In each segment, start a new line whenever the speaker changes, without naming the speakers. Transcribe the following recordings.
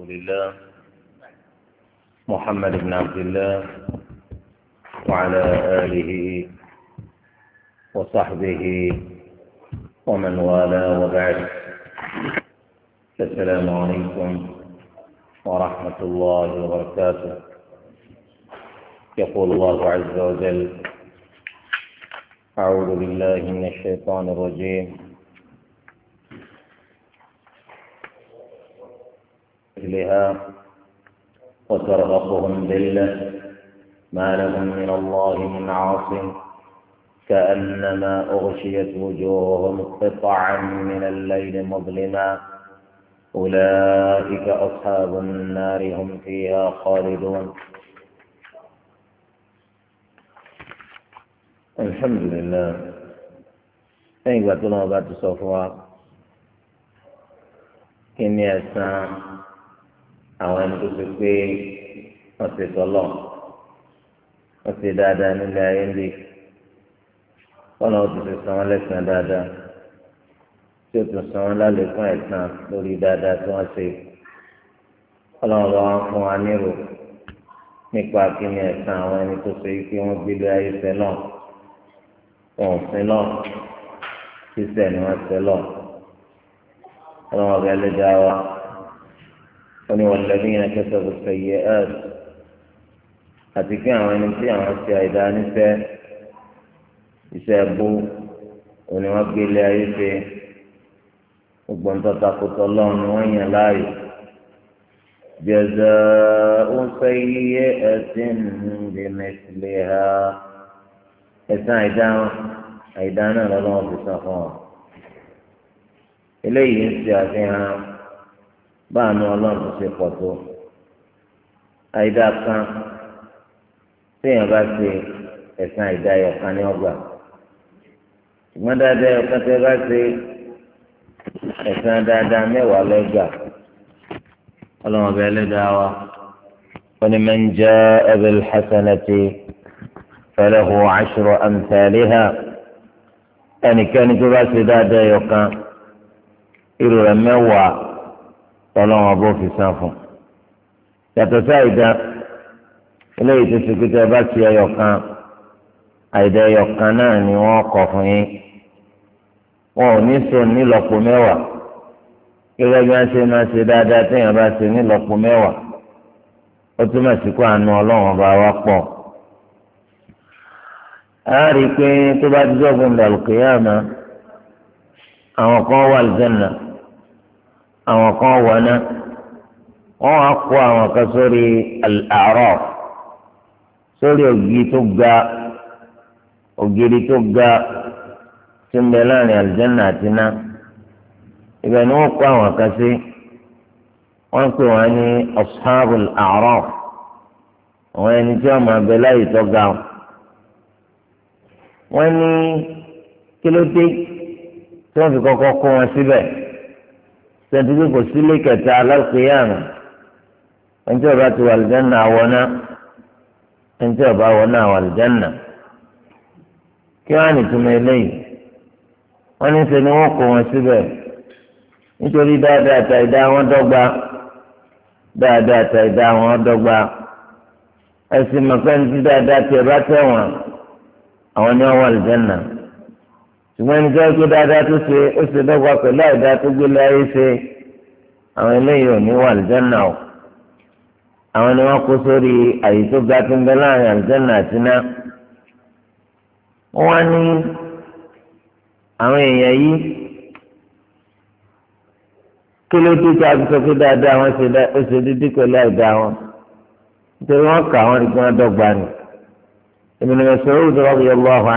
رسول الله محمد بن عبد الله وعلى آله وصحبه ومن والاه وبعد السلام عليكم ورحمة الله وبركاته يقول الله عز وجل أعوذ بالله من الشيطان الرجيم أهلها وترهقهم ذلة ما لهم من الله من عاصم كأنما أغشيت وجوههم قطعا من الليل مظلما أولئك أصحاب النار هم فيها خالدون الحمد لله أيوة الله بعد صفوة إني أسلام àwọn ẹni tó ṣe pé wọ́n ti tọ́lọ̀ wọ́n ti dáadáa nílé ayé lè wọ́n náà ti ti san wọ́n lẹ́sìn dáadáa tí o tún san wọ́n lálẹ́kùn ẹ̀sán lórí dáadáa tí wọ́n ṣe wọ́n náà bá wọn fún wa nírò nípa kíni ẹ̀sán àwọn ẹni tó ṣe pé wọ́n gbélé ayé fẹ́ náà wọn ò fẹ́ náà sísẹ̀ ni wọ́n fẹ́ náà wọ́n náà bá ẹlẹ́dàá wa. wọn والذين كسبوا السيئات àti wọn yàn láàyè jẹjẹ ó ẹni tí àwọn ti awon se níṣẹ́ iṣẹ́ bú òní wọ́n gbe gbélé ayé ṣe gbogbo nǹkan takòtò ọlọ́run ni wọ́n yàn láàyò جزاء سيئة ha ẹ̀san àìdá àìdá náà lọ́wọ́ fi sàn fún ọ eléyìí ń ṣe àfihàn. báàánú ọlọ́run ṣe pọ̀ tó àìdá kan téèyàn bá ṣe ẹ̀sán àìdá ẹ̀yọ̀kan ní ọgbà ṣùgbọ́n dáadáa ẹ̀yọ̀kan tẹ́ bá ṣe ẹ̀sán dáadáa mẹ́wàá lẹ́gbà ọlọ́run ọba ẹlẹ́dàá wa wọ́n ní man jaa bil hasanati falahu ashru amthaliha ẹnikẹ́ni tó bá ṣe dáadáa ẹ̀yọ̀kan irú rẹ̀ mẹ́wàá tọ́lọ́wọ́n bó fi san fún yàtọ̀ sí àìdá eléyìí tó ṣe pété bá ti ẹyọ kan àìdá ẹyọ kan náà ni wọ́n kọ fún yín wọn ò ní so nílọ́po mẹ́wàá gẹ́gẹ́ bí wọ́n ṣe máa ṣe dáadáa téèyàn bá ṣe nílọ́po mẹ́wàá ó túmọ̀ sí kó àánú ọlọ́wọ́n bá wá pọ̀ a rí i pé tó bá ti dọ́gbọ̀n dàlùkì yá àmà àwọn kan wà lùdẹ́nà àwọn kan wọná wọ́n wá kó àwọn kan sórí àárọ̀ sórí ògiri tó ga ògiri tó ga tí ń bẹ láàrin àlùjáná àti iná ibẹ̀ ni wọ́n kó àwọn kan sí wọ́n pè wọ́n ní ashabul àárọ̀ àwọn ẹni tí wọ́n máa bẹ láyé tó ga wọ́n ní kí tí wọ́n fi kọ́kọ́ kó wọn síbẹ̀. Si sẹ́ńtì pé kò sílé kẹta alákìyàmù ẹni tí ó bá ti wà àlùjánnà àwọ̀nà ẹni tí ó bá wọ̀nà àwọn àlùjánnà kí wọ́n á nìtumọ̀ eléyìí wọ́n ní sẹ́ni wọ́n kó wọn síbẹ̀ nítorí dáadáa àtàìdá wọn dọ́gba dáadáa àtàìdá wọn dọ́gba ẹ̀sìn mọ̀kànlélí dáadáa tiẹ̀ bá tẹ̀ wọ́n àwọn ni wọ́n wà àlùjánnà ṣùgbọ́n ẹni jẹ́ pé dáadáa tó ṣe ó ṣe dọ́gba pẹ̀lú àìdáa tó gbé láyé ṣe àwọn eléyìí ò ní wà àlùjánnà o àwọn ni wọ́n kó sórí àyè tó ga tó ń bẹ láàrin àlùjánnà àti iná wọ́n á ní àwọn èèyàn yìí kí ló tó tó àti sọ dáadáa wọn ṣe ó ṣe dídí pẹ̀lú àìdáa wọn nítorí wọ́n kà wọ́n rí pé wọ́n dọ́gba ni Ibn Mas'ud radiyallahu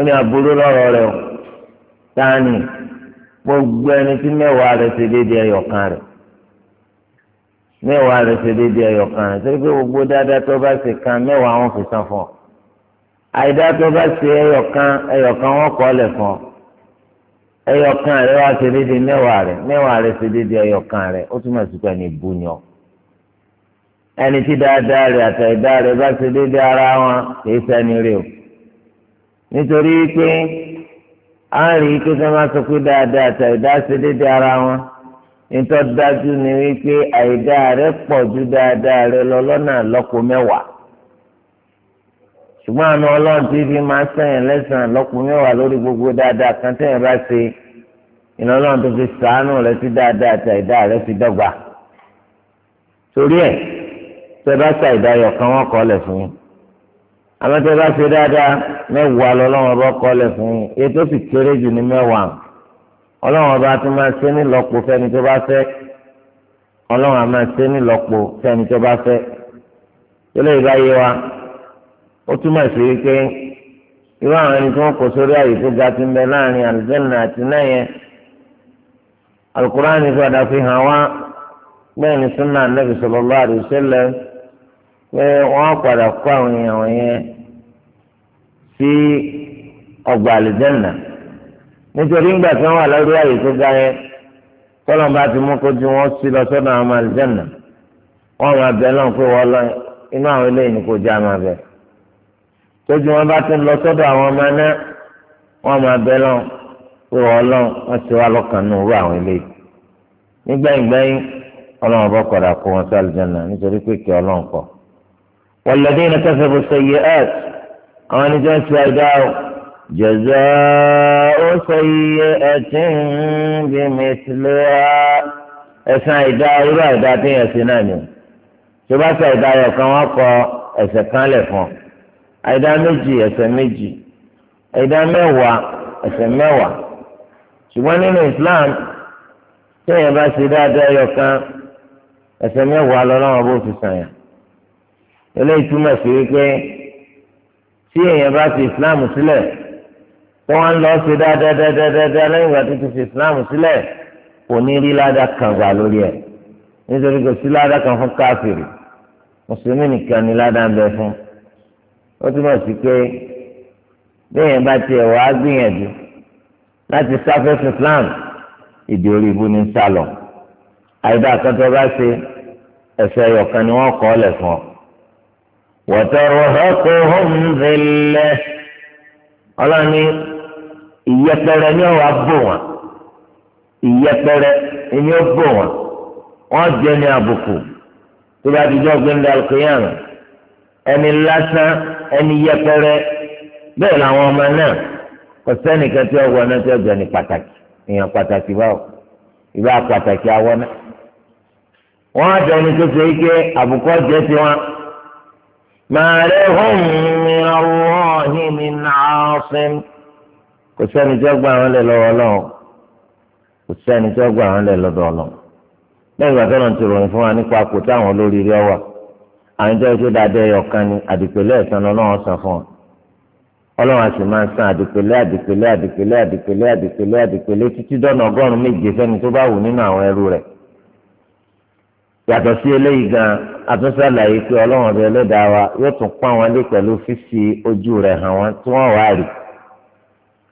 ó ní aburú lọ́rọ̀ rẹ̀ o tani gbogbo ẹni tí mẹ́wàá rẹ̀ ṣe déédéé ẹyọkan rẹ̀ mẹ́wàá rẹ̀ ṣe déédéé ẹyọkan rẹ̀ torí pé gbogbo dáadáa tó bá ṣe kan mẹ́wàá wọn fi san fún ọ àìdá tó bá ṣe ẹyọkan ẹyọkan wọn kọ́ lẹ̀ fún ọ ẹyọkan rẹ̀ wá ṣe déédéé mẹ́wàá rẹ̀ mẹ́wàá rẹ̀ ṣe déédéé ẹyọkan rẹ̀ ó túmọ̀ sí pé ní ni ọ ẹni tí dáadáa rẹ̀ àtàìdá rẹ̀ bá ṣe déédéé ara wọn kì í ṣẹ́ni rè o nítorí pé a ń rí i pé sọ́mà sọ pé dáadáa àti àìdá ṣe déédéé ara wọn nítorí dájú ni wípé àìdá rẹ pọ̀ ju dáadáa rẹ lọ lọ́nà lọ́kọ mẹ́wàá ṣùgbọ́n àna ọlọ́run tí fi máa sẹ́yìn lẹ́sàn-án lọ́kọ mẹ́wàá lórí gbogbo dáadáa kan tẹ́yìn bá ṣe ìnáwó ọlọ́run tó fi sàánù rẹ sí dáadáa àti àìdá rẹ fi dọ́gba torí ẹ̀ tẹ́ bá ṣàìdá yọ̀ kan wọ́n kọ́ lẹ̀ àmọ́tẹ́ bá ṣe dáadáa mẹ́wàá lọ́lọ́wọ́n bá kọ́lẹ̀ fún yín ètò sì kéré jù ní mẹ́wàá ọlọ́wọ́n bá tún máa ṣe nílọ́pọ̀ fẹni tó bá fẹ ọlọ́wọ́n á ṣe tó bá ìbáyé wa ó túmọ̀ sí wípé irú àwọn ẹni tí sórí tó ga ti ń bẹ láàrin àti náà yẹn fi pé wọ́n padà kó àwọn èèyàn yẹn sí ọgbà àlùjẹ́nà nítorí ńgbà tí wọ́n wà lórí àyè tó ga yẹn tọ́lọ́n bá ti mú kójú wọn sí lọ sọ́dọ̀ àwọn àlùjẹ́nà wọ́n máa bẹ lọ́n pé wọ́n lọ inú àwọn eléyìí ni kò já máa bẹ tójú wọn bá ti lọ sọ́dọ̀ àwọn ọmọ náà wọ́n máa bẹ lọ́n pé wọ́n lọ́n wọ́n ti wá lọ́kàn nù rú àwọn eléyìí nígbẹ̀yìn gbẹ̀yìn ọlọ́run bọ́ kó wọn sí àlùjẹ́nà nítorí pé kí ọlọ́run kọ̀. والذين كسبوا السيئات أن جسدوا جزاء سيئة بمثلها ẹ̀san ìdá irú àìdá tí yẹn sí náà ni tó bá ṣe àìdá ayọ̀ kan wọ́n kọ ẹ̀ṣẹ̀ kan lẹ̀ fún àìdá méjì ẹ̀ṣẹ̀ méjì àìdá mẹ́wàá ẹ̀ṣẹ̀ mẹ́wàá ṣùgbọ́n nínú Islam tí yẹn bá ṣe dáadáa ayọ̀ kan ẹ̀ṣẹ̀ mẹ́wàá lọ́lọ́run bó fi sàn yàn eléyìí túmọ̀ sí wípé tí èèyàn bá fi islam sílẹ̀ tí wọ́n ń lọ sí dáadáadáadáa lẹ́yìn ìgbà tó ti fi islam sílẹ̀ kò ní rí ládàá kan gbà lórí ẹ̀ nítorí kò sí ládàá kan fún káfíìrì mùsùlùmí nìkan ni ládàá ń bẹ fún ó túmọ̀ sí pé bí èèyàn bá tiẹ̀ wá gbìyànjú láti sáfẹ́ islam ìdí orí ibu ní sálọ àìdá àkàtọ́ bá ṣe ẹ̀sẹ̀ ẹ̀yọ̀kan ni wọ́n kọ́ ọ lẹ̀ fún ọ. وترهقهم ذلة ọlọ́ni ìyẹpẹrẹ ni ọ̀wá bò wọn ìyẹpẹrẹ ni ó bò wọn wọn jẹ ní àbùkù tó bá dijọ́ gbẹ̀ndà alqiyam ẹni lásán ẹni yẹpẹrẹ bẹ́ẹ̀ làwọn ọmọ náà kò sẹ́nìkan tí ọwọ́ náà tí ọjọ́ ní pàtàkì èèyàn pàtàkì báwò ìbá pàtàkì àwọn náà wọn á jẹ ẹni tó ṣe é ké àbùkù ọjọ́ tiwọn. ما لهم من الله من عاصم kò sẹ́ni tí ó gbà wọ́n lé lọ́wọ́ lọ́wọ́ kò sẹ́ni tí ó gbà wọ́n lé lọ́dọ̀ lọ́wọ́ lẹ́yìn ìgbà tọ́nà ti ròyìn fún wa nípa àpò táwọn olóríire ọwà àwọn ìjọ ìṣe dáadé ọ̀kan ni àdìpẹ̀lẹ́ ẹ̀sán ọlọ́run sàn fún ọ ọlọ́run àti máa ń san àdìpẹ̀lẹ́ àdìpẹ̀lẹ́ àdìpẹ̀lẹ́ àdìpẹ̀lẹ́ àdìpẹ̀lẹ́ àdìpẹ̀lẹ́ títí dọ́nà ọgọ́rùn-ún méje fẹ́ni tó bá wù nínú àwọn ẹrú rẹ̀ yàtọ̀ sí eléyìí gan-an àtúnṣe àlàyé pé ọlọ́run ọbẹ̀ ẹlẹ́dàá wa yóò tún pọ́n àwọn ilé pẹ̀lú fífi ojú rẹ̀ hàn wọ́n tí wọ́n wá rí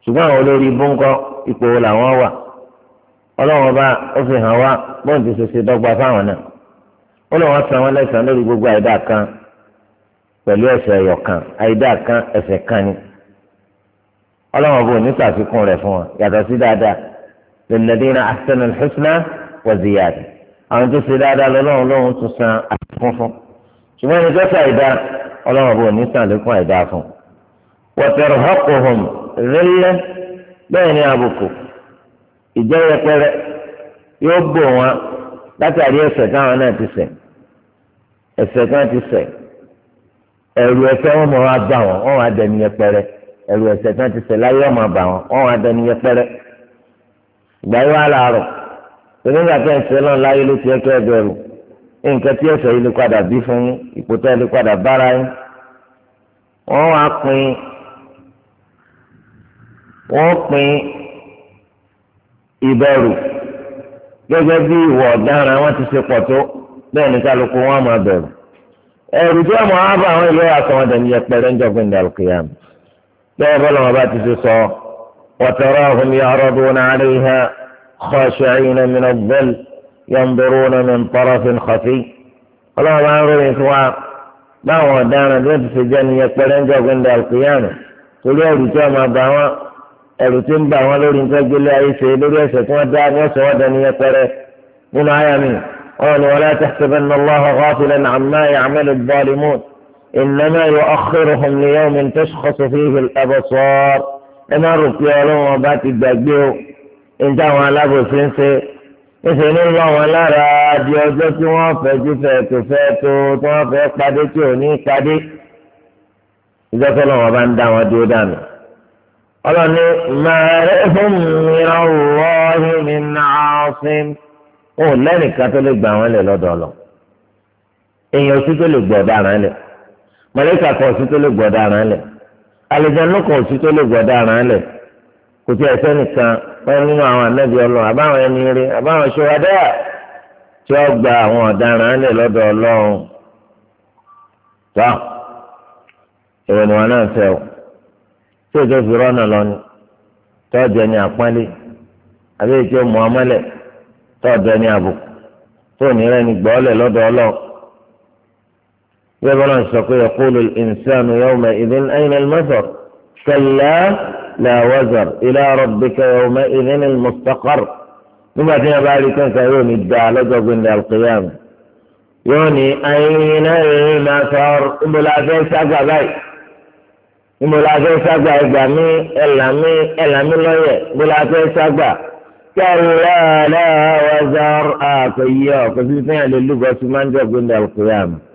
ṣùgbọ́n àwọn olórí bóńkọ́ ipò wo làwọn wà ọlọ́run ọba ó fi hàn wá bóun ti dọ́gba fáwọn náà ó lọ́ wọ́n san wọ́n lẹ́sàn-án lórí gbogbo àìdá kan pẹ̀lú ẹ̀ṣẹ̀ ẹ̀yọ̀ kan àìdá kan ẹ̀ṣẹ̀ kan ni ọlọ́run ọba ò ní ṣàfikún rẹ̀ fún wọn yàtọ̀ sí dáadáa àwọn tó ṣe dáadáa lọ́lọ́run lọ́run tún san àfikún fún ṣùgbọ́n ẹni tó ṣe àìdá ọlọ́run bò ní sàn lékún àìdá fún. wọ́tẹ̀rù họ́kùnhùn rẹ́lẹ́ bẹ́ẹ̀ ni àbùkù ìjẹ́ yẹpẹrẹ yóò bò wọn látàrí ẹ̀ṣẹ̀ táwọn náà ti ṣẹ̀ ẹ̀ṣẹ̀ kan ti ṣẹ̀ ẹ̀rù ẹ̀ṣẹ̀ wọn mọ̀ wá bá wọn wọn wá dẹni yẹpẹrẹ ẹ̀rù ẹ̀ṣẹ̀ kan ti ṣẹ̀ láyé wọn mọ̀ onígbà tẹ́ ń sẹ́lọ̀ láyé ló ti ẹ̀kẹ́ bẹ̀rù nǹkan tí ẹ̀sẹ̀ yìí lè padà bí fún yín lè padà bára yín wọ́n wá pín wọ́n pín ìbẹ̀rù gẹ́gẹ́ bí ìwọ ọ̀daràn wọn ti ṣe pọ̀ tó bẹ́ẹ̀ ní kálukú wọn máa bẹ̀rù ẹ̀rù tí ọmọ wa bá àwọn ìlú àkọ́ wọn dẹ̀ni yẹ pẹ̀lẹ́ bẹ́ẹ̀ bọ́lá wọn bá ti ṣe sọ wọ́n tẹ̀rọ خاشعين من الذل ينظرون من طرف خفي اللهم ما إخوان ما هو دانا ذات في جنة يكبرين عند القيامة تقول يا رجاء ما دعوة الوتين دعوة لو رجاء جل يا إيسي لو رجاء سكوة دعوة سوى دنيا من آيامين قال ولا تحسبن الله غافلا عما يعمل الظالمون إنما يؤخرهم ليوم تشخص فيه الأبصار إنما رجاء لهم وبات الدجيو níta àwọn alábòsí ń ṣe níṣẹ ní ń lọ wọn lára di ọjọ́ tí wọ́n fẹ́ ju fẹ́ tó fẹ́ tó tí wọ́n fẹ́ padé tí ò ní padé ìjọ tó lọ́wọ́ bá ń dá wọn dúró dànù. ọlọ́ni màrẹ́ fún mi ọ̀rọ̀ mi náà sí ò lẹ́nìkan tó lè gbà wọ́n lẹ̀ lọ́dọ̀ ọ̀lọ́ èèyàn sí tó lè gbọ́ ọ̀daràn lẹ̀ mọ̀lẹ́kà kan sí tó lè gbọ́ ọ̀daràn lẹ̀ àlejò ọlọ́kàn sí tó lè gbọ́ ọ̀daràn lẹ̀ kò tí ẹ̀ sẹ́nìkan wọn nínú àwọn ànábì Ọlọ́run àbáwọn ẹni rí àbáwọn ṣọwadá tí wọn gba àwọn ọ̀daràn lè lọ́dọ̀ Ọlọ́run tó èrò ni wọn náà fẹ́ o tí òjò fi rọnà lọ ni tọjọ ni àpọ́nlé àbí ètò ọmọ ọmọlẹ tọjọ ni àbùkù tó ní rẹ ni gbọọlẹ lọ́dọ̀ Ọlọ́run bí ẹ bá wọn sọ pé yaqulu al-insanu yawma idhin ayna al-madhar kalla. لا وزر إلى ربك يومئذ المستقر ثم في ذلك كان يوم الدعاء لجوز القيامة يوني أين المسار إن بلاجين سأقبعي إن بلاجين سأقبعي بامي إلا مي إلا مي لوي بلاجين كلا لا وزر آه كيو كيف يعني اللغة سمان جوز إلى القيامة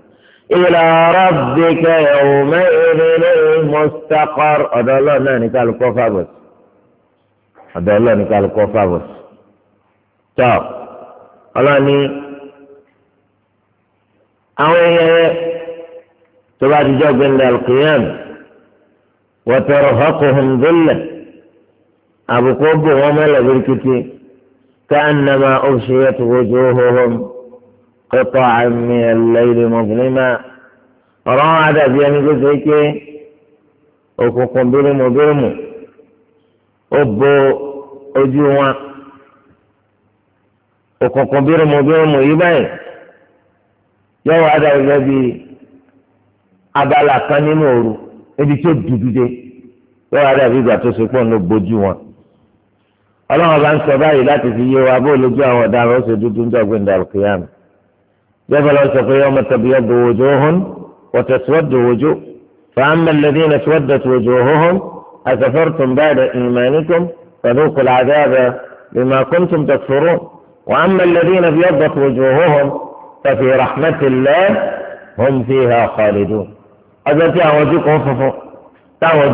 إلى ربك يومئذ المستقر ọ̀dọ̀ Ọlọ́run náà ní kálukọ fábọs ọ̀dọ̀ Ọlọ́run ní kálukọ fábọs tọ Ọlọ́run ní àwọn ẹyẹ tó bá ti jọ gbẹndé alukiyam wọtọrọ họkùnrin dúlẹ àbùkù bò wọn mẹlẹ birikiti ká nàmà ọbṣẹyẹ tó wọjú hóhóm. قطعا من الليل مظلما رعد بيان جزيك وكوكم برمو برمو أبو أجوا وكوكم برمو برمو يبين yọwọ ada gẹ́gẹ́ bí abala kan nínú òru ebi tí ó dúdú dé yọwọ ada bí ìgbà tó so pọ̀ ló bójú wọn ọlọ́run bá ń sọ báyìí láti fi yé wa bó lójú àwọn ọ̀daràn ó ṣe dúdú ń dọ̀gbìn dàrú kìíyàmù. جبل أوسف يوم تبيض وجوه وتسود وجوه فأما الذين اسودت وجوههم أكفرتم بعد إيمانكم فذوقوا العذاب بما كنتم تكفرون وأما الذين ابيضت وجوههم ففي رحمة الله هم فيها خالدون ọjọ́ tí àwọn ojú kan funfun táwọn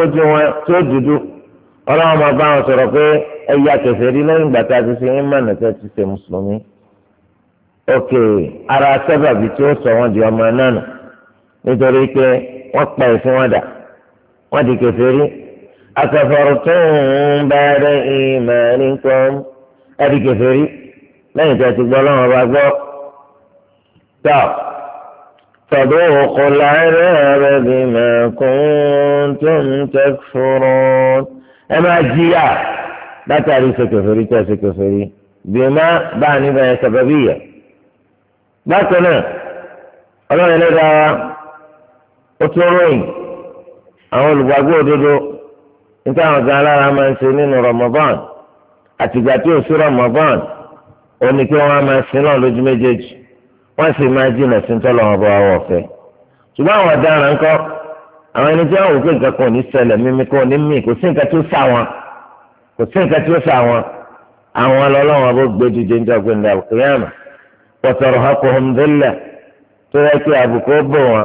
ojú mi ọlọ́run máa bá wọn sọ̀rọ̀ pé ẹ̀yà kẹsẹ̀ rí lẹ́yìn ìgbà tá a ti ṣe ń mọ̀nà tẹ́ ti ṣe mùsùlùmí. òkè ara sábàbí tí ó sọ wọn di ọmọ náà nù nítorí pé wọ́n pa ẹ̀sìn wọn dà wọ́n di kẹsẹ̀ rí. àtẹ̀fọ̀rọ̀ tó ń bá ìmọ̀ ní kan ẹ̀ kẹsẹ̀ rí lẹ́yìn tẹ́ ti gbọ́ ọlọ́run bá gbọ́. tọ́ فذوقوا العذاب بما كنتم تكفرون ẹ máa jìyà látàrí ṣèkèfèrí tẹ ṣèkèfèrí bìnnà bá a níbẹ̀ sábàbí yẹ. bákan náà ọlọ́run ẹlẹ́dàá wa ó tún ròyìn àwọn olùgbàgbọ́ òdodo níta àwọn ọ̀gá alára máa ń ṣe nínú Ramadan àtìgbà tí ò sí Ramadan ó ní kí wọ́n máa sin náà lójú méjèèjì wọ́n sì máa jìnà sí ń tọ́lọ́ wọn bọ́ àwọn ọ̀fẹ́ ṣùgbọ́n àwọn ọ̀daràn kọ́ àwọn ẹni tí wọn wò pé nǹkan kan ò ní ṣẹlẹ̀ mímí kan ò ní mí kò sí nǹkan tó sá wọn kò sí nǹkan tó sá wọn àwọn ọlọ́wọ́n bó gbé dìde níjọ́ pé nígbà kíyàmà pọ̀tọ̀rọ̀ ha kò hàn délẹ̀ tó yẹ kí àbùkù ó bò wọn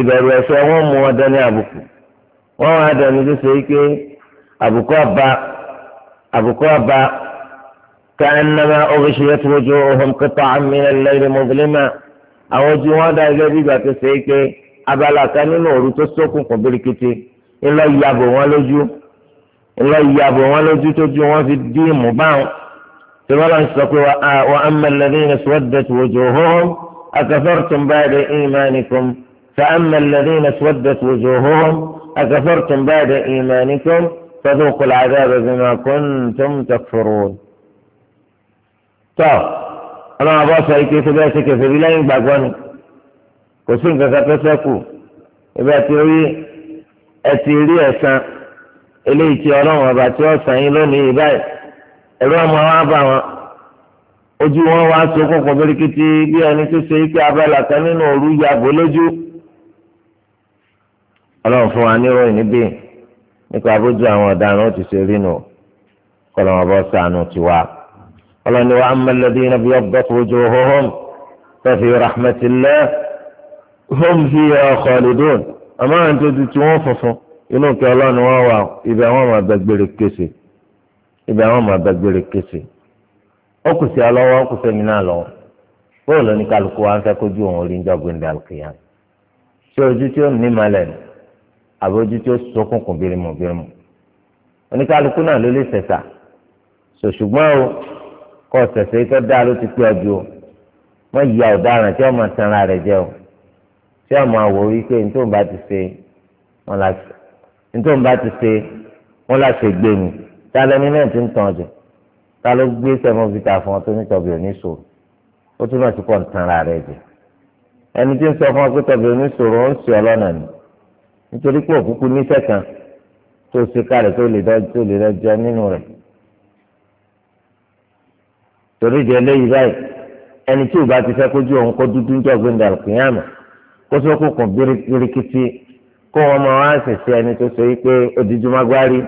ìbẹ̀rù ẹ̀fẹ́ wọn mú wọn dání àbùkù wọn wá dání tó ṣe pé àbùkù ọba àbùkù ọba káànámà ọ̀gbẹ́sẹ̀ tó wọ́n kẹta àmì ẹ̀lẹ́rìí abala kan nínú òru tó ṣókùnkùn birikiti ńlọ yabò wọn lójú ńlọ yabò wọn lójú tójú wọn fi dí ìmú báwọn tìmọ́lá ń sọ pé wa amma alladhina swaddat wujuhuhum akafartum ba'da imanikum fa amma alladhina swaddat wujuhuhum akafartum ba'da imanikum fadhuqu al'adhaba bima kuntum takfurun. tọ́ ọlọ́run àbọ̀ sọ ike tó bẹ́ẹ̀ ṣe kẹfẹ́ bí lẹ́yìn gbàgbọ́ ni. kò sí nǹkan kan tó sẹ́kù ebi àti rí ẹ ti rí ẹ̀san eléyìí tí ọlọ́run ọba tí ó sàn yín lónìí yìí báyìí ẹ̀rọ ọmọ wa bá wọn ojú wọn wá so kókò birikiti bí ẹni tó ṣe ike abala kan nínú òru yàgò lójú ọlọ́run fún wa níròyìn níbí nípa abójú àwọn ọ̀daràn ó ti ṣe rí nù kọlọ́run ọba sànù tiwa ọlọ́run ni wa amma alladhina byadat wujuhuhum fa fi rahmatillah hum ya khalidun àmọ́ àwọn tó ti tí wọ́n funfun inú kí ọlọ́run wọn wà ibẹ̀ àwọn máa bẹ gbére kése ibẹ̀ àwọn máa bẹ gbére kése ó kù sí alọ́wọ́ ó kù sẹ́mi náà lọ́wọ́ bóyá lóní kálukú wa ń fẹ́ kójú òun orí ń jọ́gbìn dàlùkìyàn ṣé ojú tí ó ní malẹ̀ ni àbójú tí ó sọkùnkùn bírimù bírimù oníkálukú náà ló lè sẹ̀sà ṣòṣùgbọ́n o kọ́ sẹ̀sẹ̀ tó dáa ló ti pé ọjọ́ wọ́n yí ọ̀daràn tí wọ́n máa tanra rẹ̀ jẹ́ o tí a máa wò wípé nítorí bá ti ṣe wọn la ṣe nítorí bá ti ṣe wọn la ṣe gbé mi ta lẹni náà ti ń tàn jẹ ta ló gbé sẹmọvita fún ọ tó ní tọbi oníṣòro ó túmọ̀ sí pọ̀ ń tan ara rẹ jẹ ẹni tí ń sọ fún ọ pé tọbi oníṣòro ó ń ṣe ọlọ́nà ni nítorí pé òkúkú níṣẹ́ kan tó ṣe kárẹ̀ tó lè tó lè rẹ jẹ nínú rẹ̀ torí ìdí eléyìí báyìí ẹni tí ò bá ti fẹ́ kójú òun kó dúdú ń jọ gbẹ̀ndà kìíyàmù kó sọ kókò birikiti kó wọn máa wá ṣẹṣẹ ẹni tó ṣe pé odidùmagbárí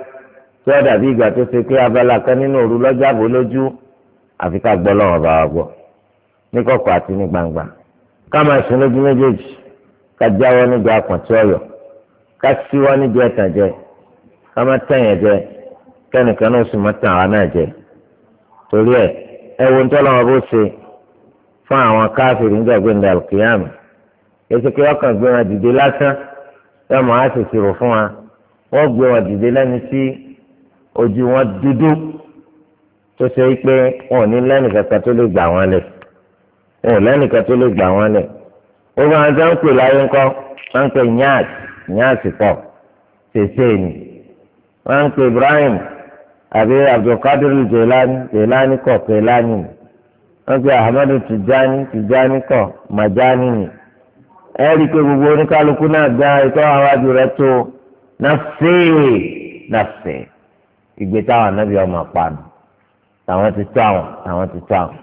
tó ọ̀dà bí ìgbà tó ṣe pé abala kan nínú òru lọ́jàbọ̀ lójú àfi ká gbọ́ lọ́wọ́ bá wa gbọ́ ní kọ̀kọ̀ àti ní gbangba ká máa sùn lójú méjèèjì ká jáwọ́ níbi àpọ̀tí ọ̀yọ́ ká síwọ́ níbi ẹ̀tàn jẹ ká má jẹ kẹ́nìkan náà sì má tàn wá náà jẹ torí ẹ ẹ wo ń tọ́lọ́wọ́ bó ṣe fún àwọn káfíìrì ń gbàgbé ní alùkìyàmù èsì pé ọkàn gbé wọn dìde lásán yóò máa ṣèṣirò fún wa wọ́n gbé wọn dìde lẹ́ni tí ojú wọn dúdú tó ṣe pé wọn ò ní lẹ́nìkankan tó lè gbà wọ́n lẹ̀ wọn ò lẹ́nìkan tó lè gbà wọ́n lẹ̀ ó máa ń dáńpè láyé ńkọ́ wọ́n pè nyáàsì nyáàsì pọ̀ ṣèṣe ni wọ́n pè Ibrahim àbí Abdulkadir Jelani Jelani kọ̀ Jelani ni wọ́n pè Ahmadu Tijani Tijani kọ̀ Majani ni ẹ rí i pé gbogbo oníkálukú náà gan ìtọ́ àwájú rẹ tó nàfẹ́ nàfẹ́ ìgbé táwọn anábì ọmọ apanu tàwọn ti tó àwọn tàwọn ti tó àwọn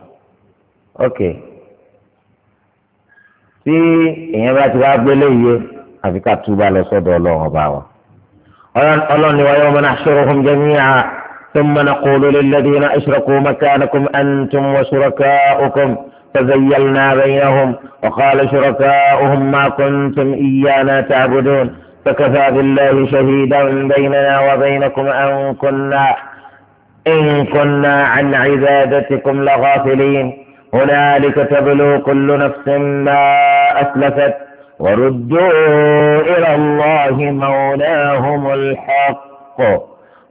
ok tí èèyàn bá ti wá gbélé yìí àfi ká túbà lọ sọ́dọ̀ Ọlọ́run ọba wa Ọlọ́run ni wa yawma nahshuruhum jami'a thumma naqulu lilladhina ashraku makanakum antum wa shurakaa'ukum. تزيلنا بينهم وقال شركاؤهم ما كنتم إيانا تعبدون فكفى بالله شهيدا بيننا وبينكم أن كنا إن كنا عن عبادتكم لغافلين هنالك تبلو كل نفس ما أسلفت وردوا إلى الله مولاهم الحق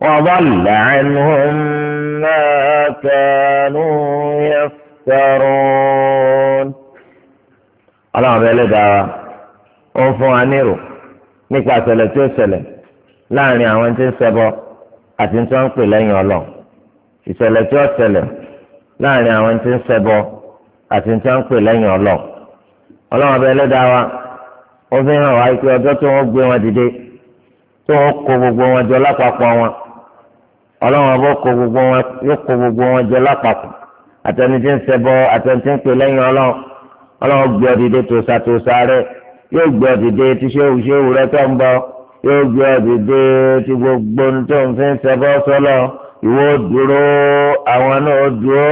وضل عنهم ما كانوا يفعلون تذكرون ọlọ́run bẹ́ẹ̀ lẹ́dàá ó ń fún wa nírò nípa àṣẹlẹ̀ tí ó ṣẹlẹ̀ láàrin àwọn tí ń ṣẹbọ àti tí wọ́n ń pè lẹ́yìn ọlọ́ ìṣẹ̀lẹ̀ tí ó ṣẹlẹ̀ láàrin àwọn tí ń ṣẹbọ àti tí wọ́n ń pè lẹ́yìn ọlọ́ ọlọ́run bẹ́ẹ̀ lẹ́dàá ó fi hàn wá pé ọjọ́ tí wọ́n gbé wọn dìde tí wọ́n kó gbogbo wọn jọ lápapọ̀ wọn ọlọ́run bó kó gbogbo wọn yóò kó gbogbo wọn jọ lápapọ̀ àtẹni tí ń ṣẹbọ àtẹni tí ń pè lẹ́yìn ọlọ́run ọlọ́run gbé ọdìdé tòṣà tòṣà rẹ yóò gbé ọdìdé tí ṣéwù ṣéwù rẹ tó ń bọ yóò gbé ọdìdé tí gbogbo tó ń fi ń ṣẹbọ sọlọ ìwọ dúró àwọn náà dúró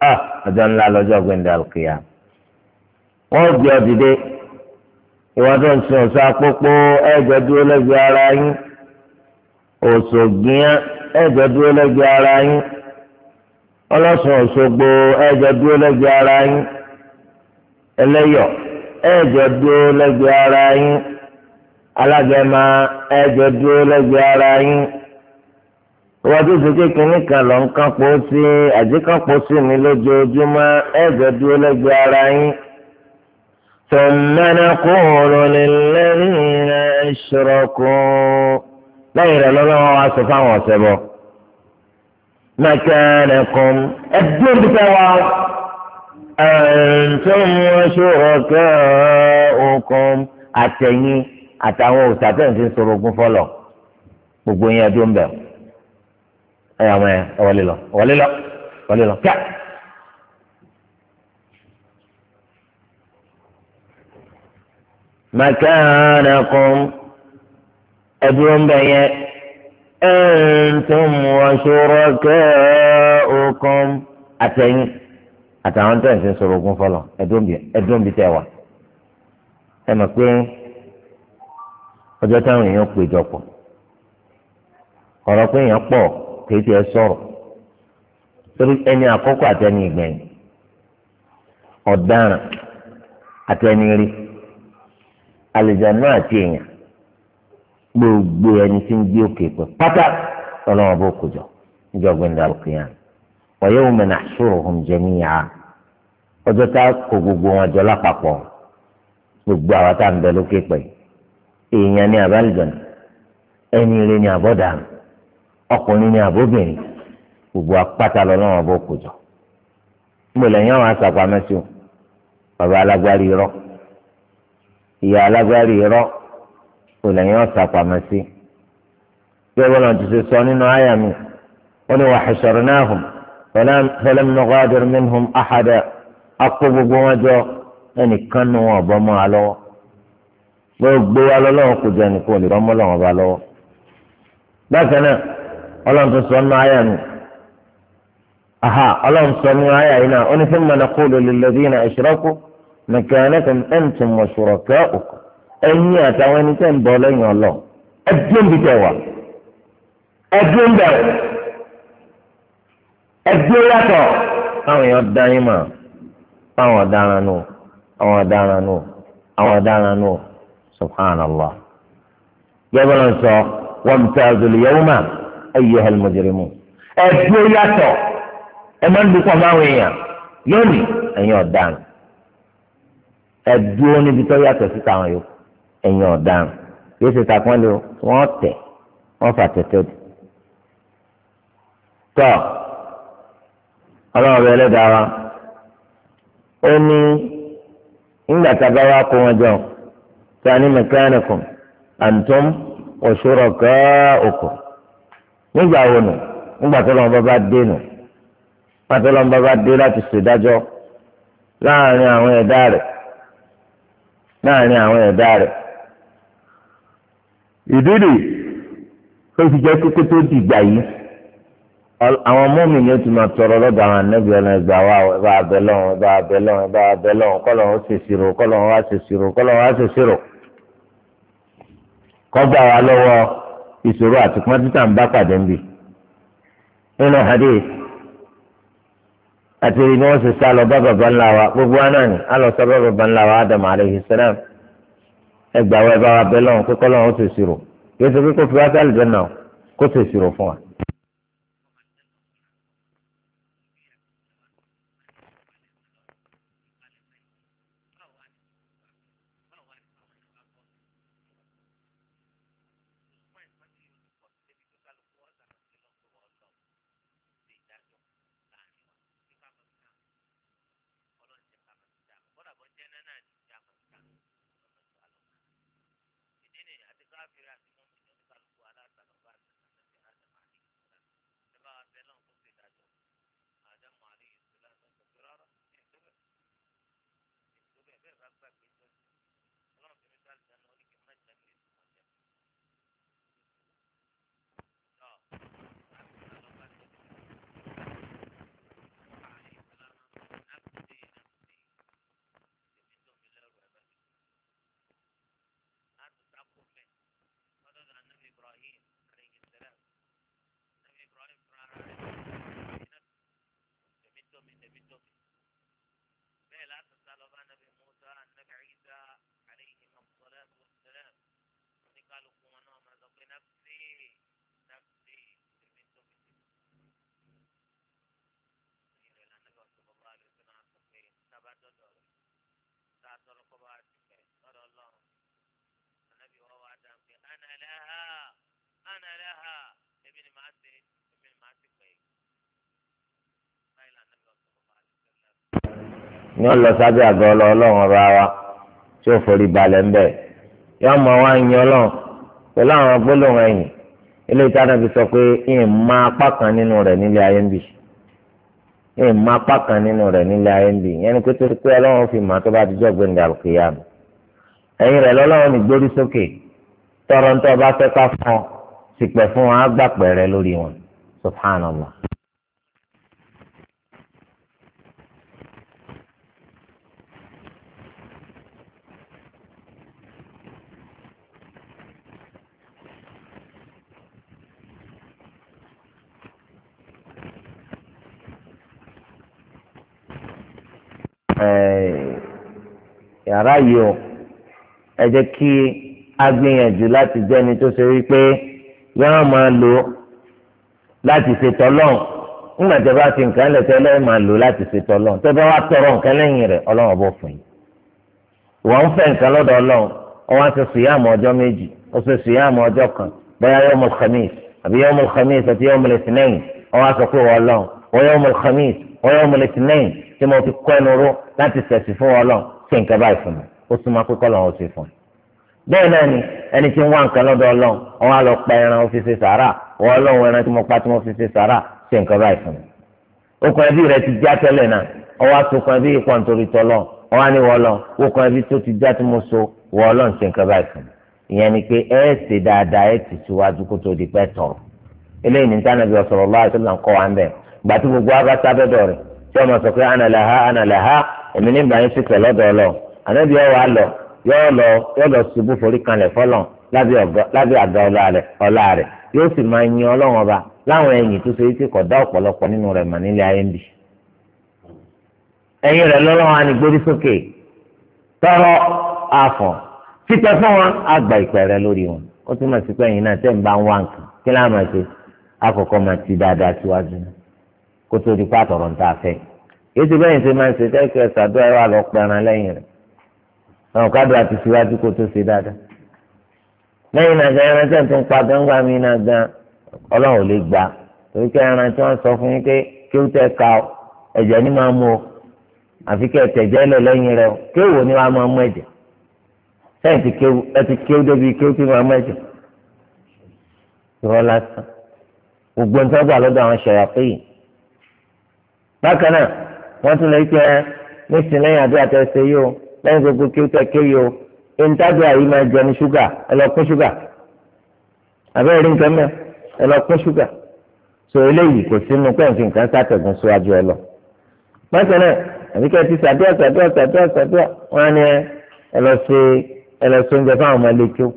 à ọjọ́ ńlá lọ́jọ́ gbẹ̀ndẹ̀ àlùkìyà wọ́n gbé ọdìdé ìwọ tó ń sin òṣà pópó ẹ̀jẹ̀ dúró lẹ́gbẹ̀ẹ́ ara yín òṣògìyàn ẹ̀jẹ̀ dúró lẹ́gbẹ̀ẹ́ ara yín. ọlọ́sùn òṣogbo ẹ̀jọ̀ dúró lẹ́gbẹ̀ẹ́ ara yín ẹlẹ́yọ̀ ẹ̀jọ̀ dúró lẹ́gbẹ̀ẹ́ ara yín alágẹ̀mà ẹ̀jọ̀ dúró lẹ́gbẹ̀ẹ́ ara yín wọ́n tó ṣe kékeré kan lọ ń sí sí mi lójoojúmọ́ dúró lẹ́gbẹ̀ẹ́ ara yín. lẹ́yìn مكانكم الدين بتوعه أنتم وشركاؤكم àtẹ̀yìn àtàwọn òṣàtẹ̀yìn ti ń sọ̀rọ̀ ogun fọlọ̀ gbogbo yẹn ẹdún bẹ̀ ẹ àwọn ẹ wọlé lọ wọlé lọ wọlé lọ kíá. مكانكم ẹdún bẹ̀ ẹ̀ǹtọ́m wàṣọ́rọ́kẹ́ ọkàn àtẹ̀yìn àtàwọn tẹ̀ ń fi sọ̀rọ̀ ogun fọlọ̀ ẹ̀dùn bí tẹ̀ wá. ẹ mọ̀ pé ọjọ́ táwọn èèyàn péjọ pọ̀ ọ̀rọ̀ pé èèyàn pọ̀ kìí tiẹ̀ sọ̀rọ̀ torí ẹni àkọ́kọ́ àtẹni ìgbẹ̀yìn ọ̀daràn àtẹni gbogbo ẹni tí ń gbé òkè pẹ pátá ọlọ́wọ́n bó kojọ níjọ́ gbẹ̀ndà òkèèyàn wa yawma ọhụrụ jami'a ọjọ́ tá a kó gbogbo wọn jọ gbogbo àwọn tá à ń bẹ lókè èèyàn ẹni ọkùnrin àbóbìnrin gbogbo apáta bó kojọ yẹn wọn bàbá kò lẹ́yìn ọ̀sà pamọ́ sí. bí ẹ wọlé ọ̀tún ṣe sọ nínú àyà mi wọ́n ní wà hasharnahum falam nughadir minhum ahada akó gbogbo wọn jọ ẹnìkan nù wọn ọ̀bọ mọ́ wa lọ́wọ́ gbogbo wa lọ́wọ́ kò jẹ ẹnìkan ò lè rọ́mọ́ lọ́wọ́ bá lọ́wọ́. bákan náà ọlọ́run tó sọ nínú àyà mi aha ọlọ́run sọ nínú àyà yìí náà ó ní thumma naqulu lilladhina ashraku makanakum antum wa shuraka'ukum ẹ̀yin àtàwọn ẹni tẹ́ ń bọ̀ lẹ́yìn ọlọ ẹdún bí tẹ wà
ẹdún bẹ ẹdún yàtọ̀
káwọn èèyàn dání mà káwọn ọ̀daràn nù àwọn ọ̀daràn nù àwọn ọ̀daràn nù subhanallah gbẹgbẹrẹ sọ wọn tẹ azuli yawma ayyuhal mujrimun ẹdún yàtọ̀ ẹ máa ń dúpọ̀ máwọn èèyàn yóò ẹ̀yin ọ̀daràn ẹdún níbi tó yàtọ̀ síta àwọn yòókù. ẹ̀yin dan yóò ṣe takọ́lé o wọn tẹ̀ wọ́n fà tẹ̀tẹ̀ dì. tọ́ ọlọ́run bẹ́ẹ̀ wa ó ní tá a bá wá kó wọn jọ tí a ní mẹkáníkùn àǹtọ́m òṣùrọ̀kọ́ òkò nígbà wo nù nígbà tó lọ́n bàbá dé nù nígbà tó lọ́n dé ìdúrì tó fi jẹ́ kókó tó dìgbà yìí àwọn ti máa tọrọ lọ́dọ̀ àwọn anábì ọ̀nà ìgbà wa ẹ̀bá abẹ́lọ́hún ẹ̀bá abẹ́lọ́hún ẹ̀bá abẹ́lọ́hún kọ́lọ̀ ó ṣèṣirò kọ́lọ̀ wá ṣèṣirò kọ́lọ̀ wá ṣèṣirò kọ́gbà wa lọ́wọ́ ìṣòro àti pọ́ńtítà ń bá pàdé níbi nínú àti ni wọ́n gbogbo wa náà ni á lọ sọ bá bàbá ńlá wa ẹgbàá wa ẹ bá wa bẹ lọ́wọ́ pé kọ́lọ́wọ́ ó ṣèṣirò yóò ṣe pé kó fi wá sí àlùjànnà kó ṣèṣirò fún wa. yọ lọ sábẹ́ àgọ́ lọ ọlọ́run ọba wa tí ó forí balẹ̀ ń bẹ̀ yọ mọ wá ń yan lọ pẹ̀lú àwọn gbólóhùn ẹ̀yìn ilé ìtajà fi sọ pé ìyẹn má apá kan nínú rẹ̀ nílé ayé ń bì ìyẹn má apá kan nínú rẹ̀ nílé ayé ń bì yẹn ni pé tó pé ọlọ́run fi mà tó bá ti jọ́ gbẹ̀ǹdà òkèèyàn
ẹ̀yìn rẹ̀ lọ́lọ́run
ní gbórí sókè tọrọ ń tọ́ bá fẹ́ ká fún ọ sì pẹ̀ fún wọn á gbà pẹ̀rẹ́ lórí wọn subhanallah. Eh, yàrá yìí o ẹ jẹ́ kí a gbìyànjú láti jẹ́ ẹni tó ṣe wípé yọ́n máa lò láti ṣètò lọ́hùn nígbà tí a bá fi nǹkan lẹ̀ tẹ́lẹ̀ máa lò láti ṣètò lọ́hùn tẹ́ bá wá tọrọ nǹkan lẹ́yìn rẹ̀ ọlọ́run ọ̀bọ̀ fún yìí wọ́n ń fẹ́ nǹkan lọ́dọ̀ ọlọ́run ọwọ́n ṣe sùyàmù ọjọ́ méjì ó ṣe sùyàmù ọjọ́ kan bóyá yọ́mù khamis àbí yọ́mù khamis àti yọ́mù lẹ́sìnẹ́yìn ọwọ́n aṣọ pé wọ́n lọ́hùn wọ́n yọ́mù khamis wọ́n yọ́mù lẹ́sìnẹ́yìn tí mo fi kọ́ ẹnu ró láti ṣẹ̀sì fún ọ lọ ṣe nǹkan báyìí fún mi ó súnmọ́ pé kọ́ lọ́wọ́ ṣe fún mi. bẹ́ẹ̀ náà ni ẹni tí ń wá nǹkan lọ́dọ̀ ọlọ́run ọ̀hún á lọ pa ẹran ó fi ṣe sàárà ọ̀hún ọlọ́run ẹran tí mo pa tí mo fi ṣe sàárà ṣe nǹkan báyìí fún mi. okùn ẹbí rẹ ti já tẹ́lẹ̀ náà ọwọ́ asokùn ẹbí ipò nítorí tọ́lọ́ ọwọ́ á ní wọ́ọ́lọ́ okùn ẹbí tó ti yọ ọmọ sọ pé àna ha àna làhá èmi ní ìgbà yẹn sì tẹ̀ lọ́dọ̀ ọlọ ànábì lọ yọ lọ yọ lọ ṣubú forí kanlẹ̀ fọlọ́n lábẹ́ àga ọlá rẹ̀ yóò sì máa yin ọlọ́run ọba láwọn ẹ̀yìn tó ṣe é ti kọ̀dá ọ̀pọ̀lọpọ̀ nínú rẹ̀ mà nílé ayé ń bì. rẹ̀ sókè tọrọ àfọ̀ títẹ fún wọn ìpẹ́ rẹ lórí wọn ó túmọ̀ sí pé náà ti dáadáa síwájú kó tó di pa àtọ̀rọ̀ nta fẹ́ yéésì bẹ́yìn ṣe máa ń ṣe tẹ́kẹ̀ ṣàdúrà ẹ̀rọ àlọ́ pẹran lẹ́yìn rẹ̀ àwọn kádù àti síwájú kó tó ṣe dáadáa lẹ́yìn náà gan ẹran tẹ̀ tó ń pa gbẹ́ngbà mí náà gan ọlọ́run ò lè gbà torí kẹ́ ẹran tí wọ́n sọ fún yín pé kí ó tẹ́ ka ẹ̀jẹ̀ ní máa mú o àfi kẹ́ ẹ̀tẹ̀jẹ́ lẹ̀ lẹ́yìn rẹ̀ o kéwò ni wàá máa mú ẹ̀jẹ̀ sẹ́yìn ti kéwò ẹ ti kéwò débi ti máa mú ẹ̀jẹ̀ ìrọ̀ gbogbo ń tọ́gbà lọ́dọ̀ àwọn ṣẹ̀yà péye bákan náà wọ́n tún lè jẹ́ níṣìí lẹ́yìn àdúrà tẹ́ ṣe yìí o lẹ́yìn gbogbo kí ó tẹ́ ké yìí o ìntàdé àyè máa jẹ ní ṣúgà ẹ ṣúgà àbẹ́rẹ́ rí nǹkan mẹ́rin ẹ ṣúgà so eléyìí kò sínú pẹ́ǹsì nǹkan sátẹ̀gùn síwájú ẹ lọ. bákan náà àbíkẹ́ ti ṣàdúrà ṣàdúrà ṣàdúrà ṣàdúrà wọn á ní ẹ lọ ṣe ẹ lọ ṣe oúnjẹ fáwọn ọmọ ilé kíó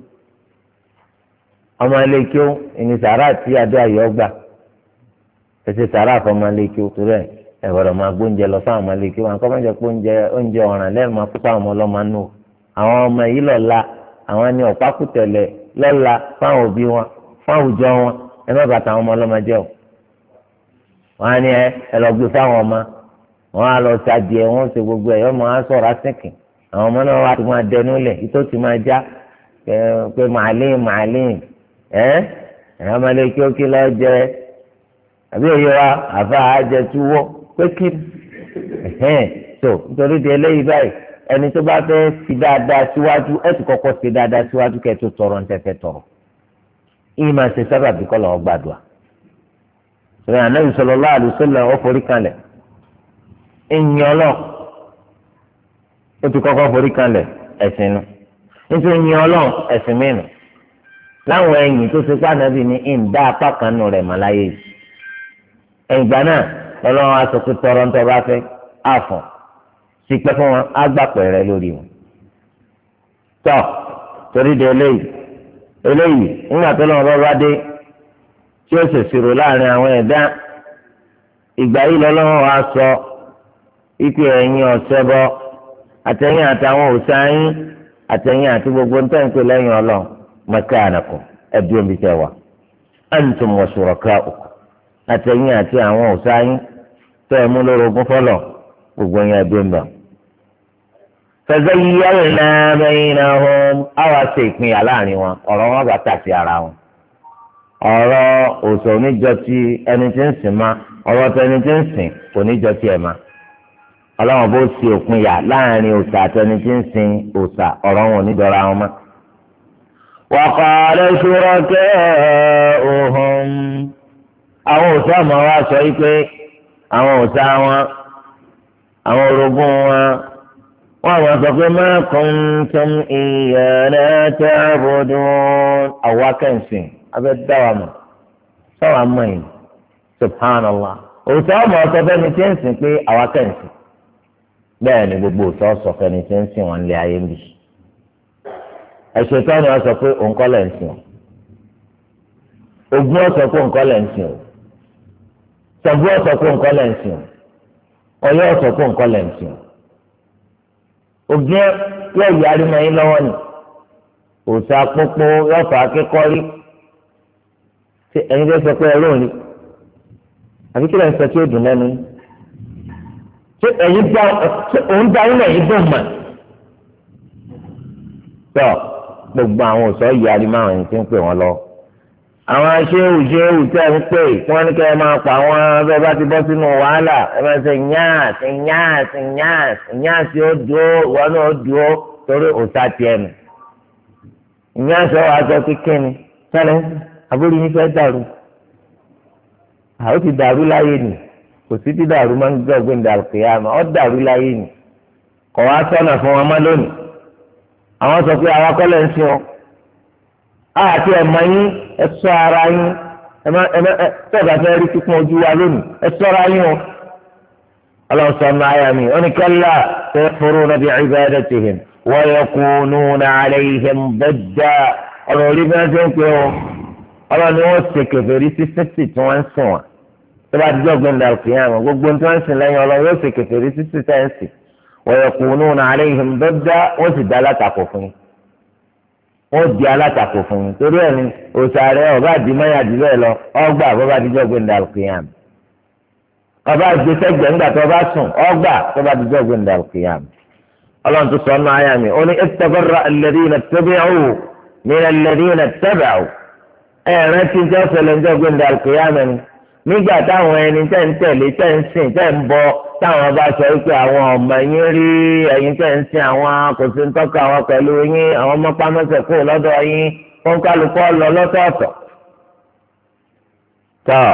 ọmọ ilé kíó ìní sàrà àti àdúrà yìí ẹ gbọ́dọ̀ máa gbóúnjẹ lọ fáwọn ọmọ ilé kí wọn kọ́ mọ́jọ pé oúnjẹ oúnjẹ ọ̀ràn lẹ́nu máa fún fáwọn ọmọ ọlọ́mọ nù àwọn ọmọ yìí lọ́la àwọn ni ọ̀pákùtẹ̀lẹ̀ lọ́la fáwọn òbí wọn wọn ẹ má bàtà àwọn ọmọ ọlọ́mọ jẹ́ o wọn á fáwọn ọmọ wọn á gbogbo ẹ yọ asínkì àwọn ọmọ náà wà tó máa dẹnu àbí pé kí ẹ̀hẹ́n tó nítorí di eléyìí báyìí ẹni tó bá fẹ́ fi dáadáa síwájú ẹ̀ ti kọ́kọ́ fi dáadáa síwájú kẹ́ ẹ̀ tó tọrọ ní tẹ́fẹ́ tọrọ ìyí máa ṣe sábà bí kọ́lọ̀ ọgbàdùà sọ̀rọ̀ ànábì sallallahu alaihi wasallam ó forí kalẹ̀ ìyìn ọlọ́ ó ti kọ́kọ́ forí kalẹ̀ ẹ̀sìn nu nítorí ìyìn ọlọ́ ẹ̀sìn mìíràn láwọn ẹ̀yìn tó ṣe pàànàbì ní ìǹdá apá kan nù rẹ̀ màláyé yìí náà lọ́lọ́run aṣọ pé tọrọ ń tọ́ bá fẹ́ àfọ̀ sí pẹ́ fún wọn á gbà pẹ̀rẹ́ lórí wọn. tọ́ torí de eléyìí eléyìí nígbà tó lọ́wọ́ bá dé tí ó ṣèṣirò láàrin àwọn ẹ̀dá ìgbà yìí lọ́lọ́run wa sọ ike ẹ̀yin ọ̀sẹ̀ àtẹ̀yìn àtàwọn òṣàyìn àtẹ̀yìn àti gbogbo ntẹ́ǹpẹ̀ lẹ́yìn ọlọ́run mẹ́kà ànàkùn ẹ̀dùn omi tẹ̀ wá antum wa shuraka òkú àtẹ̀yìn àti àwọn ọ̀sáyìn tó ẹ̀ mú lórogún fọlọ̀ gbogbo yẹn ẹbí mbà. fẹ̀sẹ̀ yíyá ìlànà bẹ́yìn náà hàn áwà ṣe ìpínyà láàrin wọn ọ̀rọ̀ wọn bá tà sí ara wọn. ọ̀rọ̀ òsò oníjọ ti ẹni tí ń sìn ma ọ̀rọ̀ tẹni tí ń sìn kò níjọ ti ẹ̀ ma. ọlọ́wọ́n bó ṣe òpinya láàrin òsà àtẹni tí ń sìn òsà ọ̀rọ̀ wọn ò ní dọ́ra wọn mọ́. wàkàlẹ́ ṣúrọ́kẹ́ òhun. àwọn òòṣà máa wá sọ yìí pé àwọn òòṣà wọn àwọn orogún wọn wọn àwọn sọ pé má kuntum iyyana ta'budun àwa na abẹ́ dá mọ̀ sọ́wọ́n àmọ́ yìí subhanallah òòṣà ọmọ ọ̀sọ́ fẹ́ni tí ń pé àwa bẹ́ẹ̀ ni gbogbo wọn lé ayé mi pé òǹkọ́lẹ̀ ń sìn ogun tẹ̀gbú ọ̀sọ̀ kó nǹkan lẹ̀ ń sìn ọ̀yọ́ ọ̀sọ̀ kó nǹkan lẹ̀ ń sìn ògùn yóò yarí mọ́ yín lọ́wọ́ ni òòsà pópó yóò fà á kékọ́ rí ṣé ẹ̀yin fẹ́ sọ pé ẹ lóun ni àbí kí lẹ́yìn sọ tí ó dùn lẹ́nu ṣé ẹ̀yin dá òun dá yín lẹ́yìn dùn mọ́ tọ́ gbogbo àwọn òòsà yarí máa ń ti ń pè wọ́n lọ́wọ́ àwọn aṣẹ́wù ṣẹ́wù tẹ̀ ń pè kí wọ́n ní kẹ́ ẹ máa pa àwọn abẹ́ bá ti bọ́ sínú wàhálà ẹ máa ṣe yáàsì yáàsì yáàsì yáàsì ó dúró ìwọ náà ó dúró torí òòtá tiẹ̀ nù. yáàsì ọ̀ àjọ kíkẹ́ ni sálẹ̀ àbúrò yín fẹ́ dàrú. àwọn ti dàrú láyé nì kò sí ti dàrú máa ń gbé ọ̀gbìn dàrú kìá mà ọ́ dàrú láyé nì kọ̀ wá sọ́nà fún wọn má lónìí. àwọn sọ pé àwọn akọ́lẹ̀ ń àti ẹ̀mọ yín ẹ̀sọ́ ara yín tọ́ba fẹ́ rí kíkún ojú wa lónìí ẹ̀sọ́ ara yín o. ọlọ́run sọ ọmọ mi wọn ṣe fúru nàbí ibadatihim wa yakununa alayhim bidda ọ̀rọ̀ orí bí ṣe ń pè ọ́ ọlọ́run ni wọ́n ṣe kèfèrí sí sẹ́tì tí wọ́n ń sìn gbogbo tí wọ́n ń sìn lẹ́yìn ọlọ́run yóò ṣe sí sẹ́tì wọ́n di alátakò fún un torí ẹni òsàrẹ ọba àdìmọyà jù bẹ́ẹ̀ lọ ọgbà bọba àdìjọ gbẹndà kìyàm ọba àgbẹsẹgbẹ ńgbà tó bá sùn ọgbà bọba àdìjọ gbẹndà kìyàm Ọlọ́run tó sọ ọmọ ayá mi ó ní ìtẹbẹrẹ alladhina tabi'u min alladhina taba'u ẹ rántí jẹ ọsẹlẹ ńjọ gbẹndà kìyàm ẹni nígbà táwọn ẹni tẹ́ ń tẹ̀lé tẹ́ ń sìn tẹ́ ń bọ táwọn bá sọ wípé àwọn ọmọ yín rí ẹ̀yin tẹ́ ń sìn àwọn kò sí ń tọ́ka àwọn pẹ̀lú yín àwọn ọmọ pamẹ́sẹ̀ kúrò lọ́dọ̀ yín wọ́n kálukọ́ lọ lọ́tọ̀ọ̀tọ̀. tọ́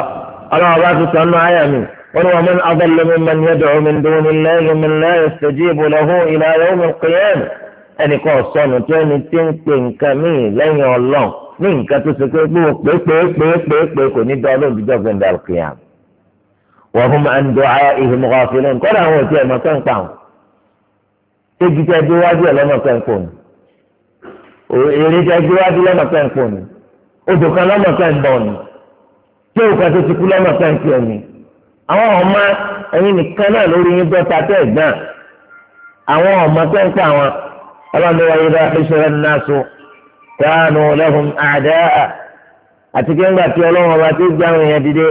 ọlọ́run bá tún sọnù ayà mi wọ́n wọ́n mẹ́rin abẹ́lẹ́mi mẹ́rin yẹ́dọ̀ omi dùn lẹ́yìn mi mi lẹ́yìn ní nǹkan tó ṣe pé gbogbo pépépépépé kò ní dán lóbi jọ gbẹndà kìíyàn wọ́n fún máa ń dọ ayé ìhìn mọ́kà fílẹ̀ ń kọ́dà àwọn òtí ẹ̀mọ́ kẹ́ńpà wọn tẹ́jú tẹ́ gbé wájú ẹ̀ lọ́nà kẹ́ńpà ni èrè tẹ́ gbé wájú lọ́nà kẹ́ńpà ni odò kan lọ́nà kẹ́ńpà ni tí òkà tó ti kú lọ́nà kẹ́ńpà ni àwọn ọmọ ẹ̀yin nìkan náà lórí yín dọ́ta tẹ́ ẹ̀gbọ́n àwọn ọmọ kẹ́ńpà wọn ọlọ́run kánú lẹ́hùn àdáà àti kí ńgbà tí ọlọ́run ọba tó gbé àwọn èèyàn dìde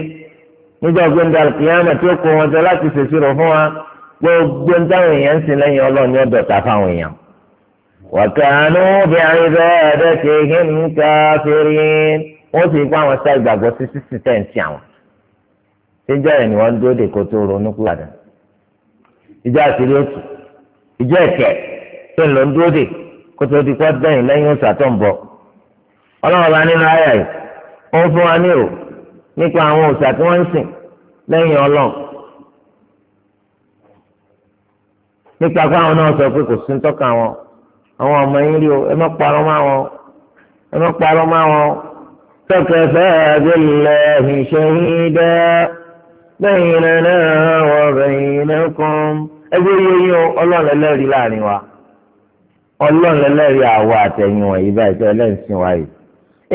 níjọ́ gbẹ̀ndà kìyàmà tí ó kó wọn jọ láti ṣèṣirò fún wa gbogbo ń táwọn èèyàn ń sìn lẹ́yìn ọlọ́run ní ọ̀dọ̀ ta fáwọn èèyàn. wàkàánú bí àrídọ́ ẹ̀ẹ́dẹ́gbẹ̀ hìn káfírí wọ́n sì kó àwọn sáà ìgbàgbọ́ sí sísì tẹ̀ǹtì àwọn. síjọ́ ẹ̀ ni wọ́n ń dóde kó tó ronú pàdán. ìjọ àṣírí òtù ìjọ ẹ̀kẹ́ tó ń lọ ń dóde kótó di kó dẹ́yìn lẹ́yìn oṣù àtọ̀nbọ̀ ọlọ́run bá nínú ayé yìí ó ń fún wa ní o nípa àwọn oṣù àti wọ́n ń sìn lẹ́yìn ọlọ́run nípa pé àwọn náà sọ pé kò sí ń tọ́ka wọn àwọn ọmọ yín rí o ẹ má parọ́ má wọn ẹ má parọ́ má wọn tọkẹfẹ́ abẹ́lẹ̀ ìṣẹ́yìndá lẹ́yìn náà wọ́n bẹ̀yìn náà kàn ẹgbẹ́ yóò yín ọlọ́run ẹlẹ́rìí láàrin wa ọlọ́run lẹ́lẹ́rìí àwa àtẹ̀yìn wọ̀nyí báyìí tó ẹlẹ́sìn wa yìí.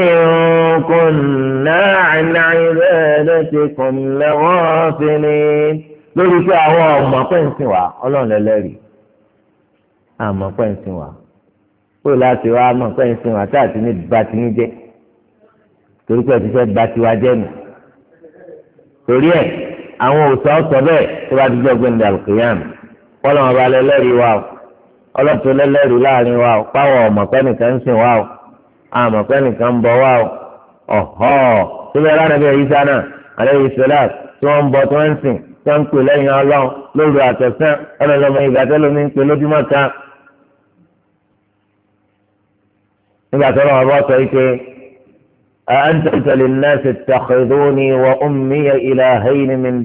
in kunna an ibadatikum lagafilin lórí pé àwọn ọmọ pẹ́ǹsìn wa ọlọ́run lẹ́lẹ́rìí àmọ́ pẹ́ǹsìn wa pé láti wá mọ̀ pẹ́ǹsìn wa tá àti ní bá ti ní jẹ́ torí pé ẹ̀sìn fẹ́ bá tiwa jẹ́ nù. torí ẹ̀ àwọn òòsàn ọ̀sọ̀ bẹ́ẹ̀ tó bá ti jẹ́ ọgbẹ́ni dàlùkìyàn kọ́lọ́mọba ọlọ́tún lẹ́lẹ́rìí láàrin wa o páwọn ọ̀mọ̀pẹ́ nìkan ń sìn wa o àmọ̀pẹ́ nìkan ń bọ wa o ọ̀họ́ síbẹ̀ lára bí ẹ̀yí sáná àlẹ́yìí sẹ́lá tí wọ́n ń bọ tí wọ́n ń sìn tí wọ́n ń pè lẹ́yìn ọlọ́run lóru àtọ̀sán ọlọ́lọ́mọ ìgbà tẹ́lẹ̀ ń pè lójúmọ́ kan. nígbà tó lọ́wọ́ bá sọ wípé أأنت للناس اتخذوني وأمي إلهين من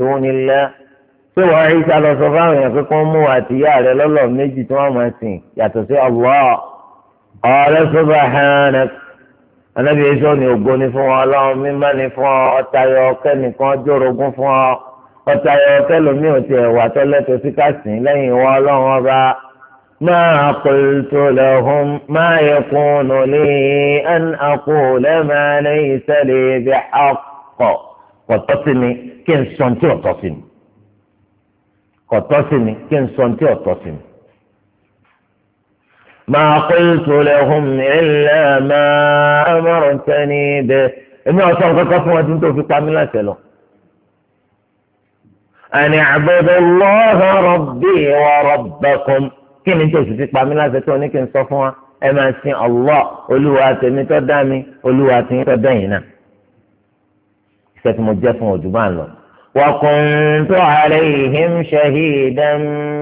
pé wọ́n ayé sá lọ sọ fáwọn èèyàn pé kí wọ́n mú àti ìyá rẹ lọ́lọ́ méjì tí wọ́n máa sìn yàtọ̀ sí Allah ọ̀rẹ́ sọ́ba hàn anábì èso ni ògo ni fún ọ ọlọ́run mímọ́ ni fún ọ ọ̀tayọ̀ ọ̀kẹ́ nìkan fún ọ ọ̀tayọ̀ ọ̀kẹ́ ò tiẹ̀ wà tọ́lẹ́tọ̀ sí kásìn lẹ́yìn wọn ọlọ́run ọba ما قلت لهم ما يكون لي أن أقول ما ليس لي بحق وتصني كن سنتي وتصني kọ̀tọ́ sí mi kí n sọ tí ọ̀tọ́ sí mi. ما قلت لهم إلا ما أمرتني به èmi ọ̀sán kankan fún ọdún tó fi pa mí láṣẹ lọ. àní àbẹ̀dẹ̀ lọ́hà rọ̀bì wà rọ̀bẹ̀kùn kí ni tó sì fi pa mí láṣẹ tó ní kí n sọ fún wa ẹ máa sin ọlọ́ olúwa tèmi tó dá mi olúwa tèmi tó dá yìí náà. iṣẹ́ tí mo jẹ́ fún ọ̀dùnmọ́ àná. وكنت عليهم شهيدا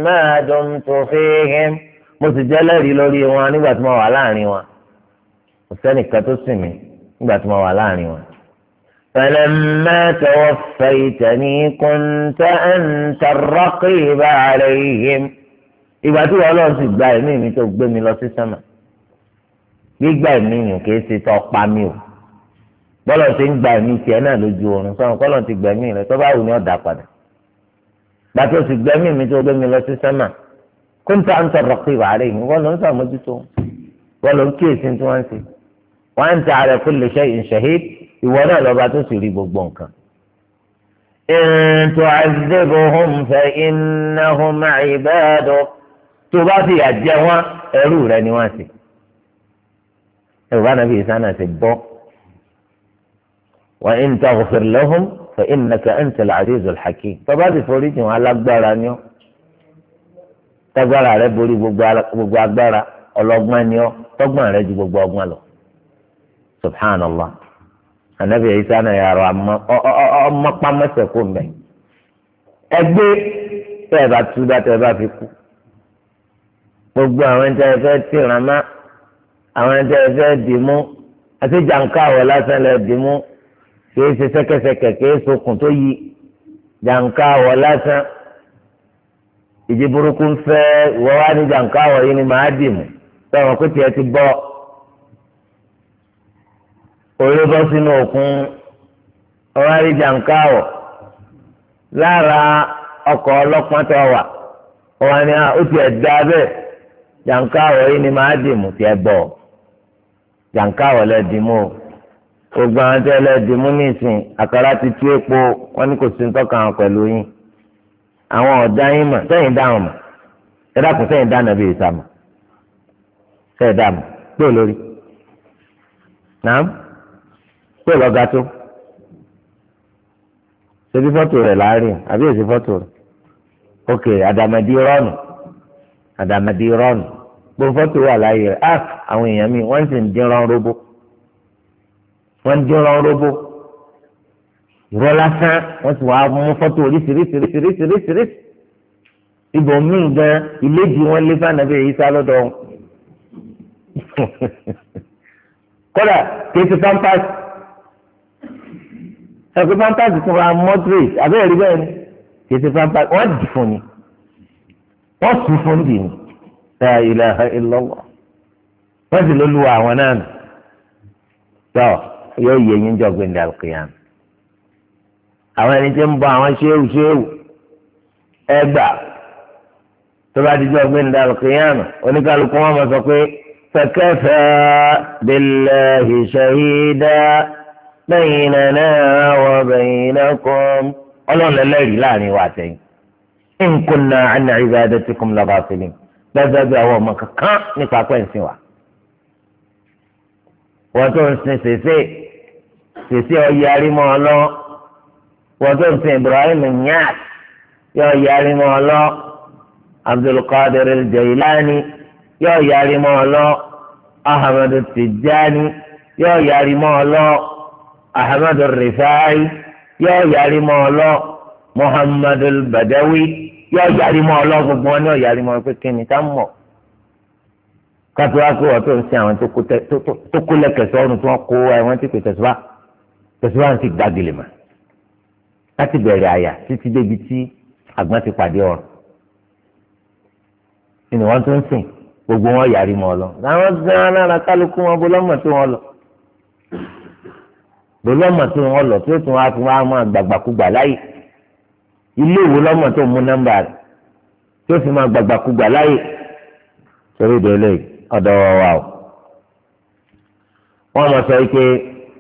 ما دمت فيهم mo sì jẹ́ lẹ́rìí lórí wọn nígbà tí mo wà láàrin wọn kò sẹ́nìkan tó sìn mí nígbà tí mo wà láàrin wọn. فلما توفيتني كنت أنت الرقيب عليهم ìgbà tí wọn lọ sí gba ẹ̀mí mi tó gbé mi lọ sí sánmà gbígbà ẹ̀mí mi kì í ṣe tó pa mí o bọ́lọ̀ ti ń gba ẹ̀mí tiẹ̀ náà lójú oorun sọ̀rọ̀ kọ́lọ̀ ti gbẹ̀mí rẹ tó bá wù ní ọ̀dà padà gbàtí o sì gbẹ̀mí mi tó gbẹ̀mí lọ sí sẹ́mà kó n ta ń sọ̀rọ̀ pé ìwà rẹ̀ yìí wọ́n ló ń sàmójútó wọ́n ló ń kíyèsí tí wọ́n ń ṣe wọ́n ń ta rẹ̀ fún lèṣẹ́ ìṣẹ̀hí ìwọ náà lọ́ba tó sì rí gbogbo nǹkan. ètò àdébò hom fẹ́ iná hom àìbẹ́ẹ̀dọ́ wa in taghfir lahum fa innaka antal azizul hakim tọ́ba ti forí jìn wọn alágbára ni ọ́ tágbára rẹ borí gbogbo agbára ọlọ́gbọ́n ni ọ́ tọ́gbọ́n rẹ ju gbogbo ọgbọ́n lọ subhanallah anabi isa náà yàrá ọmọ pàmẹsẹ kó mbẹ ẹgbẹ tẹ ẹ bá tú dá tẹ ẹ bá fi kú gbogbo àwọn ẹni tẹ ẹ fẹ́ tì ràmá àwọn ẹni tẹ ẹ fẹ́ dì mú àti jàǹkà wọ lásán lẹ dì mú kìí ṣe sẹ́kẹsẹkẹ kìí sokùn tó yí jàǹká wọ lásán ìdí burúkú ń fẹ́ ìwọ wá ní jàǹká wọ yìí ni màá dì mú sọ̀rọ̀ pé tiẹ̀ ti bọ́ orí bọ́ sínú òkun ọwọ́ rí jàǹká wọ lára ọkọ̀ ọlọ́pàá tó wà ọwọ́ ni ó tiẹ̀ dá bẹ́ẹ̀ jàǹká wọ yìí ni màá dì mú tiẹ̀ bọ̀ jàǹká wọ lẹ́ dì mú o gbogbo àwọn tẹ́lẹ̀ dìmú nísìn àkàrà ti tú epo wọn ní kò sí tọ́ka àwọn pẹ̀lú yín àwọn ọ̀dá yín mà sẹ́yìn dáhùn mà ẹ dákun sẹ́yìn dáhùn nàbí ìta mà sẹ́yìn dáhùn pé olórí nàám pé lọ́gà tó ṣebí fọ́tò rẹ̀ láàrin àbí èsì fọ́tò rẹ̀ ok àdàmàdì rọ́ọ̀nù àdàmàdì rọ́ọ̀nù gbogbo fọ́tò wà láàyè rẹ̀ ah, àwọn èèyàn mi wọ́n sì ń dín rán róbó wọ́n ń dínra robo ìrọ́ lásán wọ́n sì wàá mú fọ́tò oríṣiríṣiríṣiríṣiríṣi ibò míì gan ìlédìí wọn lé fànàbí èyí sá lọ́dọ̀ wọn. kódà kéèké pampers ẹgbẹ́ pampers fún wa moderate abẹ́rẹ́ rí bẹ́ẹ̀ ni kéèké pampers wọ́n dì fún ni wọ́n sùn fún dì yóò yẹ yín jọ gbẹndẹ alqiyam àwọn ẹni tí ń bọ àwọn ṣéwù ṣéwù ẹgbà tó bá ti jọ gbẹndẹ alqiyam oníkàlùkù wọn mọ sọ pé fakafa billahi shahida baynana wa baynakum ọlọ́run lẹ́lẹ́rìí láàrin wa àtẹ̀yìn in kunna an ibadatikum la ghafilin gbẹgbẹ bí àwọn ọmọ kankan nípa pẹ́ǹsìn wa wọ́n tó ń sin ṣèṣe sèse ọ̀yarí mọ́ ọ lọ wọ́n tó ń sin Ibrahim Niass yọ ọ̀yarí mọ́ ọ lọ Abdulkadir Jailani yọ ọ̀yarí mọ́ ọ lọ Ahmadu Tijani yọ ọ̀yarí mọ́ ọ lọ Ahmadu Rifai yọ ọ̀yarí mọ́ ọ lọ Muhammadu Badawi yọ ọ̀yarí mọ́ ọ lọ gbogbo wọn ní ọ̀yarí mọ́ ọ pé kíni ká mọ̀ kátó wá pé wọ́n ń sin àwọn tó kó lẹ́kẹ̀ẹ́ sọ́run tí wọ́n kó àwọn tí kò tẹ̀síwá tẹ̀síwájú ti gbàgìlì mà láti bẹ̀rẹ̀ àyà títí débi tí àgbọn ti pàdé ọ̀rọ̀ inú wọn tó ń sìn gbogbo wọn yàrí mọ́ ọ lọ làwọn gan alára kálukú wọn bọlọ́mọ̀ tó wọn lọ bọlọ́mọ̀ tó wọn lọ tó tún wá fún wa máa gbàgbàkúgbà láyè ilé ìwé lọ́mọ̀ tó mú nọ́mbà rẹ̀ tó fi máa gbàgbàkúgbà láyè torí ìdè olóyè ọ̀dọ̀ wa o wọ́n mọ̀ sọ pé.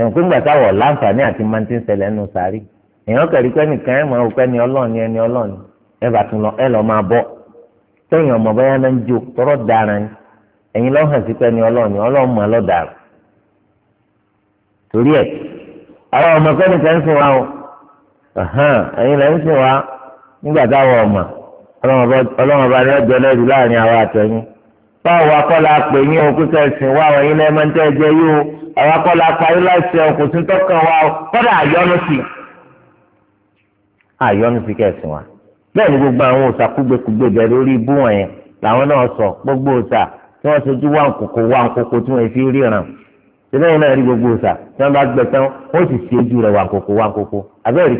ẹ̀hún pé ńgbà táwọ̀ láǹfààní àti máa ti ń ṣẹlẹ̀ ẹnu sàárì èèyàn kẹ̀rí pé nìkan ẹ̀ máa pẹ́ ni ọlọ́ọ̀ni ẹni ọlọ́ọ̀ni ẹ bá tún lọ ẹ lọ́ọ́ máa bọ́ ọmọ báyá náà ń jó tọ́rọ̀ dára ni hàn sí pé ni ọlọ́ọ̀ni ọlọ́ọ̀ lọ́ dára torí àwọn ọmọ o báwo akọ́lá pè yín o kíkẹ́ ẹ̀sìn wá àwọn ilé ẹ̀mọ́ tẹ́ ẹ jẹ́ yín o àwọn akọ́lá parí láti ọkọ̀ sí tọ́kàn wá o kọ́dà àyọ́nu sí i. àyọ́nu sí kẹ̀sìn wa bẹ́ẹ̀ ni gbogbo àwọn òòṣà kúgbèkúgbè bẹ̀rẹ̀ lórí ibú wọ̀nyẹn làwọn náà sọ gbogbo òòṣà tí wọ́n sojú wá nkòkò wá nkòkò tí wọ́n fi ríran sílẹ̀yìn náà rí gbogbo òòṣà tí wọ́n bá gbẹ tán ó sì ṣe ojú rẹ̀ wá nkòkò wá nkòkò àbẹ́rẹ́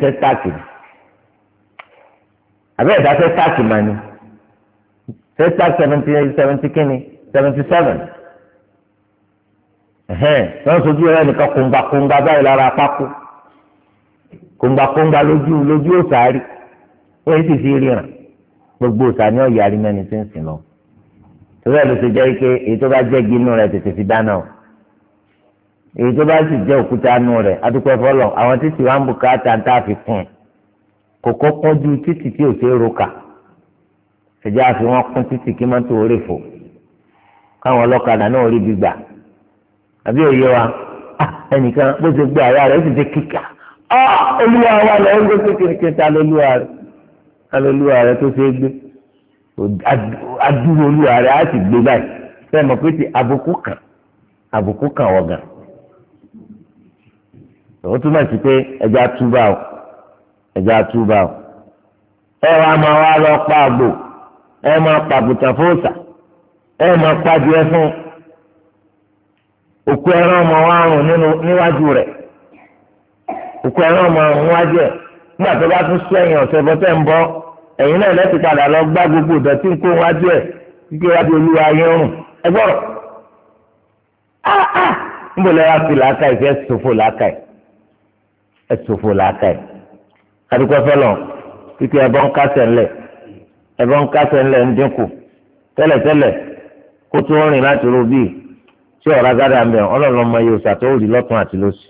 ìdáfẹ́ táàkì mani ṣé tax seventy seventy kínní seventy seven ẹ̀hẹ́n wọ́n sojú rẹ̀ nìkan kóńgbàkóńgbà báyìí lára pákó kóńgbàkóńgbà lójú lójú òsàárì ó yẹ sì fi ríran gbogbo òsàní ọ̀yàrí mẹ́ni tí ń sìn lọ torí ẹ̀ ló ṣe jẹ́ pé èyí tó bá jẹ́ gínú rẹ̀ tètè fi dáná o èyí tó bá sì jẹ́ òkúta nù rẹ̀ adúpẹ́ fọlọ́ àwọn títí wa ń bùkátà ń tà fi kún kòkó kọjú títí tí ò ṣe é roka ẹjẹ́ àfi wọn kún títì kí mọ́tò orí fò káwọn ọlọ́kadà náà rí bí gbà àbí òye wa ah, ẹnìkan bó ṣe gbé àyà rẹ̀ ó sì ṣe kíkà ah, olúwa wa lọ ó ń gbé kékeré kẹta lólúwa rẹ̀ alólúwa rẹ̀ tó ṣe é gbé adúró olúwa rẹ̀ á sì gbé báyìí fẹ́ mọ̀ pé ti àbùkù kàn àbùkù kàn ọ̀gàn òun túmọ̀ sí pé ẹja túbà o ẹja túbà o ẹ wàá máa wá lọ pa àgbò ẹ máa pàbùtà fóòsà ẹ máa pàdé fún òkú ẹran ọmọ wa rùn níwájú rẹ òkú ẹran ọmọ rùn níwájú ẹ nígbà tó bá tún sún ẹ̀yìn ọ̀sẹ̀ bọ́ tẹ̀ ń bọ́ ẹ̀yìn náà lẹ́sìn padà lọ gbá gbogbo ìdọ̀tí nǹkó wájú ẹ̀ kíkẹ́ wájú olúwa yẹn rùn ẹ gbọ́rọ̀ ah, ah. níbo lẹ́yà fi làákà yìí fẹ́ sòfò làákà yìí ẹ sòfò làákà yìí adúgbò fẹ́ lọ kíkẹ́ ẹ bọ́ ń kásẹ̀ ńlẹ̀ ẹ̀bọn kásẹ̀ ńlẹ̀ ń dínkù tẹ́lẹ̀tẹ́lẹ̀ kó tó rìn láti ro bíi tí ọ̀rá gádà ń bẹ̀ ọlọ́run ọmọ yóò ṣàtọ́wò rí lọ́tún àti lóṣù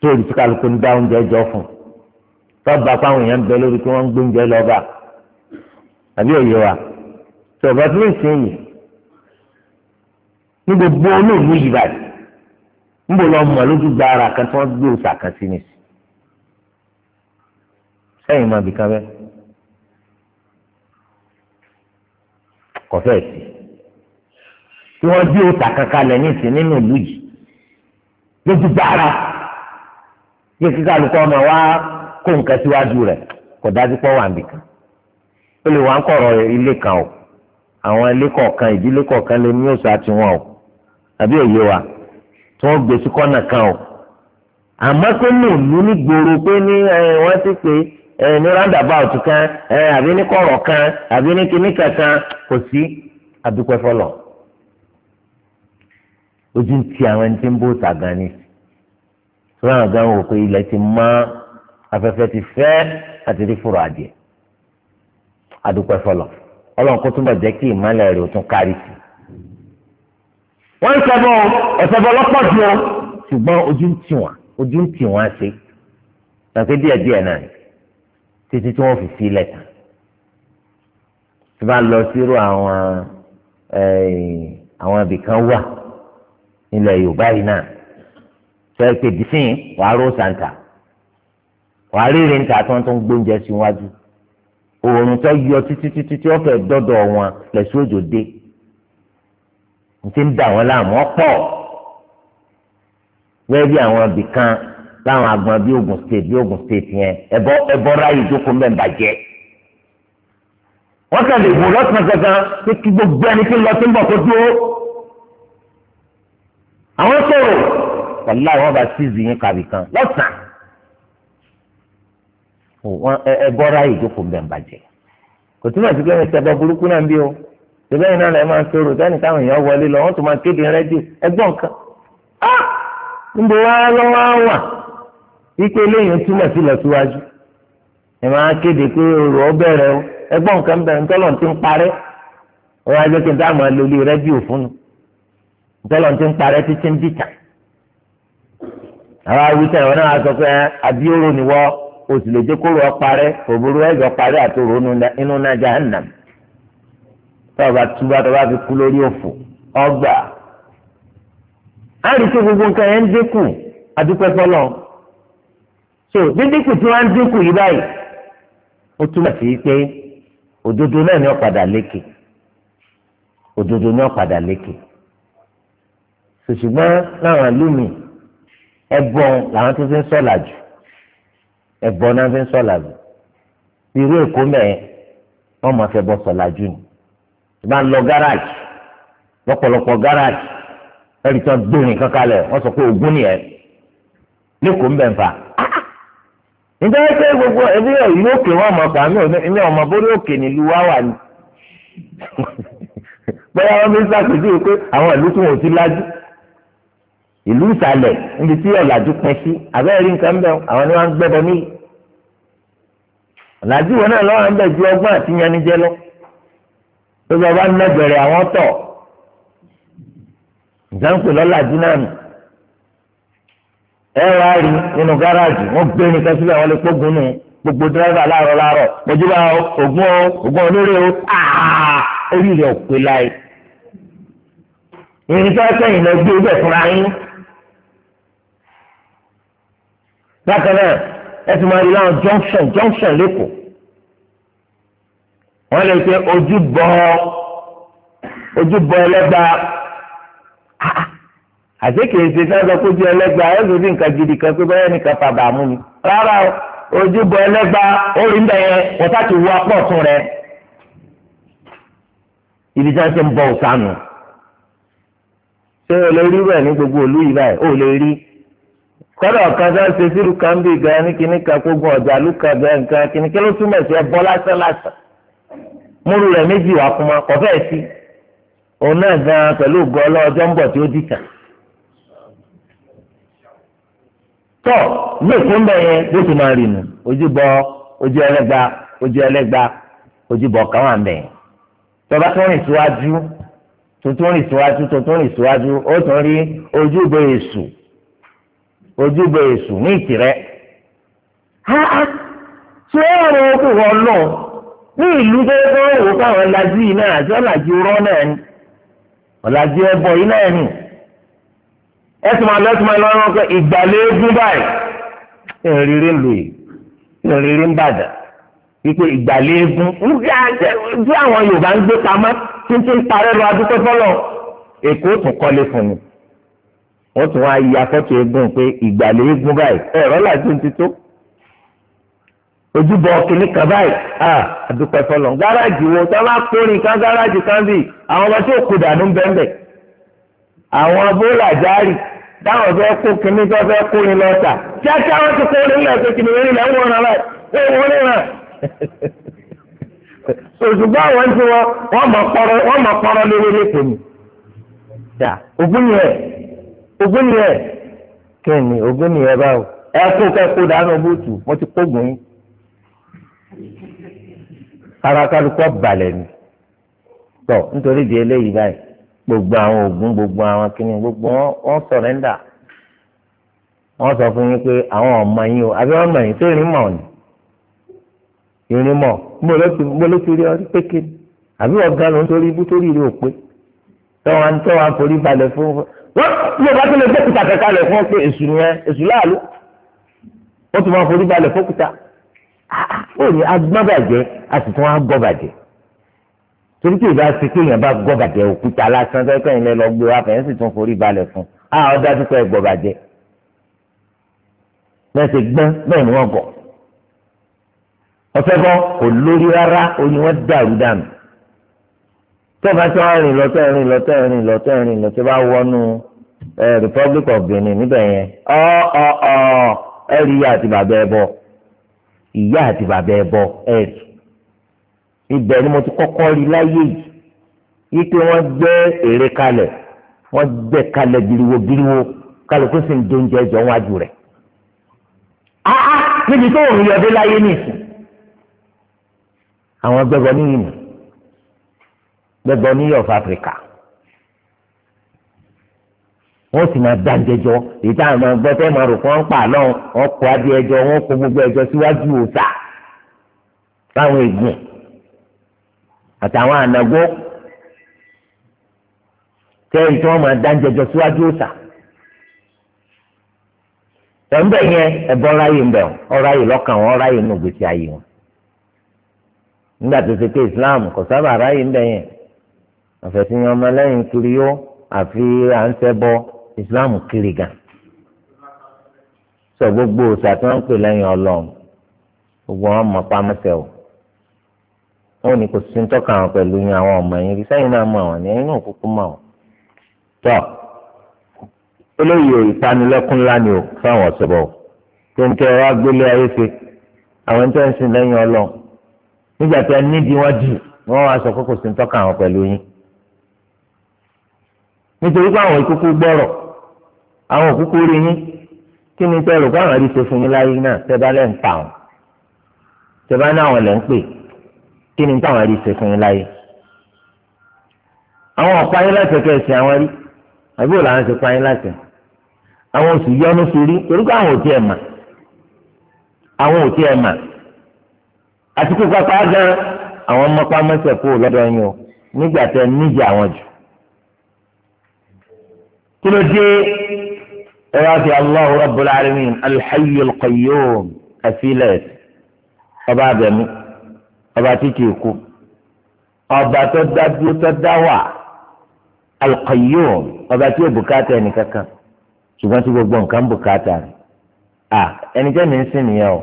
tó rí tí kálukú ń dá oúnjẹ jọ fún tọ́ba fáwọn èèyàn ń bẹ lórí kí wọ́n ń gbóúnjẹ lọ́ba àbí òye wa tó ọba tó lè ṣe èyí ní gbogbo olóòlù yìí báyìí ń bò lọ mọ̀ lójú gba kan tí wọ́n gbé òòsà kan sí nìsí sẹ́yìn máa bìkan bẹ́ẹ̀. kọfẹ́ sí tí wọ́n gbé òòtà kankan lẹ ní ìsìn nínú ìlú yìí lójú gbára ọmọ wa kó nǹkan síwájú rẹ̀ kò dájú ọ, wà nìkan ó lè kan o àwọn ilé kọ̀ọ̀kan ìdílé kọ̀ọ̀kan lè ní òòsà tiwọn o àbí òye wa tí kan o àmọ́ pé ní pé ní wọ́n ẹ ní roundabout kan ẹ àbí ní kọ̀rọ̀ kan àbí ní kíní kankan kò sí adúpẹ́ fọlọ́ ojú ń ti àwọn ẹni tí ń bó sàgán ni sọ́nà àgbà wò pé ilẹ̀ ti mọ́ afẹ́fẹ́ ti fẹ́ àti rí fúrọ̀ adìẹ adúpẹ́ fọlọ́ ọlọ́run kó túbọ̀ jẹ́ kí ìmọ̀lẹ̀ rẹ̀ ó tún kárí sí wọ́n ń sẹ́bọ̀ ẹ̀sẹ̀bọ̀ lọ́pọ̀ jù ọ ṣùgbọ́n ojú ń tì wọ́n ojú ń tì wọ́n ṣe tàbí díẹ̀díẹ̀ náà títí tí wọ́n fi sílẹ̀ tán tí bá lọ sírò àwọn eh, àwọn ibìkan wà nílẹ̀ Yorùbá yìí náà sọ pé dísìn wàá ró sàǹtà wàá rírì níta tí wọ́n tó ń gbóúnjẹ sí wájú òòrùn tó yọ títí títí tí wọ́n fẹ́ dọ́dọ̀ wọn lẹ̀sùn òjò dé ní ti ń dà wọ́n láàmú ọ̀pọ̀ wẹ́ẹ́ àwọn ibìkan láwọn agbọn bíi Ogun state bíi Ogun state yẹn ẹbọ ẹbọ ráyè ìjókòó mẹ́rin bàjẹ́ wọ́n kàn lè wò lọ́sàn-án kankan pé kí gbogbo ẹni tí ń lọ sí ń bọ̀ kó dúró àwọn sọ̀rọ̀ wàlá wọn bá ṣíìzì yín kàbí kan lọ́sàn-án ẹ bọ́ra ìjókòó mẹ́rin bàjẹ́ kò túmọ̀ sí pé ẹ ṣẹ̀bọ̀ burúkú náà ń bí o ṣẹ̀bẹ̀ yìí náà lẹ́ máa ń sọ̀rọ̀ sẹ́ni táwọn èèyàn wọlé lọ wọ́n tún máa kéde ah ń bọ̀ wípé eléyìí túmọ̀ sí lọ́síwájú ẹ máa kéde pé òrò ọbẹ̀rẹ̀ o ẹgbọ́n nǹkan bẹ̀rẹ̀ ntọ́lọ̀ ti ń parẹ́ wọ́n á jẹ́ kí n dá máa lórí rẹ́díò fún un ntọ́lọ̀ ti ń parẹ́ títí ń dìtà àwọn awùsẹ̀ ìwọ náà sọ pé abíóró ni wọ́n o sì lè jẹ́ kóró ọ parẹ́ òbúrú ẹ̀jọ̀ parẹ́ àti òrò inú náà jahannam tọ́ba túbá tọ́ba fi kú lórí òfò ọgbà á rí i gbogbo nǹkan yẹn ń dínkù adúpẹ́ fọlọ́ọ̀ so dídínkù tí wọ́n ń dínkù yìí báyìí ó túmọ̀ sí pé òdodo náà ni ó padà lékè òdodo ni ó padà lékè ṣùṣùgbọ́n láwọn àlùmí ẹ̀bọ̀n làwọn tó fi ń sọ̀là jù ẹ̀bọ̀n náà fi ń sọ̀là jù irú èkó mẹ́ẹ̀ wọ́n mọ̀ fẹ́ bọ́ sọ̀là jù ni ìbá ń lọ gáràjì lọ́pọ̀lọpọ̀ gáràjì ẹ̀rì tán gbórin kankan lẹ̀ wọ́n sọ pé ògún nìyẹn lẹ́kọ̀ọ́ ń bẹ̀ ń fà nítorí pé gbogbo ẹbí ìlú òkè wọn mọ̀ pa mí ní ọmọ bórí òkè nílùú wá wà ní. bóyá wọn fi ń ṣàpèjúwe pé àwọn ìlú tí wọn ò ti lájú ìlú ìsàlẹ̀ níbi tí ọ̀làjú pín sí abẹ́rẹ́ rí nǹkan bẹ́ẹ̀ àwọn ni wọ́n ń gbẹ́bọ níyì. ọ̀làjú wọn náà lọ́wọ́ ń bẹ̀ ju ọgbọ́n àti yanijẹ́ lọ. gbogbo ọba ń lọ àwọn tọ̀. ìjọba ń pè lọ́làjú ẹ wá rí nínú gáràjì wọ́n gbé ní kẹsílẹ̀ wọ́n lè kógun nù gbogbo dírẹ́fà láàárọ̀ láàárọ̀ o ògùn o ògùn olóró o orí rẹ̀ ò pé láì. ìrìn tó sẹ́yìn lọ gbé ibẹ̀ fúnra yín. bákan náà ẹ ti máa rí láwọn junction junction lẹ́kọ̀ọ́ wọ́n lè pe ojúbọ ojúbọ ẹlẹ́gbàá àti kìí ṣe tí wọ́n sọ pé ojú ẹlẹ́gbàá ló ní nǹkan gidi kan pé báyọ̀ nìkan fàbà mi rárá o ojú bọ ẹlẹ́gbàá ibi tí ń bọ òsánù ṣé o lè rí bẹ́ẹ̀ ní gbogbo òlú yìí báyìí o lè rí kọ́dọ̀ kan sọ ṣe sírù kan bí gan kan ọ̀dà lùkà bẹ́ẹ̀ nǹkan kí ló túmọ̀ sí ẹ bọ́ lásán tọ́ ìlú èkó ńbẹ yẹn bó ti máa rìn nù ojúbọ ojú ẹlẹ́gba ojú ẹlẹ́gba o káwọn àmì yẹn tọba tó rìn síwájú tuntun rìn síwájú tuntun rìn síwájú ó tún rí èṣù èṣù ní lọ ní ìlú tó káwọn yìí ẹtùmọ lẹtùmọ lọrọ pé ìgbàlẹẹgún báyìí ìrírí ń lò yìí ìrírí ń bàdà wípé ìgbàlẹẹgún bí àwọn Yorùbá ń gbé pamọ́ tí ń ti ń parẹ́ lọ adúpẹ́ fọlọ́ Èkó tún kọ́lé fún mi wọ́n tún wá ya fọ́tò eégún pé ìgbàlẹẹgún báyìí ẹ̀rọ làjú ti tó ojúbọ kìnnì kan báyìí a adúpẹ́ fọlọ́ gáràjì wo tí wọ́n bá kórìí kan gáràjì kan bì àwọn ọmọ tí ò kú dànù bẹ́ẹ̀ bẹ́ẹ̀ àwọn bóòlù àjárì táwọn fẹ́ kó kínní tó fẹ́ kó ni lọ tà kíákíá wọn ti kó ní ilẹ̀ tó kìnnìún ní ilẹ̀ ń náà wọ́n wọ́n ní náà. òṣùgbọ́n àwọn tí wọ́n mọ̀ kọ́rọ́ wọ́n mọ̀ kọ́rọ́ lórí lẹ́kọ̀ọ́ mi. báwo ẹ kó kó gbogbo àwọn oògùn gbogbo àwọn kìnìún gbogbo wọn sọrẹ́ndà wọn sọ fún yín pé àwọn ọmọ yín o àbí ọmọ yín tó irin mọ̀ ni irin mọ̀ mo ló ti rí ọrí pékè àbí ọ̀gá ló ń torí ibú torí ìlú òpè tọ́wọ́n ń tọ́wọ́n forí balẹ̀ fún wọ́n bí ọba tó lè gbé kúta kẹta lẹ̀ fún pé èṣù yẹn èṣù láàlú ó tún máa forí balẹ̀ fún kúta ah, ah, ó ní agbọ́n bàjẹ́ a sì tún á gbọ́ bàjẹ́ torí tí ìbá ṣe kéèyàn bá gbọ́ bàjẹ́ òkúta lásán tó kẹ́yìn lẹ lọ gbé wa fẹ̀yìn sì tún forí balẹ̀ fún a ọ dájú pé ẹgbọ́ bàjẹ́ bẹ́ẹ̀ ṣe gbọ́n bẹ́ẹ̀ ni wọ́n gọ̀ ọ̀sẹ̀ gan kò lórí rárá oyin wọn dàrú dànù tẹ́ẹ̀bá tí wọ́n rìn lọ tẹ́ẹ̀ rìn lọ tẹ́ẹ̀ rìn lọ tẹ́ẹ̀ rìn lọ tẹ́ẹ̀ bá wọnú Republic of Benin níbẹ̀ yẹn ọ́ ọ́ ọ́ ẹ̀rí ìyá àti bàbá ẹ̀ bọ̀ ìyá àti bàbá ẹ̀ bọ̀ ẹ̀rí ibẹ̀ ni mo ti kọ́kọ́ rí láyé yìí wípé wọ́n gbé èrè kalẹ̀ wọ́n gbé kalẹ̀ giriwo giriwo kálukú sì ń dóúnjẹ jọ wájú rẹ̀ áá níbi tó òun yọdé láyé nìsín àwọn gbẹgbọ níyì nù gbẹgbọ níyì of Africa wọ́n sì máa dáńjẹjọ èyí táwọn ọmọ ẹgbẹ́ fẹ́ẹ́ máa rò pé wọ́n pa àlọ́ wọn kó adìẹ jọ wọ́n gbogbo ẹjọ́ síwájú òòtà láwọn ègùn àtàwọn ànàgó tẹ́yìn tí wọ́n máa dá jẹjọ síwájú òòsà tẹ̀m̀bẹ̀ yẹn ẹ̀bọ ráyè ń bẹ̀ ọ́ ráyè lọ́kàn wọn ráyè nù gbèsè ayé wọn nígbà tó ṣe pé Islam kò sábà ráyè ń bẹ̀ yẹn àfẹ̀sìn ọmọlẹ́yìn kiri yó àfi à ń ṣẹbọ Islam kiri gan sọ gbogbo òòsà tí wọ́n ń pè lẹ́yìn Ọlọ́run gbogbo wọn mọ̀ pamẹ́sẹ̀ o wọn ni kò sí ń tọ́ka àwọn pẹ̀lú yín àwọn ọmọ yín rí sẹ́yìn náà mọ àwọn ní ẹ̀yìn náà kúkú mọ àwọn. tọ́ eléyìí ìtanilẹ́kún ńlá ni o fáwọn ọ̀sọ̀bọ̀ tó ń tẹ ọ̀rọ̀ agbélé ayé ṣe àwọn tó ń sin lẹ́yìn ọlọ́run nígbà tí a nídìí wọn jù wọn wá sọ pé kò sí ń tọ́ka àwọn pẹ̀lú yín. nítorí pé àwọn ìkúkú gbọ́rọ̀ àwọn òkúkú rí yín kí ni tẹ́ rò pé àwọn àdìsẹ́ fún yín láyé náà tẹ́ bá lẹ́ ń pa àwọn tẹ́ bá náà kí ni táwọn rí ṣe fún yín láyé àwọn ọ̀pá yín láti ẹ̀kẹ́ ẹ̀sìn àwọn rí àbí òun làwọn ti pa yín láti àwọn oṣù yọnu sí rí torí pé àwọn ò tiẹ̀ mà àwọn ò tiẹ̀ mà àti kó pápá gan àwọn mọ́pá mọ́sẹ̀ kú lọ́dọ̀ yín o nígbà tẹ níjì àwọn jù kí ló dé ẹ wá fi Allahu Rabbul Alamin Al-Hayyul Qayyum ẹ̀fílẹ̀ ọba abẹ́mi ọba tí kìí kú ọba tó dá dúró tó dá wà Al-Qayyum ọba tí ò bùkátà ẹnì kankan ṣùgbọ́n tí gbogbo nǹkan bùkátà rẹ̀ à ẹni jẹ́ mi ń sìn nìyẹn o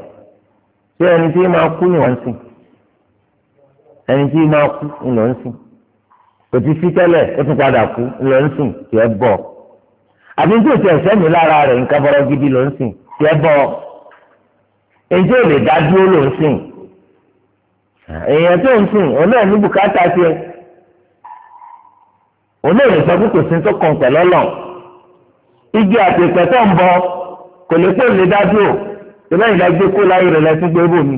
ṣé ẹni tí máa kú ni wọ́n ń sìn ẹni tí máa kú ni ló ń sìn kò ti sí tẹ́lẹ̀ ó tún padà kú ni ló ń sìn tí ẹ bọ̀ àbí tí òtí ẹ̀sẹ̀ mi lára rẹ̀ nǹkan bọ́rọ̀ gidi ló ń sìn tí ẹ bọ̀ èyí lè dá ló ń sìn èèyàn tó ń sìn òun náà ní bùkátà tiẹ̀ òun náà lè sọ pé kò sí tó kàn pẹ̀lú ọlọ́ igi àtẹ̀tẹ̀ tó ń bọ kò lè kó lè dájú o ìbá ìlà gbé kó láyé rẹ̀ lẹ́sìn gbé bò mí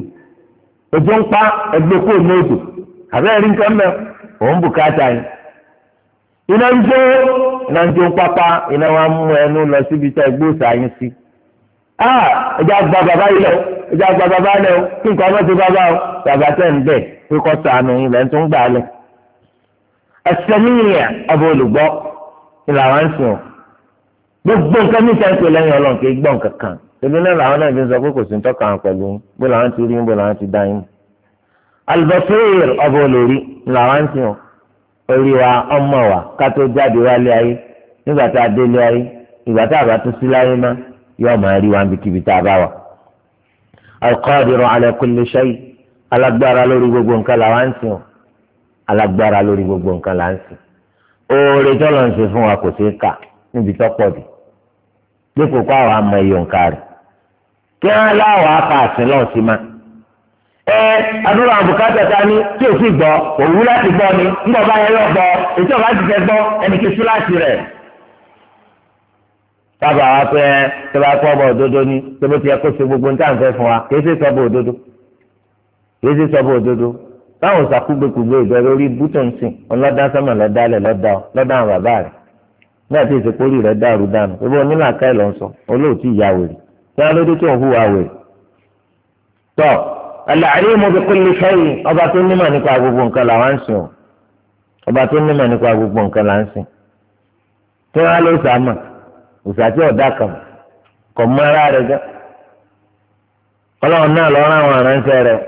òjò ń pa ẹgbẹ́ kó ní odò àbẹ́rẹ́ rí nǹkan mẹ́ òun bùkátà yìí iná ń jó iná ń jó pápá iná wa mú ẹnu lọ síbi tá ẹgbẹ́ òsà yín sí ah ẹja gba bàbá yìí lẹ o ẹja gba bàbá lẹ o kí nǹkan ọmọ ti bàbá o bàbá tẹ̀ ń bẹ̀ pé kọ́ sànù yìí lẹ́nu tó ń gbà lẹ. ẹsẹ̀míyà ọba olùgbọ́ ni làwọn ń sùn gbogbo nǹkan níta ń pè lẹ́yìn ọlọ́run kì í gbọ́ nǹkan kan ebi náà làwọn náà fi ń sọ pé kò sí tọ́ka hàn pẹ̀lú bó làwọn ti rí bó làwọn ti dá yín. alùbọ̀sẹ̀rẹ̀ ọba olórí làwọn ń sìn orí wa ọmọ wa ká jáde wálé ayé nígbà tá a délé ayé ìgbà tá a bá tún sí láyé máa yóò máa rí wa níbi kíbi tá a bá wà. alqadiru ala kulli shay alágbára lórí gbogbo nǹkan là wá ń sìn o alágbára lórí gbogbo nǹkan là ń sìn. oore tó lọ ń ṣe fún wa kò ṣeé kà níbi tó pọ̀ jù dípò kó àwọn àmọ iye nǹkan rẹ̀ kí wọ́n láwọ̀ apá àsìn náà sí ma. ẹ adúlọ̀ àbùkátà ta ni tí o sì gbọ́ òwú láti gbọ́ ni ńgbọ̀ bá yẹ lọ gbọ́ ètò ọ̀bá ti fẹ́ gbọ́ ẹnì kí tábà wá pé ẹ tẹ́lá kọ́ ọba òdodo ni tẹ́lá ti yẹ kó ṣe gbogbo nǹkan fẹ́ fún wa kì í ṣe sọ́bù òdodo kì í ṣe sọ́bù òdodo táwọn sàkúgbèkúgbè ìjọ lórí bútọ̀nsìn ọlọ́dá sọ́mọ̀ lọ́dálẹ̀ lọ́dá lọ́dá àwọn bàbá rẹ̀ nígbà tí ìsèpórí rẹ̀ dàrú dànù ebi onílà ká ẹ̀ lọ sọ olóòtú ìyá wèrè kí wọ́n lójú tó ń hùwà wèrè. tọ́ al-alimu bi kulli shay ọba tó nímọ̀ nípa gbogbo nǹkan làwọn òsàtì ọ̀dà kan kọ̀ mọ́ ara rẹ̀ gá ọlọ́run náà lọ rán àwọn aránṣẹ́ rẹ̀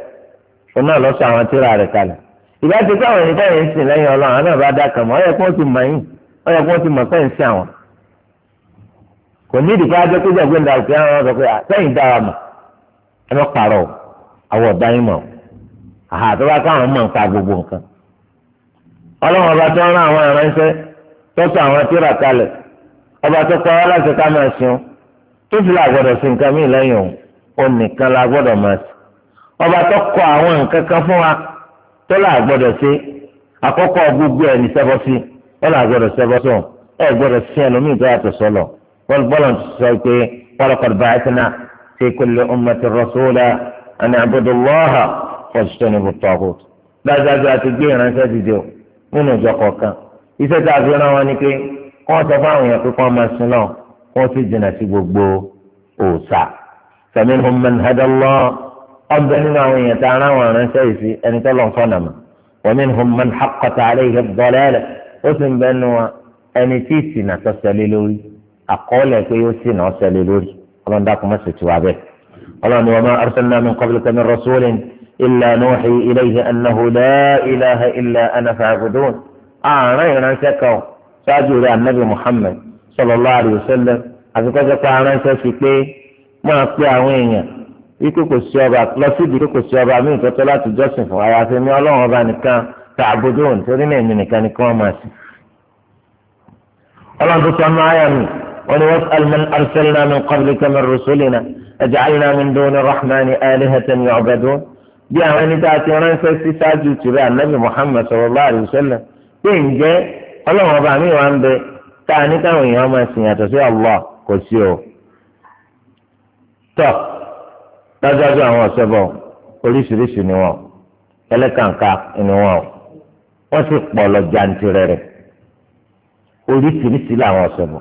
òun náà lọ sọ àwọn tíra rẹ̀ kalẹ̀ ìgbà tí káwọn ẹni táyà ń sìn lẹ́yìn ọlọ́run àwọn náà bá dà kàn mọ́ ọ̀yẹ́ ti mọ̀ yín ọ̀yẹ́ kó ti mọ̀ pé ń àwọn kò ní ìdìbò ajé kó jẹ́ gbẹ̀ndà òkè àwọn ọ̀dọ́ pé àwọn ọba tó pa wá láti ká máa sun tó fi làgbọ́dọ̀ sí nǹkan mí lẹ́yìn òun òun nìkan la gbọ́dọ̀ máa sí ọba tó kọ àwọn nǹkan kan fún wa tó làgbọ́dọ̀ sí àkọ́kọ́ gbogbo ẹ̀ ní sẹ́bọ́ sí ó làgbọ́dọ̀ sẹ́bọ́ sùn ẹ̀ gbọ́dọ̀ sí ẹlòmíì tó yàtọ̀ sọ́lọ̀ bọ́lọ̀ ti sọ pé walaqad ba'athna fi kulli ummatin rasula an a'budu Allaha wajtanibu at kó wọ́n fún àwọn èèyàn pé kó wọ́n máa sin lọ kó wọ́n sì jìnnà sí gbogbo òòṣà sẹ́mi ń faminhum hẹ́dọ́ lọ ọbẹ̀ nínú àwọn èèyàn tá ara wọn ránṣẹ́ yìí sí ẹni tó lọ ń fọ́nà mọ́ wọ́n wa minhum man haqqat alayhi ad-dalalah ó sì ń bẹ́ nu wa ẹni tí ìsìnà tó ṣẹlẹ̀ lórí àkọọ́lẹ̀ pé ó sìnà ó ṣẹlẹ̀ lórí ọlọ́run dákun má bẹ́ẹ̀ ọlọ́run ṣáájú rẹ̀ anabi muhammed sallallahu alaihi wasallam àti kọjá pé aránṣẹ́ fi pé máa pé àwọn èèyàn ikú kò sí ọba lọ síbi ikú kò sí ọba mí ìtọ́tọ́ láti jọ́sìn fún ara àti ní ọlọ́run ọba nìkan tá àbójú òun torí náà èmi nìkan ni kí wọ́n máa sìn. ọlọ́run tó sọ máa yà mí wọ́n ni wọ́n naa naa alman arsalna min qablika dun ni rahman min duni rahmani alihatan yu'badun bí àwọn ẹni tá a ti ránṣẹ́ sí ṣáájú tìrẹ anabi muhammad sallallahu alaihi wasallam pé ǹjẹ́ ọlọ́run ọba mi wà ń bẹ tá a ní káwọn èèyàn máa sìn yàtọ̀ sí Allah kò sí o. tọ́ dájúdájú àwọn ọ̀ṣẹbọ oríṣiríṣi ni wọ́n ẹlẹ́kàǹkà ni wọ́n wọ́n sì pọ̀ lọ jantirẹrẹ oríṣiríṣi làwọn ọ̀ṣẹbọ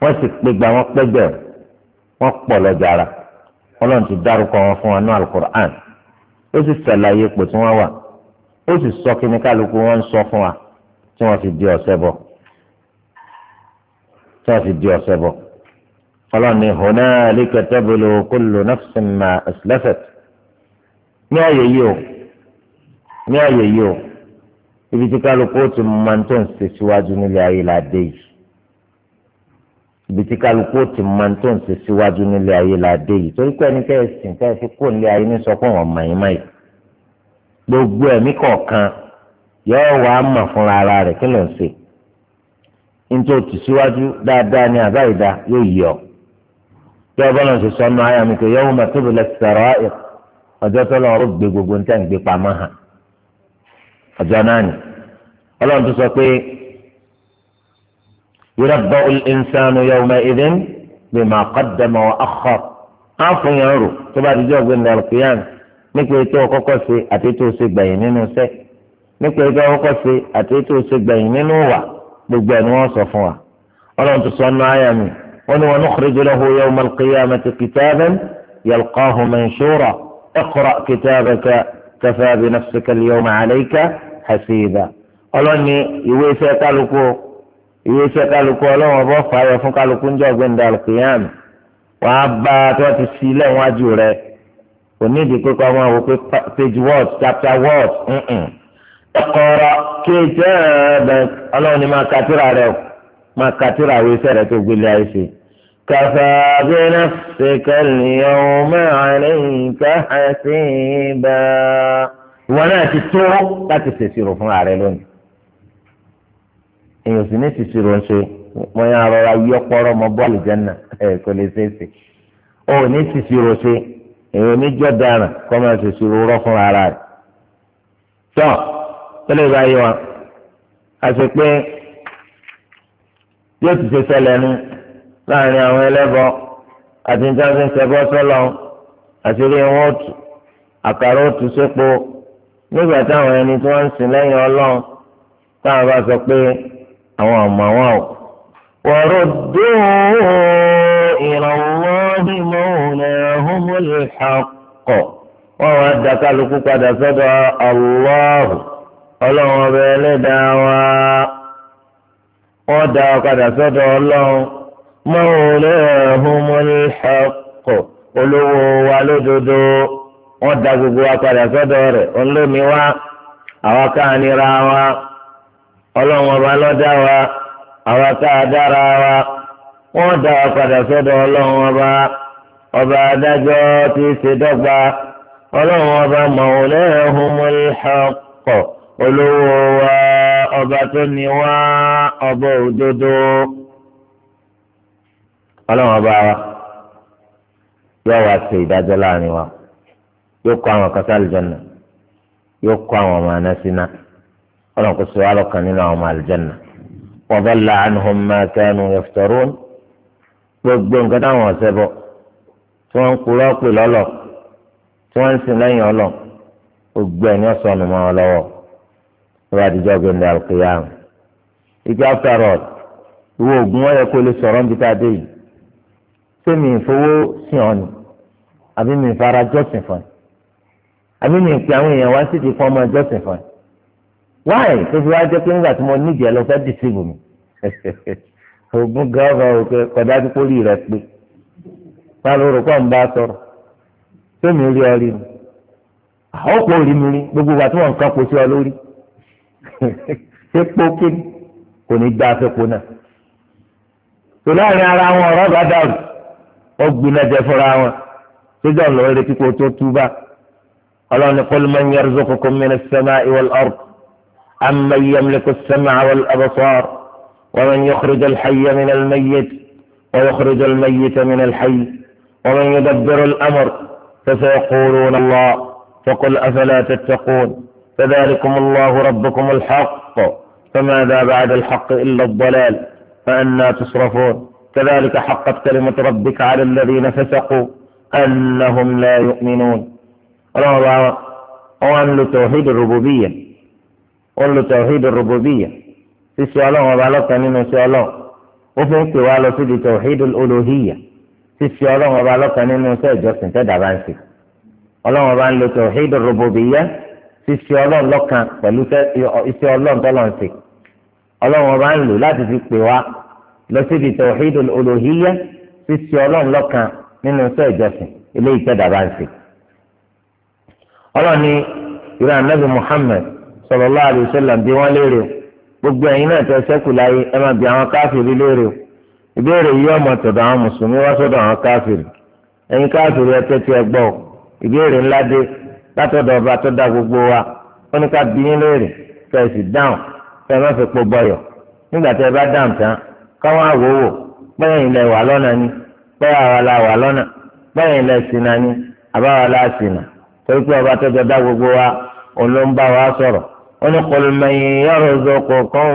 wọ́n sì pégbà wọ́n pégbà wọ́n pọ̀ lọ jàrá ọlọ́run ti dárúkọ wọn fún wa ní alukur'an ó sì ṣàlàyé ipò tí wọ́n wà ó sì sọ kí wọn sọ fún wa tí wọ́n fi di ọ̀sẹ̀ bọ̀ tí wọ́n fi di ọ̀sẹ̀ bọ̀ ọlọ́ni hunalika tablu kullu nafsin ma aslafat ní ààyè yìí o ní ààyè yìí o ibi tí kálukú ti máa ń tó ń ṣe síwájú nílé ayé la dé yìí ibi tí kálukú ti máa tó ń ṣe síwájú nílé ayé la yìí torí pé ẹni kẹ́ẹ̀sì kẹ́ẹ̀sì kò nílé ayé ní sọ fún ọmọ yìí gbogbo ẹ̀mí kọ̀ọ̀kan yóò wá mọ̀ fúnra ara rẹ̀ kí ló ń ṣe nítorí òtù síwájú dáadáa ní àbá ìdá yóò yí ọ tí ọba náà ṣe sọnù ayé mi pé yẹ́wò máa tóbi lẹ́sẹ̀rọ̀ ayọ̀ ọjọ́ tó lọ́wọ́ gbé gbogbo ní tẹ́ǹgbé pamọ́ hàn ọjọ́ náà ni ọlọ́run tó sọ pé yúrọ̀bọ̀ ìnsánú yẹ́wò máa ìdín bí máa kọ́dẹ̀mọ̀ ọkọ̀ á tó bá dijọ́ gbé ní alùpùpù nípa ètò ọkọ̀kọ̀ ṣe àti ètò ṣe gbẹ̀yìn nínú sẹ́ẹ̀ nípa ẹgbẹ́ ọkọ̀ ṣe àti ètò ìṣègbẹ̀yìn nínú wa gbogbo ẹ̀ ni wọ́n sọ fún wa ọlọ́run tó sọ ọ́nà àyà mi wọ́n ní wọn nukhriju lahu yawma al-qiyamati kitaban yalqahu manshura iqra kitabaka kafa bi nafsika al-yawma alayka hasiba ọlọ́run ní ìwé iṣẹ́ kálukú ìwé iṣẹ́ kálukú ọlọ́run ọbọ̀ fààyè fún kálukú ń jọ gbẹ̀ndà al-qiyam wàá bá a ẹkọọrọ kí ẹsẹ ẹbẹ Ọlọ́run ni máa ka tírà rẹ o máa ka tírà àwọn iṣẹ́ rẹ tó gbélé ayé ṣe. kàfà bínú ṣèkẹlì ọmọ àlẹyìnká àṣìbà. ìwọ náà ti tó láti ṣèṣirò fún ààrẹ lónìí. èèyàn sì ní ṣèṣirò ń ṣe mo yàn rọra yí ọpọlọ mọ bọ́ọ̀lù jẹ́nà ẹ̀ kò lè ṣe é ṣe. o ní ṣèṣirò ṣe èèyàn oníjọ́ dáràn kọ́ máa ṣèṣirò rọ́ fún ara rẹ̀ tẹ́lẹ̀ ìbáyé wa àti pé yóò ti ṣe ṣẹlẹ̀ nu láàrin àwọn ẹlẹ́bọ àti nítorí ṣẹbọ sọ́lọ́ àti rí wọn òtù àkàrà òtù sépo nígbà táwọn ẹni tí wọ́n ń sìn lẹ́yìn ọlọ́run táwọn bá sọ pé àwọn ọmọ wọn ò. وردوا إلى الله مولاهم الحق وودك لك قد صدى الله ọlọ́run ọbẹ̀ ẹlẹ́dàá wa wọ́n da ọ̀kadà sọ́dọ̀ ọlọ́run mọ́wòlẹ́ ọ̀húnmọ́lẹ́hẹ́kọ̀ olówó wa lódodo wọ́n da gbogbo wa padà sọ́dọ̀ rẹ̀ olómi wa àwa káà nira wa ọlọ́run ọba wa àwa káà dára wa wọ́n da wa sọ́dọ̀ ọlọ́run ọba ọba adájọ́ ṣe dọ́gba ọlọ́run ọba olówó wa ọba tó ní wá ọba òdodo ọlọ́run ọba wa yóò wá ìdájọ́ láàrin wa yóò kó àwọn yóò àwọn ọmọ anásínà ọlọ́run kò sọ nínú àwọn ọmọ àlìjọ́nà wa dhalla anhum ma kanu gbogbo nǹkan táwọn ọ̀sẹ̀ bọ̀ tí wọ́n ń kúrọ́ pè lọ́lọ́ tí wọ́n ń lẹ́yìn lọ́wọ́ àdìjọ́ ọ̀gbìn ní alqiyam ike after all ìwọ oògùn wọn yẹ kó lè sọ̀rọ̀ níbi tá a dé yìí ṣé mi ìfowó sí ọ ni àbí mi ìfara jọ́sìn fún ẹ àbí mi ìpè àwọn èèyàn wá sí ti fún ọmọ jọ́sìn fún ẹ wáyé tó fi wá jẹ́ pé nígbà tí mo nídìí ẹ lọ fẹ́ dìsíbù mi oògùn gọ́ọ̀bà òkè kọjá tó kórì rẹ pé wọn lọ ń bá sọ̀rọ̀ ṣé mi rí ọ rí àwọn kò rí mi rí gbogbo wa tí wọn kàn kó sí ọ lórí. sépo kí kò ní gbá sépo náà tó láàrin ara wọn ọ̀rọ̀ bá dàrú wọ́n náà jẹ fúnra wọn sójà ń lọ retí kó tó túbà ọlọ́run ní qul man yarzuqukum minas sama'i wal ard amman yamliku as-sam'a wal absar wa man yukhrij al-hayya min al-mayyit wa yukhrij al-mayyita Wọ́n al-hayy wa man yudabbiru al-amr فسيقولون الله afẹ́lẹ́ tẹ̀ تتقون فذلكم الله ربكم الحق فماذا بعد الحق إلا الضلال فأنا تصرفون كذلك حقت كلمة ربك على الذين فسقوا أنهم لا يؤمنون روى وأن لتوحيد الربوبية وأن لتوحيد الربوبية في سؤال وبعلى كنين سؤال وفي سؤال سيد توحيد الألوهية في سؤال وبعلى كنين سؤال جرس تدعبان سيد ولو وبعلى توحيد الربوبية ṣíṣe ọlọ́run lọ́kàn pẹ̀lú iṣẹ́ ọlọ́run tọ́lọ́run ṣe ọlọ́run ọba ń lò láti fi pè wá lọ síbi tawhidul uluhiyyah ṣíṣe ọlọ́run lọ́kàn nínú iṣẹ́ ìjọsìn eléyìí tẹ́ dàbá ń ṣe. ọlọ́run ní ìrẹ́ anábì Muhammad sallallahu alaihi wasallam bí wọ́n léèrè gbogbo ẹ̀yin náà tẹ́ sẹ́kù láyé ẹ máa bi àwọn káfíìrì léèrè ìbéèrè yìí ọmọ tọ̀dọ̀ àwọn mùsùlùmí wá sọ́dọ̀ àwọn káfíìrì ẹ̀yin káfíìrì ẹ tẹ́tí ẹ gbọ́ ìbéèrè ńlá dé látọ̀dọ̀ ọba tó dá gbogbo wa ó ní ká bí yín léèrè kẹ́ ẹ sì dáhùn kẹ́ ẹ má fi po bọ̀yọ̀ nígbà tí ẹ bá dáhùn tán káwọn àwòwò pẹ́yìn ilẹ̀ wà lọ́nà ni pẹ́yìn àwa la wà lọ́nà pẹ́yìn ilẹ̀ ṣìnà ni àbáwa la ṣìnà torí pé ọba tó dá gbogbo wa òun ló ń bá wa sọ̀rọ̀ ó ní qul man yarzuqukum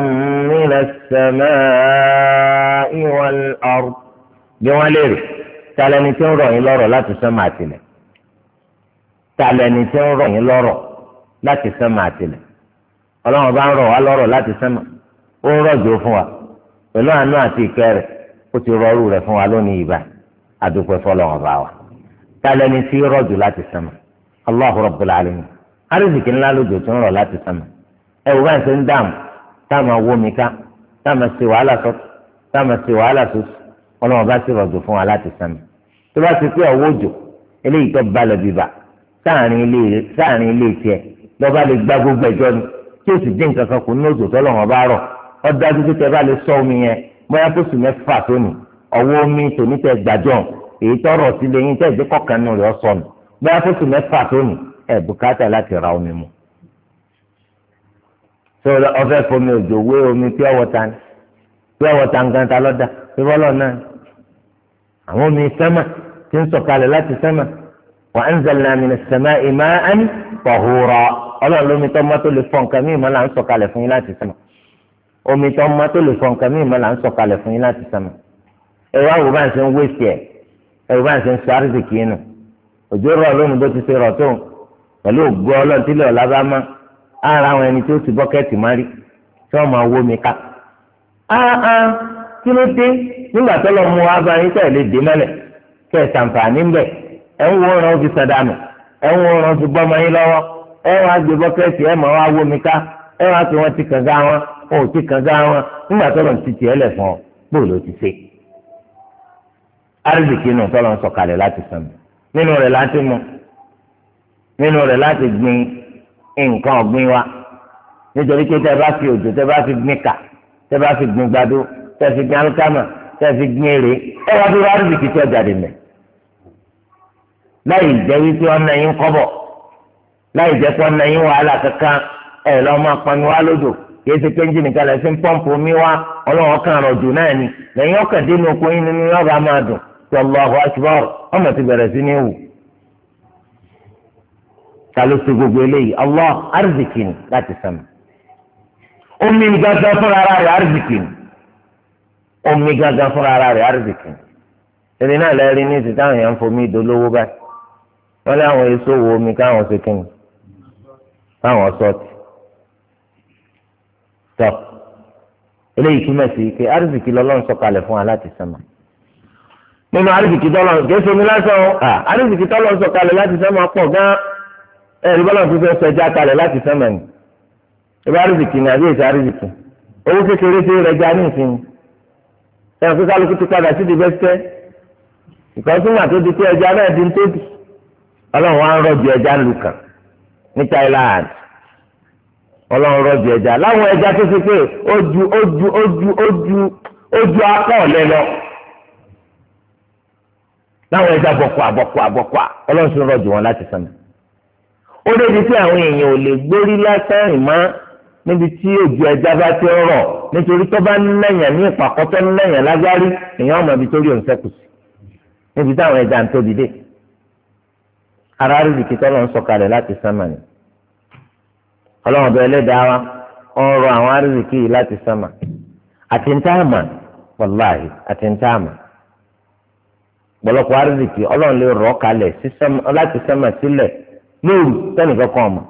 minas samaa'i wal ard bí wọ́n léèrè tálẹ́ni tí ń rọ̀ yín lọ́rọ̀ láti sánmà àtìlẹ̀ talẹ̀ ni tí ń rọ̀ yín lọ́rọ̀ láti sánmà àtìlẹ̀ ọlọ́run bá ń rọ̀ wá lọ́rọ̀ láti sánmà ó ń rọ̀jò fún wa pẹ̀lú àánú àti ìkẹ́ rẹ̀ ó ti rọrù rẹ̀ fún wa lónìí ìbá àdúpẹ́ fọlọ́run bá wa talẹ̀ ni tí ń rọ̀jò láti sánmà Allahu Rabbul Alamin arísìkì ńlá lójó tí ń rọ̀ láti sánmà ẹ wò báyìí ṣe ń dààmú táàmà wó ká táàmà ṣe wàhálà sọ́tù táàmà ṣe wàhálà sọ́tù ọlọ́run bá ṣe rọ̀jò fún wa láti sánmà tó bá ti pé ọ̀wọ́ òjò eléyìí tó balẹ̀ bíbà sáàrin ilé tiẹ̀ lọ́ba lè gba gbogbo ẹ̀jọ́ ni tí o sì dín nǹkan kan kù ní òjò tọ́lọ̀ wọn bá rọ̀ ọ dájú pé tẹ bá lè sọ omi yẹn bóyá tó sì mẹ́fà tóní ọwọ́ omi tòní tẹ gbàjọ́ èyí tọrọ sílé yín tẹ̀ dé kọ̀kan nù rẹ̀ ọ̀sọ̀ nù bóyá tó sì mẹ́fà tóní ẹ̀ bùkátà láti ra omi mu. tó ọfẹ́ fomi òjò wé omi pure water ni pure water nǹkan ta lọ́dà pé bọ́lọ̀ náà àwọn omi sẹ́mà ti ń sọ̀kalẹ̀ láti sẹ́mà wa anzalna minas samaa'i ma'an tahura ọlọ́run lómi tó mọ́ tó lè fọ nǹkan míì mọ́ là ń sọ̀kalẹ̀ fún yín láti sánmà omi tó mọ́ tó lè fọ nǹkan míì mọ́ là ń sọ̀kalẹ̀ fún yín láti sánmà ẹ wá wò bá ń ṣe ń wéṣẹ̀ ẹ̀ ẹ wò bá ń ṣe ń sọ àrísìkì yín nù òjò rọ̀ lónìí bó ti ṣe rọ̀ tó pẹ̀lú ògbó ọlọ́run tílẹ̀ ọ̀la bá má ara àwọn ẹni tó ti bọ́kẹ́tì má rí tí wọ́n máa wó mi ká. kí ló dé nígbà tó lọ mú wa bá yín tẹ̀lé dé mẹ́lẹ̀ kẹ́ ẹ̀ sàǹfààní ń bẹ̀ ẹ̀ ń wo ọ̀ràn fi sàdánù ẹ̀ ń wo ọ̀ràn fi gbọ́mọ yín lọ́wọ́ ẹ̀ wá gbé bọ́kẹ́tì ẹ̀ mọ̀ wá wó mi ká ẹ̀ wá fi wọn ti kànga wọn wọn ò ti kànga wọn nígbà tó lọ́n ti tì ẹ́ lẹ̀ fún ọ bóò ló ti ṣe. arzikì nù tọ́lọ́ ń sọ̀kalẹ̀ láti sàn nínú rẹ̀ láti mu nínú rẹ̀ láti gbin nǹkan ọ̀gbìn wa nítorí pé tẹ́ bá fi òjò tẹ́ bá fi gbin kà tẹ́ bá fi gbin gbadó tẹ́ fi gbin alikama tẹ́ fi gbin èrè ẹ wá fi wá arzikì jáde mẹ́ẹ̀. láì jẹ́ wípé ọ̀nà yín kọ́bọ̀ láì jẹ́ pé ọ̀nà yín wàhálà kankan ẹ̀ lọ́ máa pọnmi wá lódò kìí ṣe pé pọ́ǹpù omi wá ọlọ́wọ́ kan rọ̀ jù náà ni lẹ́yìn ọkàn dínú oko yín nínú máa dùn tó Allahu ọmọ ti bẹ̀rẹ̀ sí Allah arzikin láti sàmì
omi fúnra
ara rẹ̀ omi fúnra ara rẹ̀ lẹ́rìí ní ìsìtáwọn yẹn ń fomi dolówó báyìí wọ́n ní àwọn èso wo omi káwọn ṣe kíni káwọn sọ́ọ̀tì tọ́ eléyìí túmọ̀ sí pé arzikì lọ́lọ́run sọ̀kalẹ̀ fún wa láti sánmà nínú arzikì tọ́lọ́run kìí ṣomi lásán à arzikì tọ́lọ́run sọ̀kalẹ̀ láti sánmà pọ̀ gan ẹ̀rí bọ́lá tó fẹ́ sọ ẹja kalẹ̀ láti sánmà ni ebi arzikì ni àbí èsì arzikì owó kékeré ṣe rẹ̀ já ní ìsinmi ẹ̀rọ kíkálukú ti padà sí di bẹ́sẹ̀ ìkànsúnmà tó di pé ẹja náà di ń tóbi. ọlọ́run wa ń rọ̀jò ẹja lùkàn ní Thailand ọlọ́run rọ̀jò ẹja láwọn ẹja tó ṣe pé ó ju ó ju ó ju ó apá ọ̀lẹ́ lọ láwọn ẹja bọ̀kọ̀ ọlọ́run ń wọn láti ó àwọn èèyàn ò lè gbórí lásán níbi tí ẹja bá ti ń ara rìbìkì tọ́lọ̀ ń lati láti ni ọlọ́run ọ̀bẹ ẹlẹ́dàá wa ọ̀rọ̀ àwọn lati yìí láti sánmà àti ntáàmà wàláhì àti ntáàmà pọ̀lọpọ̀ arìbìkì ọlọ́run lè rọ̀ kalẹ̀ láti sánmà sílẹ̀ ọma sẹ́ni kankan ọ̀mọ̀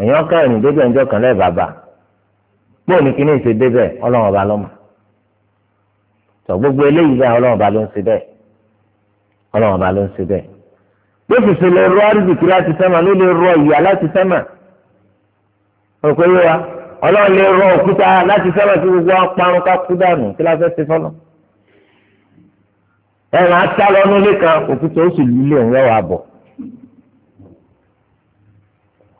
èèyàn kẹrin débẹ̀ ńjọ́ kan lẹ́ẹ̀ bàbà gbogbo eléyìí bó sì ṣe lè rọ àrísìkí láti sẹ́mà ló lè rọ ìyà láti sẹ́mà òkè yé wa ọlọ́run lè rọ òkúta láti sẹ́mà tí gbogbo apárun ká kú dànù kí la fẹ́ ṣe fọ́nà ẹ̀rọ ata lọ́nu lẹ́kan òkúta ó sì lulẹ̀ ń rẹwà bọ̀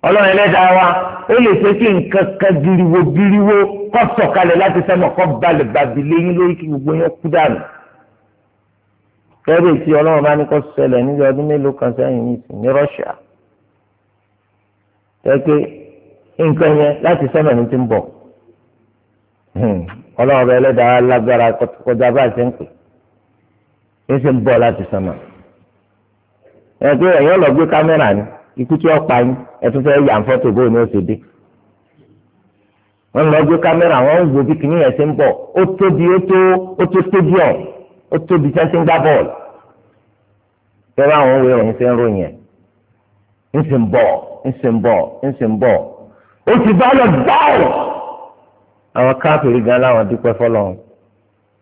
ọlọ́run ẹlẹ́dàá wa ó lè ṣe kí nǹkan kan diriwo diriwo kó sọ̀kalẹ̀ láti sẹ́mà kó balẹ̀ bàbí lẹ́yìn lórí kí gbogbo yẹn kú dànù kẹ́rẹ́ tí ọlọ́run bá ní kó ṣẹlẹ̀ níbi ọdún mélòó kan sẹ́yìn nìsín ní Russia tẹ́kẹ́ nǹkan yẹn láti sẹ́mẹ̀ ní ti ń bọ̀ hmm. ọlọ́run bá ẹlẹ́dàá lágbára kọjá bá ṣe ń pè é ṣe ń bọ̀ láti sẹ́mẹ̀ ẹ̀kẹ́ ẹ̀yọ́ lọ gbé kámẹ́rà ni ikú tí ó pa yín ẹ̀tún fẹ́ yà ń fọ́tò bóyá ni ó ṣe dé wọ́n lọ gbé kámẹ́rà wọ́n ń wo bí kìnìyàn ṣe ń bọ̀ ó tóbi ó tó ó tó stadium ó tóbi sẹ́ńtì ń gbá bọ́ọ̀lù bẹ́ẹ̀ bá àwọn òwe ìròyìn ṣe ń ròyìn ẹ̀ ń sì ń bọ̀ ń sì ń bọ̀ ń sì ń bọ̀ ó ti bá lọ báwò àwọn káàkiri gan láwọn dúpẹ́ fọlọ́run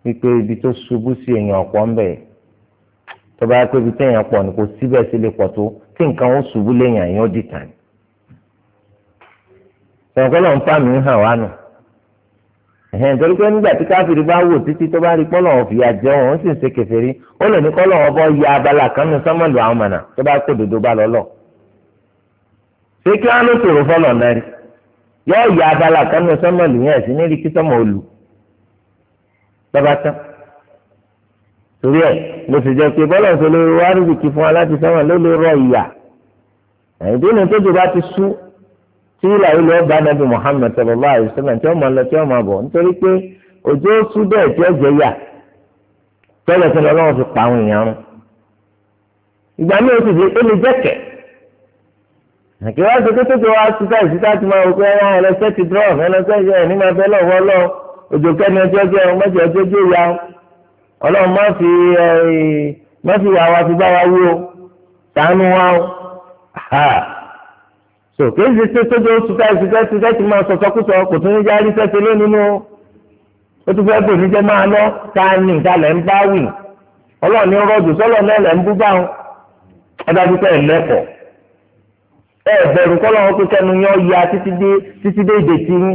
wípé ibi tó ṣubú sí èèyàn ọ̀pọ̀ ń bẹ̀ tó bá pé ibi téèyàn pọ̀ ní kò síbẹ̀ sí lè pọ̀ tó tí nǹkan ó ṣubú léèyàn yóò dìtàn. sọ̀rọ̀ pé lọ́n fà mí hàn wá nù ẹ̀hẹ́n torí pé nígbà tí káfíìrì bá wò títí tó bá rí pọ́lọ̀ ọ̀fì àjẹ wọn ó sì ń ṣe kẹfẹ́rí ó lè ní kọ́lọ̀ ọbọ̀ ya abala kan ní sọ́mọ̀lù àwọn mọ̀nà tó bá kó dodo bá lọ́lọ́ ṣé kí wọn ló sòrò fọlọ̀ náà rí yóò ya abala kan ní sọ́mọ̀lù yẹn sí ní rí kí sọ́mọ̀ olù lọ́ba tán torí ẹ̀ ló sì jẹ́ pé bọ́lọ̀ sọ lórí wárìkì fún aláti sọ́mọ̀ ló lè rọ ìyà tí ìlàyé lọ bá nàbì Muhammad sallallahu alaihi wasallam tí ọmọ lọ tí ọmọ bọ̀ nítorí pé òjò sú bẹ́ẹ̀ tí ọjọ́ yà tẹ́lẹ̀ tí Ọlọ́run fi pa àwọn èèyàn rún ìgbà mi ò sì fi éle jẹ́kẹ̀ àti wá sí kété tó wá síta ìsíta tó máa wò pé wọn ẹlẹsẹ ti drọm ẹlẹsẹ yẹ ẹ nínú abẹ lọ́wọ́ lọ òjò kẹni ọjọ́ jẹ ọ mọjọ ọjọ́ jẹ ya Ọlọ́run má fi má fi wà wá fi bá wa wí o ṣàánú wa o so kí ẹsẹ ṣe tó dúró sùtá ìṣiṣẹ́ ṣiṣẹ́ ti máa sọ̀tọ̀ kú sọ kò tún ní yára iṣẹ́ ṣe lónìí nù ó tún fẹ́ bèmí jẹ́ máa lọ ká ní ìdálẹ̀ ń bá wì ọlọ́run ní rọ́ọ̀dù sọ́lọ́ náà lẹ̀ ń bú bá wọn ọdájú pé ẹ̀lẹ́kọ̀ọ́ ẹ bẹ̀rù kọ́ lọ́wọ́ pé kẹnu yẹn ya títí dé títí dé ìdè tí yín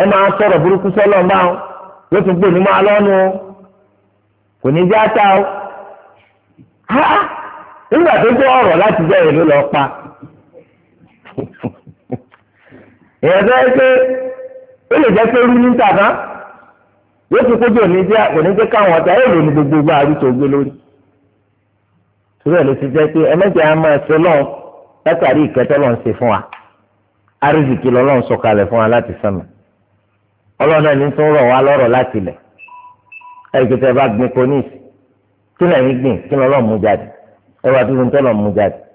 ẹ máa sọ̀rọ̀ burúkú sọ́lọ́ ń bá wọn ló tún gbè ní máa lọ́nu kò ní já ta o nígbà tó tó ọ̀rọ̀ láti jẹ́ ìlú lọ pa. èèyàn fẹ́ pé ó lè jẹ́ pé rú ní tàbá yóò fi kójú òní jẹ́ òní jẹ́ káwọn ọ̀tá yóò lò ní gbogbo ìgbà àrùtò gbé lórí. torí ẹ̀ ló ti jẹ́ pé ẹlẹ́jẹ̀ á máa ṣe lọ́n látàrí ìkẹ́tọ́ lọ́n ṣe fún wa áríṣìkì lọ́lọ́n sọ̀kalẹ̀ fún wa láti sánmà ọlọ́run ẹni tó rọ̀ wá lọ́rọ̀ láti ilẹ̀ ẹ̀ẹ́dẹ̀gbẹ̀tẹ̀ bá gbin koníìsì kí lẹ́yìn gbìn kí lọ́lọ́run mú jáde ẹwà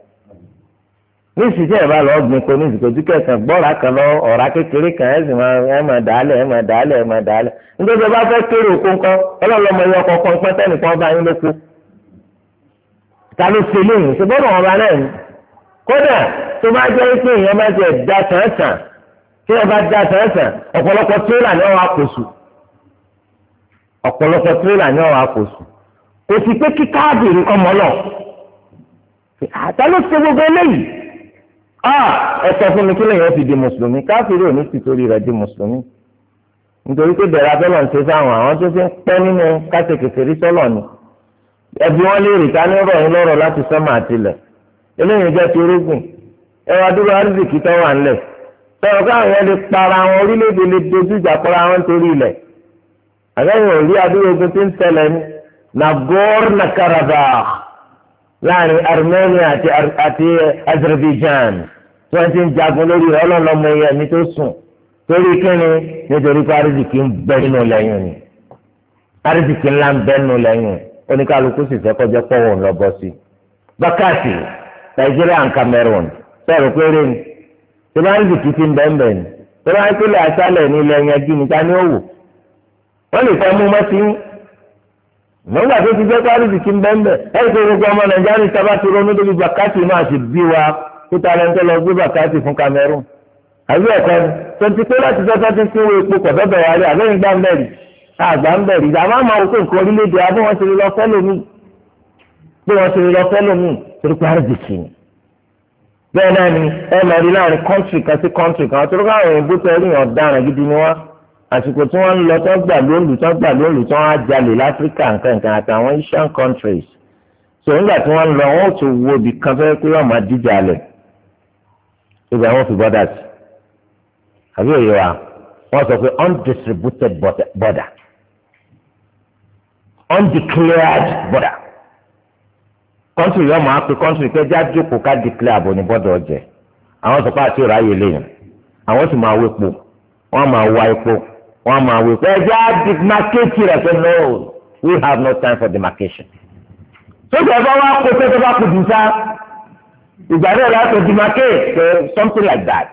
ní ìsìtẹ́ a bá lọ gbin kò ní ìsìkòjú gbọ́ra kan lọ ọ̀rá kékeré kan ẹ̀ máa ẹ̀ máa dàálẹ̀ ẹ̀ máa dàálẹ̀ ẹ̀ máa dàálẹ̀ nítorí ọba fẹ́ kéré òkú ńkọ́ ọlọ́lọ́mọ ẹ̀yọ kọ̀ọ̀kan pẹ́tẹ́ nìkan bá yín lóko ta ló ṣe léyìn ṣe bọ́dọ̀ ọba náà ni kódà tó bá jẹ́ pé èèyàn bá jẹ da sàn-sàn tí ọba da sàn-sàn ọ̀pọ̀lọpọ̀ tírélà ah ẹ sọ fún mi kí fi di mùsùlùmí káfíìrì ò ní ti torí di mùsùlùmí nítorí pé bẹ̀rẹ̀ abẹ́lọ̀ ń ṣe fáwọn àwọn tó fi ń pẹ́ nínú kásìkìsì rí sọ́lọ̀ ni ẹbí wọn lè rí ká ní ọ̀rọ̀ yín lọ́rọ̀ láti sọ́mà àtìlẹ̀ eléyìí jẹ́ ti orógùn ẹwà dúró arísìkì tó wà ńlẹ̀ sọ̀rọ̀ káwọn lè para àwọn orílẹ̀-èdè lè láàrin Armenia àti àti Azerbaijan tí wọ́n ti ń jagun lórí rẹ̀ ọlọ́lọ́mọ ẹ̀yẹ mi tó sùn torí kíni nítorí pé arísìkì ń bẹ nínú lẹ́yìn ni arísìkì ńlá ń bẹ nínú lẹ́yìn oníkálukú sì fẹ́ kọjá pọ̀wọ́ ń lọ bọ́ sí. bákàtì Nàìjíríà and Cameroon sọ̀rọ̀ péré ni tí wọ́n arísìkì ti ń bẹ́ẹ̀ bẹ́ẹ̀ ni tí wọ́n arísìkì lè aṣálẹ̀ ní ilẹ̀ yẹn gíní ni ó wò wọ́n lè fẹ́ mú mọ́tí nígbà tó ti jẹ́ káàdì kí n bẹ́ẹ̀ ẹ̀ ṣe gbogbo ọmọ nàìjíríà ní sábà ti ronú débi bàkátì náà ti bí wa kíta lẹ́nu tó lọ gbé bàkátì fún Cameroon àbí ẹ̀kọ́ ni tonti pé láti sọ́tà ti fún epo kọ̀dọ́dọ̀ wa rí àbẹ́yìn gbà ń bẹ̀rì àgbà ń bẹ̀rì àmọ́ àmọ́ òkú nǹkan orílẹ̀-èdè abẹ́ wọn ti lọ fẹ́ lómi pé wọn ti lọ fẹ́ lómi torí pé àrùn jìkì ni bẹ́ẹ̀ náà ni ẹ lọ rí láàrin kọ́ńtì kan sí kọ́ńtì kan torí káwọn òyìnbó tẹ ẹ̀rí yàn ọ̀daràn gidi ni wọ́n àsìkò tí wọ́n ń lọ tó gbà lóòlù tó gbà lóòlù tó wọ́n á jalè láfíríkà nǹkankan àtàwọn asian countries so nígbà tí wọ́n ń lọ wọ́n ò tún wo ibì kan fẹ́ pé wọ́n máa díjà lẹ̀ ibà wọn fi bọ́dà sí àbí òye wa wọ́n sọ pé undistributed border undeclared border kọ́ńtì yóò máa pe kọ́ńtì kẹjá jókòó ká declare àbò ní bọ́dà ọ̀jẹ̀ àwọn sọ pé àti ìráyè lẹ́yìn àwọn sì máa wépo wọ́n máa wá epo wọ́n máa wí pé ẹjẹ́ á demarcate rẹ̀ pé no we have no time for demarcation. sójà ẹ bá wá kó pé tó bá kù jù sá ìgbà náà láti demarcate something like that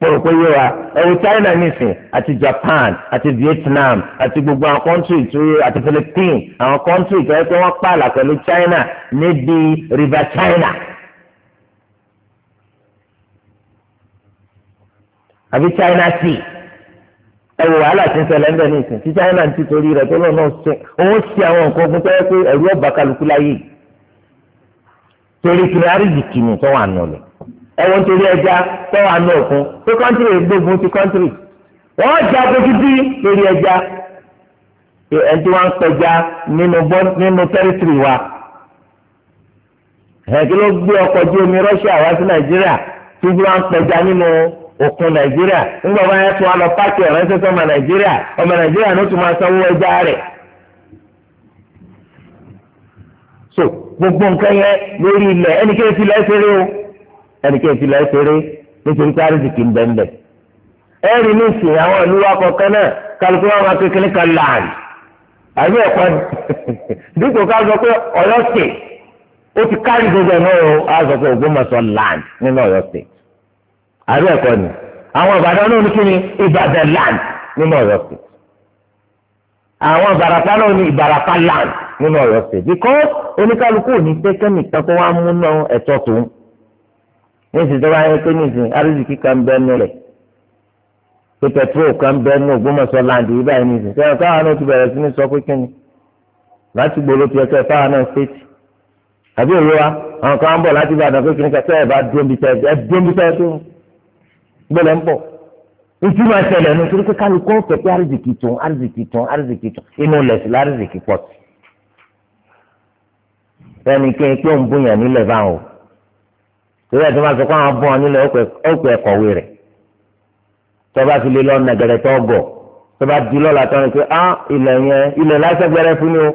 kpọ̀rọ̀ pé yé wa ẹ̀wù China nìsín àti Japan àti Vietnam àti gbogbo àwọn kọ́ńtì tó yẹ Philippines àwọn kọ́ńtì tó yẹ kí wọ́n pààlà pẹ̀lú China níbi river China. àbí China Sea ẹ wò wàhálà tí ń ṣẹlẹ̀ ń bẹ̀ ní ìsìn tí China ti torí rẹ̀ tó lọ́nà ṣe òun ṣe àwọn nǹkan ogun tó yẹ pé ẹ̀rú ọ̀bà kálukú láyé torí kiri àríjìkì ni tó wà nù lẹ̀ ẹ̀wọ̀n torí ẹja tó wà nù òkun tó kọ́ńtìrì gbógun ti kọ́ńtìrì wọ́n já bójú dí lórí ẹja ẹni tí wọ́n ń pẹja nínú tẹ́rítìrì wa ẹ̀kí ló gbé ọkọ̀ ojú omi Russia wá sí Nàìjíríà tí wọ́n ń òkun nàìjíríà nígbà wọn yẹn tún wọn lọ páàkì ọ̀rẹ́sẹ̀ sọ́mọ nàìjíríà ọmọ nàìjíríà ló tún máa sanwó ẹja rẹ̀. so gbogbo nǹkan yẹn lórí ilẹ̀ ẹnikẹ́ni ti lọ ẹsẹ̀rẹ́ o ẹnikẹ́ni ti lọ ẹsẹ̀rẹ́ nítorí pé àrísìkì ń bẹ́ńbẹ́. ẹ rí ní ìsìn àwọn ìlú wa kọ̀ọ̀kan náà kálukú wa máa kékeré kan láàyè àbí ẹ̀kọ́ dípò ká sọ pé ọ̀yọ́ sè ó ti kárí gbogbo ẹ̀ náà o á sọ pé Ògbómọ̀ṣọ́ láàyè nínú ọ̀yọ́ àbí ẹ̀kọ́ ni àwọn ìbàdàn náà ní kí ni ìbàdàn land nínú ọ̀yọ́ sí àwọn ìbàràpá náà ní ìbàràpá land nínú ọ̀yọ́ sí because oníkálukú ò ní pé kẹ́nìkan kó wá mú náà ẹ̀tọ́ tó ń ní ìsìtọ́wá yẹn pé ní ìsìn àrísìkí kan bẹ́ẹ̀ nílẹ̀ pé pẹtrol kan bẹ́ẹ̀ ní Ògbómọ̀ṣọ́ land yìí báyìí ní ìsìn sẹ́wọ̀n káwọn náà ti bẹ̀rẹ̀ sí ní sọ pé kí ni láti gbòòrò tiẹ̀ kẹ́ fáwọn náà ṣètì àbí òwe wa àwọn kan ń bọ̀ láti Ìbàdàn pé kí ni kẹ́kẹ́ ẹ̀ bá dúró bí tẹ́ ẹ dúró bí tẹ́ ẹ dúró gbọ́dọ̀ ń bọ̀
ìtú máa ṣẹlẹ̀ nu torí pé
kálukú ọ̀fẹ́ pé àrízìkì tún àrízìkì tún àrízìkì tún inú lẹ̀sìn lárìzìkì pọ̀ sí. bẹ́ẹ̀ni kí n pé òun bóyá nílẹ̀ báwọn o torí ẹ̀sìn máa sọ pé àwọn bọ́ wọn nílẹ̀ ọ̀pẹ ẹ̀kọ́wé rẹ̀ tó bá fi lé lọ nàgẹ̀rẹ̀ tó gọ̀ tó bá di lọ́la tó ń pẹ́ ah ilẹ̀ yẹn ilẹ̀ lásẹ̀gbẹ̀rẹ̀ fún ni o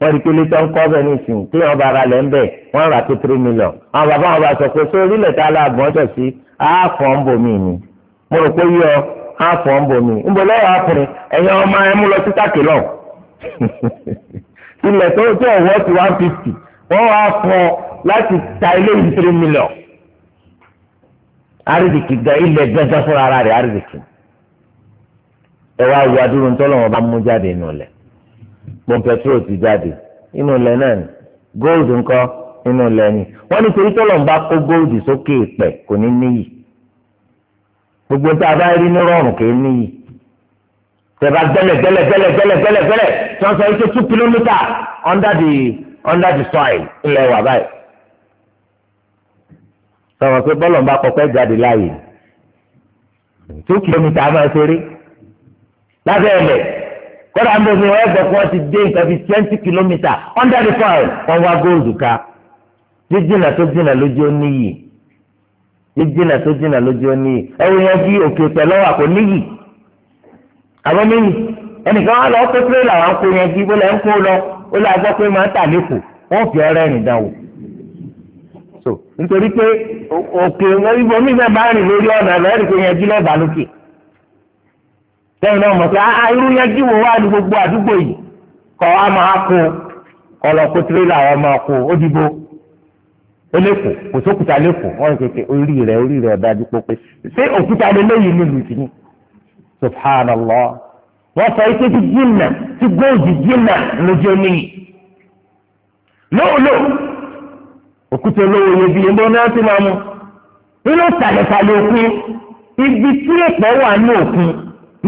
wọ́n rí pélé tó ń kọ́ bẹ́ẹ̀ nísìnyí tí wọ́n bá ara lẹ̀ ń bẹ̀ wọ́n rà tó three million àwọn bàbá wọn bá sọ pé sọ orílẹ̀ tá a lọ àgbọ̀n tọ̀ sí àáfọ̀ ń bò mí ni mo rò pé yíyọ àáfọ̀ ń bò mí ń bò lọ́wọ́ àfọ̀rẹ́ ẹ̀yin ọmọ ẹ mú lọ sí tàkì lọ. ilẹ̀ tó tó ọ̀wọ́ ti one fifty wọ́n wá fún ọ láti ta ilé yìí three million. àrídìkì gan ilẹ̀ gbẹ́gbẹ́ fúnra rẹ̀ àrídìkì ẹ pọ́n pẹtrol ti jáde inú ilẹ̀ náà ni gold ńkọ́ inú ilẹ̀ ni wọ́n ní torí tọ́lọ̀ ń bá kó gold sókè pẹ̀ kò ní níyì gbogbo tá a bá rí ní rọrùn kì í níyì tẹ̀bá gbẹ́lẹ̀ gbẹ́lẹ̀ gbẹ́lẹ̀ gbẹ́lẹ̀ gbẹ́lẹ̀ gbẹ́lẹ̀ tí wọ́n sọ yìí tó two kilometre under the under the soil ilẹ̀ wà báyìí sọ̀rọ̀ pé bọ́lọ̀ ń bá kọ́kọ́ jáde láàyè two kilometre a máa ṣeré lábẹ́ ẹ̀lẹ̀. kódà ń bọ̀ mi wọ́n gbọ́ ti dé nǹkan bíi twenty kilometre under the soil wọ́n wá góòlù ká jíjìnà tó jìnà lójú ó níyì jíjìnà tó jìnà lójú ó níyì ẹ yẹn òkè kò níyì àwọn níyì ẹnìkan wọn lọ pé tírélà wọn kó yẹn ń kó lọ ó lọ gbọ́ pé máa ń tà wọ́n fi ọ̀rẹ́ rìn lẹ́yìn náà mọ̀ sí àá irú yẹn jíwò wá ní gbogbo àdúgbò yìí kọ́ wa máa kó kọlọ̀ kó tirẹ́là wa máa kó ó dìbò ó lẹ́kọ̀ọ́ kò sókùtà lẹ́kọ̀ọ́ wọ́n kéke orí rẹ̀ orí rẹ̀ dájú ṣé òkúta lélẹ́yìn ní lùtì ní subhanallah wọ́n sọ ike ti jìnnà ti gbóòjì jìnnà lójú lóòlò òkúta ibi tí wà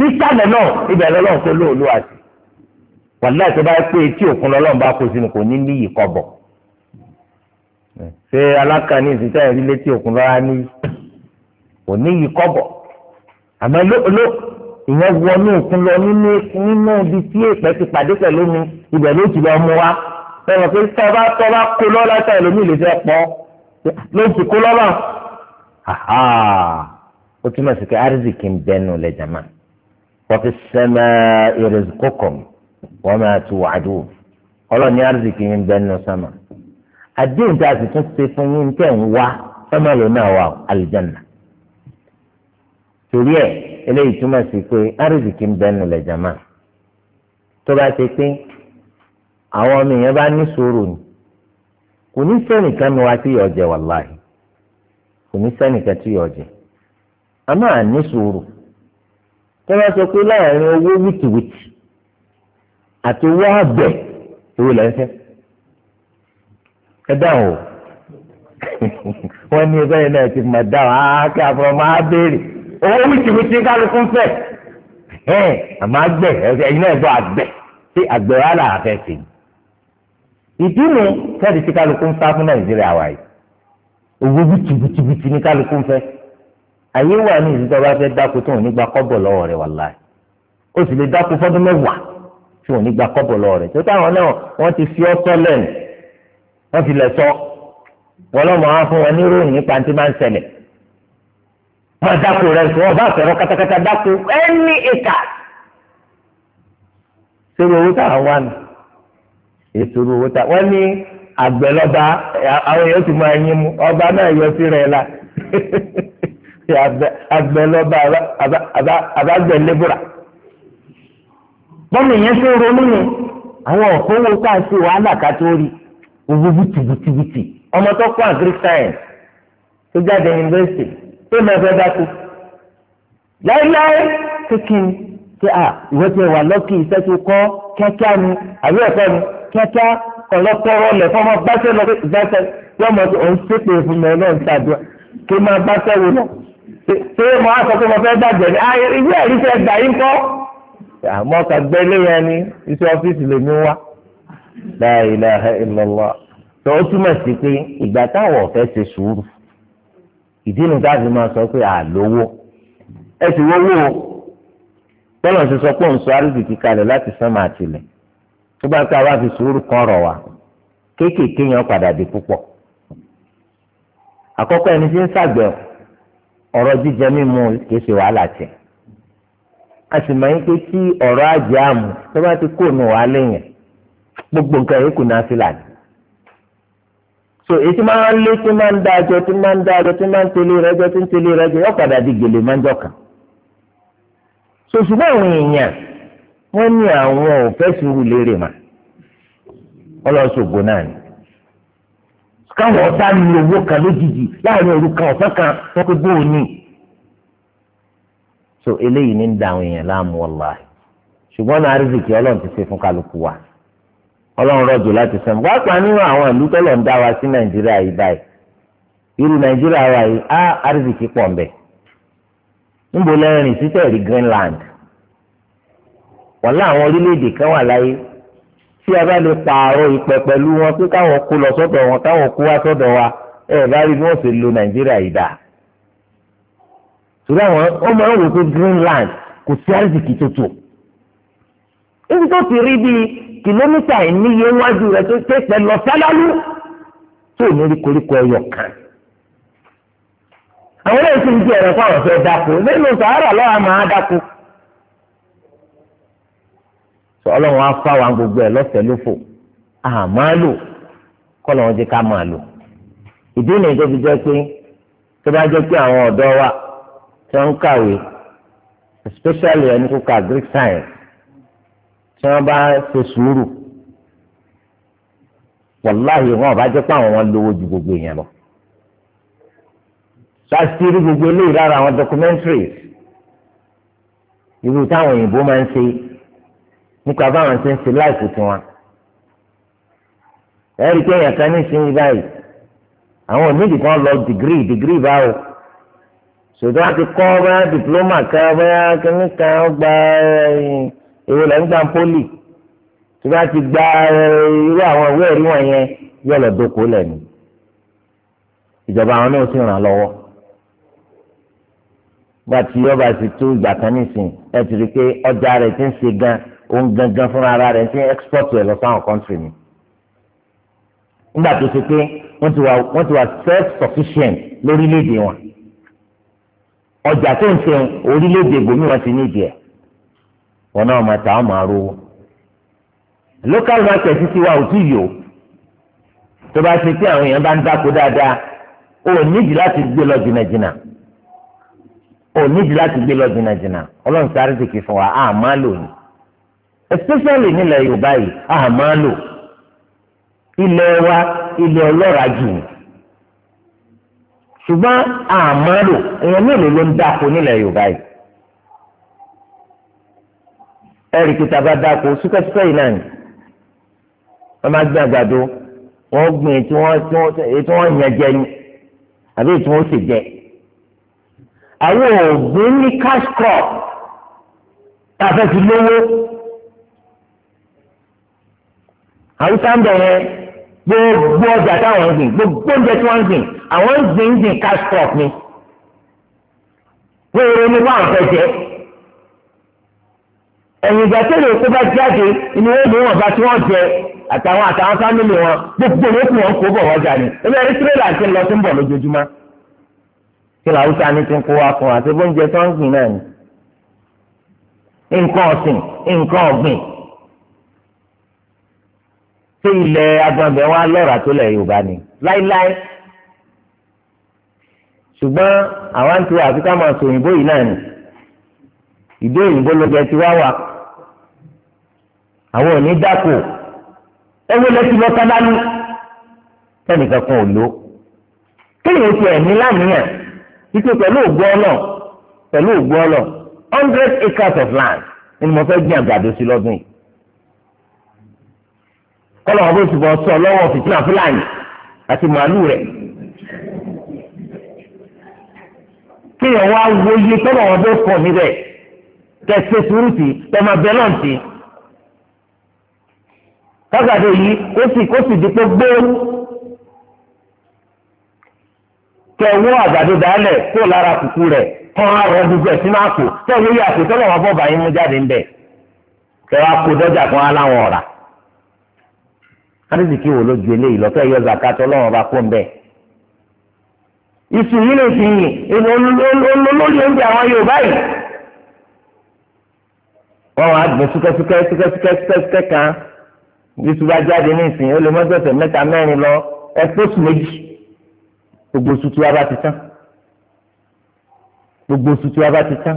nísàlẹ̀ náà ibẹ̀ lọ́lọ́run tó lóòlù àti wàlúwà tó bá pé etí òkun lọ́lọ́run bá kó sínú kò ní níyì kọ́bọ̀ ṣé alákàní ìsìtẹ́ ìrí létí òkun lọ́ra ní kò níyì kọ́bọ̀ àmọ́ ló ìyẹn wọnú òkun lọ nínú nínú ibi tí èpẹ ti pàdé pẹ̀lú mi ibẹ̀ ló ti lọ mú wa bẹ́ẹ̀ pé tọ́ba tọ́ba kó lọ́la tá ẹlòmíì lè pọ́ ló ti kó lọ́la ó túmọ̀ sí pé arzikì ń lẹ́jàmáà wọ́n fi sẹ́mẹ́ ìrẹ̀kọ́kọ̀m wọ́n máa tu wàdù ọlọ́ọ̀ni àrùsìkì yín bẹ́ẹ̀ nù sánmà àdéhùn tá a sì tún ṣe fún yín tẹ̀ ń wá sánmà ló náà wà àlùjánnà torí ẹ̀ eléyìí túmọ̀ sí pé àrùsìkì ń bẹ́ẹ̀ nù lẹ́jàmá tó bá ṣe pé àwọn ọmọ yẹn bá ní sùúrù ni kò ní sẹ́nìkan nu wa tí yọ̀ jẹ wàláhì kò ní sẹ́nìkan tí yọ̀ jẹ àmọ́ àní sùúrù wọ́n bá sọ pé láàrin owó wìtìwìtì àti owó àbẹ̀ owó lẹ́yìn fẹ́ ẹ dáhùn o wọ́n ní ẹgbẹ́ yẹn náà ti mọ̀ dáhùn á kí àfọwọ́ máa béèrè owó wìtìwìtì kálukú fẹ́ ẹ̀ àmọ́ àgbẹ̀ ẹ̀yin náà gbọ́ àgbẹ̀ tí àgbẹ̀ wà láà fẹ́ sí i ìdí mi fẹ́ẹ́ di ti kálukú ń sá fún nàìjíríà wáyé owó wìtìwìtì ní kálukú fẹ́ àyè wà ní ìsìn tó bá fẹ́ dáko tó wọn ní gba kọ́bọ̀ lọ́wọ́ rẹ̀ wàláì ó sì lè dáko fọ́dún mẹ́wàá tí wọn ní gba kọ́bọ̀ lọ́wọ́ rẹ̀ tó táwọn náà wọ́n ti fi ọ́tọ́ lẹ́nu wọ́n ti lẹ̀ sọ wọ́n lọ́mọ wá fún wọn ní ròyìn nípa tí máa ń ṣẹlẹ̀ máa dáko rẹ̀ sọ ọba àfẹ́rọ́ katakata dáko ẹni ìka sórí owó táwọn wà nù èso owó táwọn wọ́n ní àgbẹ̀ àwọn èèyàn ti máa yín mu ọba náà yọ sí rẹ̀ la ṣe agbẹ̀lọ́ba àbágbẹ̀lébùrà. bọ́ọ̀lù yẹn ṣe ronú ni àwọn òkòwò ṣe wàhálà ká tó rí owó bùtìbùtìbùtì ọmọ tó kọ́ agric science tó jáde yunifásitì tó mẹ́fẹ́ dákú. láéláé kékin ṣe à ìwé tí wà lọ́kì iṣẹ́ tó kọ́ kíákíá ni àbí ẹ̀kọ́ lẹ̀ gbáṣẹ́ gbáṣẹ́ yọmọ tó ń ṣépè fún mi ọlọ́run ṣàdúrà kí n máa gbáṣẹ́ wo náà. ṣé mo á sọ pé mo fẹ́ bàjẹ́ ni ayé ah, ìwé ẹ̀rí fẹ́ gbà yín kọ́ àmọ́ ká gbé léyìn ẹni iṣẹ́ ọ́fíìsì lèmi wá la ilaha illallah tó túmọ̀ sí pé ìgbà táwọn ọ̀fẹ́ ṣe sùúrù ìdí nu táàbí máa sọ pé ẹ sì o tọ́lọ̀ ṣe sọ pé òun sọ kalẹ̀ láti tó bá ọ̀rọ̀ jíjẹ mímu kìí ṣe wàhálà tiẹ̀ a sì máa ń pé kí ọ̀rọ̀ àjẹ àmù tó bá ti kó nù wàhálà yẹn gbogbo nǹkan yìí so máa ń lé tí máa ń dá tí máa ń dá tí máa ń tẹ̀lé so ṣùgbọ́n àwọn èèyàn wọ́n ní àwọn mà káwọn ọ̀tá ní owó kan lójijì láàrin òru kan ọ̀sán kan wọ́n pé bóun ní.
so eléyìí ní ń da àwọn èèyàn láàmú wàláhì
ṣùgbọ́n náà rìzìkì ọlọ́run ti ṣe fún kálukú wa ọlọ́run rọ̀jò láti sẹ́mu pàápàá nínú àwọn ìlú tọ́lọ̀ ń dá wa sí nàìjíríà yìí báyìí irú nàìjíríà wa yìí á àrísìkí pọ̀ ń bẹ̀ níbo lẹ́rìn sí tẹ̀rí Greenland wọ́n láwọn orílẹ̀-èdè kan wà láyé tí a bá lè pààrọ̀ ìpẹ́ pẹ̀lú wọn pé káwọn kó lọ sọ́dọ̀ wọn káwọn kó wá sọ́dọ̀ wa ẹ̀ bá rí bí wọ́n ṣe lo nàìjíríà yìí dà. ṣùgbọ́n àwọn ọmọ ẹ̀wò pé Greenland kò sí àrísìkì tó tò. ibi tó ti rí bíi kìlómítà ìníye wájú rẹ̀ tó tẹ̀sẹ̀ lọ sálálú tó ní rí koríko ẹyọ kan. àwọn ẹ̀sìn jẹ́ ẹ̀rọ fáwọn fẹ́ dáko nínú sàárà lọ́wọ́ máa dáko sọ ọlọ́run á fà wá gbogbo ẹ̀ lọ́sẹ̀ lófò àmọ́ lò kọ́lọ̀ wọn jẹ́ ká máa lò ìdí nìyí tó fi jẹ́ pé tó bá jẹ́ pé àwọn ọ̀dọ́ wa tí wọ́n ń kàwé especially ẹni tó ka Greek science tí wọ́n bá ṣe sùúrù wàláhì wọn ò bá jẹ́ pé àwọn wọn lówó ju gbogbo èèyàn lọ sásìrì gbogbo eléyìí lára àwọn documentaries irú táwọn òyìnbó máa ń ṣe nípa báwọn ṣe ń ṣe láìpù tiwọn. ẹ̀rí pé èèyàn kan ní ìsinyìí báyìí àwọn onídìí kan lọ dìgírì dìgírì báwo ṣùgbọ́n a ti kọ́ bẹ́ẹ̀ dìplómà kan bẹ́ẹ̀ kíní kan gba eh, èrò lẹ́yìn gbà pólì ṣùgbọ́n a ti gba eh, irú àwọn ìwé ẹ̀rí wọ̀nyẹn yọ̀ lọ́dọ̀kọ lẹ́nu ìjọba àwọn náà sì ràn lọ́wọ́ gbàtí yọba sì tún ìgbà kan nísìn ẹ ti rí i pé ọjà rẹ̀ ti ń ṣe gan-an òun gangan fúnra ara rẹ̀ ti export rẹ̀ lọ sáwọn country ni nígbà tó ṣe pé wọ́n ti wà wọ́n ti wà self sufficient lórílẹ̀‐èdè wọn ọjà tó ń ṣe orílẹ̀‐èdè gbòmí wọn ti ní ìdí ẹ̀ wọn náà máa ta wọn máa rówó local market ti wà òtún yìí o tó bá ṣe pé àwọn èèyàn bá ń dáko dáadáa o nídìí láti gbé lọ jìnnàjìnnà o nídìí láti gbé lọ jìnnàjìnnà ọlọ́run sáré ti kì fún wa àmọ́ lónìí especially nílẹ̀ yorùbá yìí a máa lò ilẹ̀ wa ilẹ̀ ọlọ́ràá jù ṣùgbọ́n a máa lò èèyàn mélòó ló ń dáko nílẹ̀ yorùbá yìí ẹ̀rì kìtà bá dáko súkẹ́súkẹ́ yìí náà ni wọ́n máa gbé àgbàdo wọ́n gbìn ètò wọn yẹn jẹ ni àbí ètò wọn sì jẹ àwọn òògùn ní cash crop tá a fẹ́ fi lówó àwùjọ ń bẹ̀rẹ̀ gbogbo ọjà táwọn ń gbìn gbogbo oúnjẹ tí wọ́n ń gbìn àwọn ń gbìn ń gbìn cash crop ni wéèrè ní wọ́n fẹ́ jẹ ẹ̀yìn ìgbà tó lè kó bá jáde ni wọ́n lè wọ́n bá tí wọ́n jẹ àtàwọn àtàwọn fámìlì wọn gbogbo owó tí wọ́n kó bọ̀ wọ́n jà ní ebi ẹ̀rí tírélà ti lọ sí ń bọ̀ lójoojúmọ́ kí làwùjọ ni ti ń kó wa fún àti bóúnjẹ tó ń gbìn náà ni nǹkan ọ̀sìn nǹkan ọ̀gbìn ṣé ilẹ̀ agbọ̀nbẹ̀ wa lọ́ra tó lẹ̀ Yorùbá ni láíláí ṣùgbọ́n àwa ń tu àfikà máa sọ òyìnbó yìí náà nì ìdó òyìnbó ló jẹ ti wá wà àwọn òní dáko ẹwé lẹ́sìn lọ sábàlú sẹ́nìkan kan ò lò kéèyàn ti ẹ̀mí lánìyàn títí pẹ̀lú ògbó ọlọ pẹ̀lú ògbó ọlọ hundred acres of land ni mo fẹ́ gbìn àgbàdo sí lọ́dún yìí kọ́lọ̀ wọn bó ti bọ̀ sọ lọ́wọ́ fìtínà fúlàní àti màálù rẹ̀. kéèyàn wá wo iye tọ́lọ̀ wọn bó pọ̀ níbẹ̀ kẹ́ ṣe sùúrù sí kẹ́ máa bẹ náà sí. kágàdo yìí kó sì kó sì dípò gbó kẹ́ wọ́ àgbàdo dálẹ̀ kó lára kùkù rẹ̀ kọ́ àrọ̀ gbogbo ẹ̀ sínú àpò kẹ́ wọ́n àpò tọ́lọ̀ wọn bàyín mú jáde ńbẹ̀ kẹ́ kó dọ́jà kan aláwọn ọ̀rà arísìkí wo ló ju eléyìí lọ fẹ́ yọ zakat ọlọ́run ọba kó ń bẹ̀. iṣu yìí lè fi yìn olórí oúnjẹ àwọn yorùbá yìí. wọ́n wá gbé súkẹ́súkẹ́ súkẹ́súkẹ́ súkẹ́súkẹ́ kan bí suba jáde ní ìsìn ó lè mọ́ sọ̀tẹ̀ mẹ́ta mẹ́rin lọ ẹ pósù méjì gbogbo sutu wa ti tán gbogbo sutu wa ti tán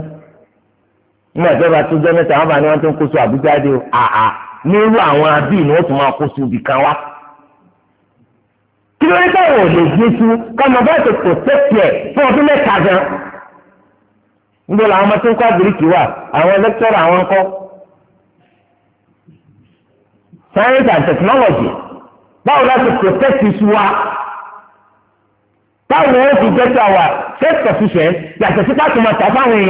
nígbà tí wọ́n bá tó jẹ́ mẹ́ta wọ́n bá ní wọ́n tó ń kó àbújáde o àà. nírú àwọn abíì ni wọ́n tún máa kó sí kan wá. kí ló dé táwọn lè gbé sí kọ́mọ bá ti ẹ̀ fún ọmọ tó ń kọ́ bíríkì wà àwọn science and technology báwo la ti sí wa báwo ni wọ́n fi jẹ́ sí àwa yàtọ̀ sí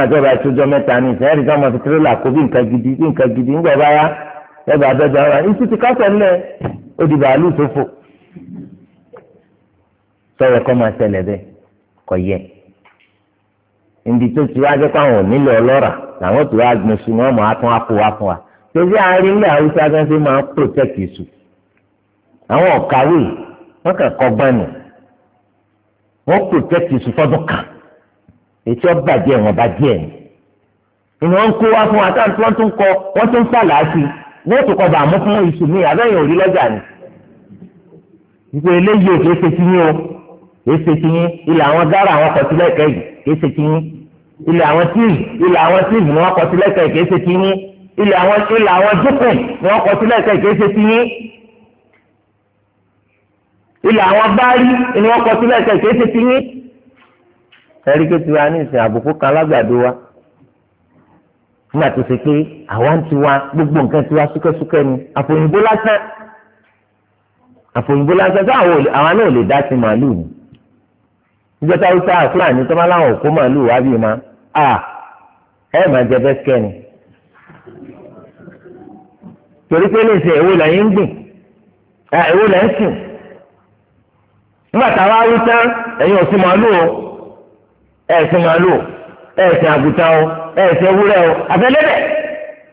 nígbà bá tójọ́ mẹ́ta ní ìsìn ẹ̀rí sọ́mọ fi tirẹ́là kó bí nǹkan gidi bí nǹkan gidi ńgbà bá yá ẹ̀bà bẹ́ẹ̀ ọ̀rọ̀ ní títí kásẹ̀ ńlẹ̀ ó bàálù sófò sọ̀rọ̀ kọ́ máa ṣẹlẹ̀ bẹ́ẹ̀ kọ̀ yẹ. ibi tó ti wá jẹ́ káwọn onílẹ̀ ọlọ́rà làwọn tó wá gbin sùn wọn máa tún wá fún wa. tòbí àárín ilẹ̀ haúsá gánṣẹ́ máa ń protect ìṣù. àwọn ọ̀kàwé wọn kàn kọ́ ètò ọbàjẹ́ wọn bàjẹ́ ni ìwọ̀n ń kó wá fún wa táwọn tí wọ́n tún kọ wọ́n tún fàlàásì wọ́n tún kọ bàmú fún iṣu mi àbẹ́yìn òrí lọ́jà ni ìpè eléyìí ò kéé ṣe ti yín o kéé ṣe ti yín ilẹ̀ àwọn gárà àwọn kọ̀ sílẹ̀ kẹ́yìn kéé ṣe ti yín ilẹ̀ àwọn tíìlì ilẹ̀ àwọn tíìlì ni wọ́n kọ̀ sílẹ̀ kẹ́yìn kéé ṣe ti yín ilẹ̀ àwọn ilẹ̀ àwọn dúkùn ni wọ́n kọ̀ sílẹ̀ kẹ́yìn kéé ṣe ti yín ilẹ̀ àwọn báárí ni wọ́n kọ̀ sílẹ̀ kẹ́yìn kéé ṣe ti yín ẹ̀rí pé tiwa ní ìsìn àbùkù kan lágbàdo wa nígbà tó ṣe pé àwa ń tiwa gbogbo nǹkan tiwa súkẹ́súkẹ́ ni àfòyìnbó lásán àfòyìnbó lásán tí àwọn náà lè dá sí màálù ni ìjọba wípé àfúlàní tó máa láwọn òkú màálù wá bí ma à ẹ máa jẹ bẹ́ẹ̀ kẹ́ni torí pé lè ṣe èwo lẹ́yìn ń gbìn èwo lẹ́yìn sìn nígbà táwa wí tán ẹ̀yin ò sí màálù o ẹ̀sìn màálù ẹ̀sìn àgùtàn o ẹ̀sìn ewúrẹ́ o àfẹlẹ́dẹ̀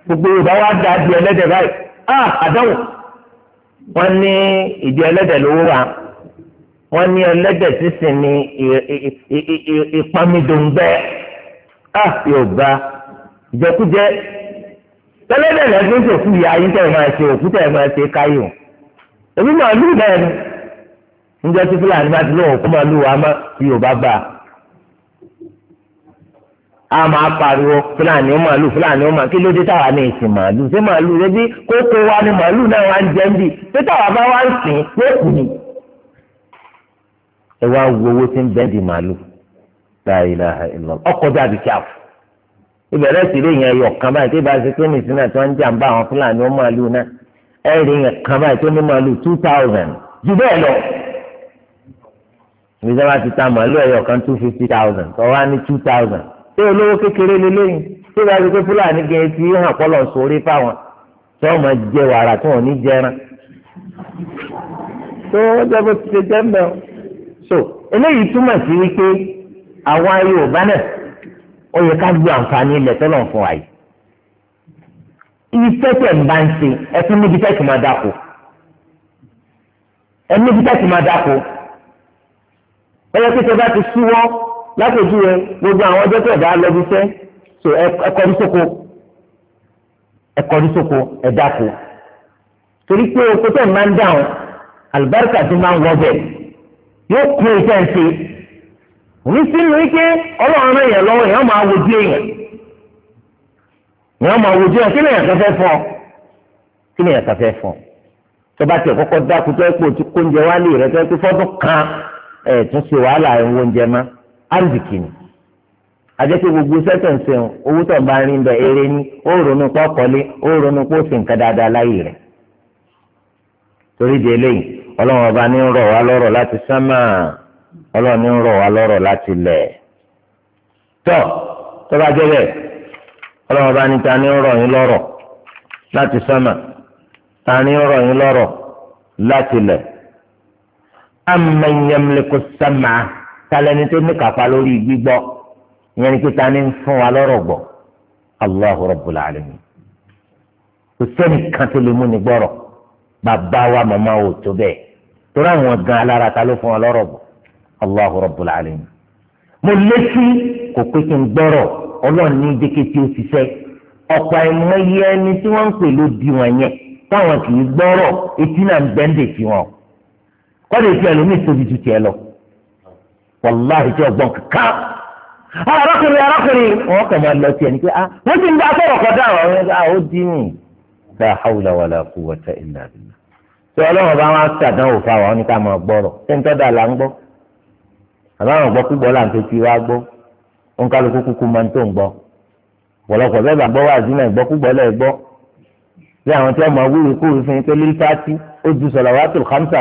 gbogbo yorùbá wa da di ẹlẹ́dẹ̀ báyìí ah àdánwò wọ́n ní ìdí ẹlẹ́dẹ̀ lówó wa wọ́n ní ẹlẹ́dẹ̀ sísìn ní ìpamidòǹgbẹ ah yorùbá ìjẹkújẹ tẹlẹ́dẹ̀ lẹsìn sòkú yìí ayé tẹ ẹ máa ṣe òkú tẹ ẹ máa ṣe káyò èmi màálù bẹ́ẹ̀ ni ń jẹ tí fúlàní bá ti lóun kó màálù wa má yorùbá bá a a máa pariwo fúlàní ó màlúù fúlàní ó màlúù kí ló dé táwa ní ìsìn màlúù ṣé màlúù rẹ bí kókó wa ni màlúù náà wá ń jẹ́ ń bì ṣé táwa bá wá ń sìn yóò kù ni. ẹ wá wo owó tí ń bẹ́ǹdì màlúù láìla ìlọ ọkọ̀ dàbí kíáfù ìbẹ̀rẹ̀ sì rí ìyẹn ẹyọ kan báyìí tí ìbá ṣe pé nìsín náà tí wọ́n ń jà ń bá àwọn fúlàní ó màlúù náà ẹ rí ìyẹn kan báyìí tó ní màlúù two thousand jù bẹ́ẹ̀ lọ ìjọba ti ta màlúù ẹyọ two fifty thousand tọ́wá two thousand ṣé olówó kékeré lélẹ́yìn ṣé fúlàní hàn sórí fáwọn tí wọ́n máa jẹ wàrà tí wọ́n ní jẹran tó wọ́n jẹ́ bó ti ṣe jẹ́ mbẹ́ o. so eléyìí túmọ̀ sí wípé àwa Yorùbá náà ó yẹ ká gbé àǹfààní ilẹ̀ tó lọ́n fún wa yìí. iṣẹ́ tẹ̀ ń bá ń ṣe ẹ níbi máa dáko ẹ níbi máa dáko lákòójú rẹ gbogbo àwọn ọjọ́ tẹ̀dá lọ́bí sẹ́ so ẹkọrí sóko ẹkọrí sóko ẹ̀dá kù torí pé oko tẹ̀ máa ń dáhùn àlùbáríkà ti máa ń wọ bẹ̀ yóò kú iṣẹ́ ń ṣe òní sínú wípé ọlọ́run rẹ̀ yẹn lọ́wọ́ èèyàn máa wojú èèyàn èèyàn máa wojú èèyàn kí ni èèyàn kan fẹ́ fọ́ kí ni èèyàn kan fẹ́ fọ́ tọ́ba tẹ̀ kọ́kọ́ dákú tó ẹ̀ pé o ti kóúnjẹ wálé rẹ̀ tó ẹ̀ pé fọ́dún kan ẹ̀ tún ṣe wàhálà ẹ̀ ń wóúnjẹ máa. arzikì ni àjẹpẹ́ gbogbo sẹ́tẹ̀ǹsẹ̀ owó tó ń bá rí ń bẹ eré ní ó ronú pọ́ kọ́lé ó ronú pọ́ sí nǹkan dáadáa láyé rẹ̀ torí di eléyìí ọlọ́run ọba ní ń rọ̀ wá lọ́rọ̀ láti sánmà ọlọ́run ta ní ń rọ̀ yín lọ́rọ̀ láti talẹni tó ní kápá lórí gbígbọ́ ìyẹn ni pé ta ni ń fún wa lọ́rọ̀ gbọ́ Allahu Rabbul Alamin kò sẹ́ni kan tó lè mú ni gbọ́rọ̀ bàbá wa màmá ò tó bẹ́ẹ̀ torí àwọn gan alára ta ló fún wa lọ́rọ̀ gbọ́ Allahu Rabbul Alamin mo létí kò pé kí n gbọ́rọ̀ ọlọ́run ní dékété ó ti sẹ́ àìmọye ẹni tí wọ́n ń pè ló di wọn yẹn táwọn kì í gbọ́rọ̀ etí náà ń gbẹ́ǹdè tiwọn kọ́ni ìfẹ́ lómi tóbi ju tiẹ̀ lọ wàláhì tí ọgbọ́n kankan ah, arákùnrin arákùnrin wọn kàn máa lọ tiẹ̀ ní pé ah wọ́n ti ń bá sọ̀rọ̀ kọjá àwọn ọmọ ẹgbẹ́ àwọn dínú ká hawla wàlà quwwata illa billah tí ọlọ́run bá wọn ṣàdánwò fáwọn wọn ní ká máa gbọ́rọ̀ ṣé ń tọ́da là ń gbọ́ àbáwọn gbọ́ púpọ̀ là ń tó ti wá gbọ́ ó ń kálukú kúkú máa ń tó ń gbọ́ pọ̀lọpọ̀ bẹ́ẹ̀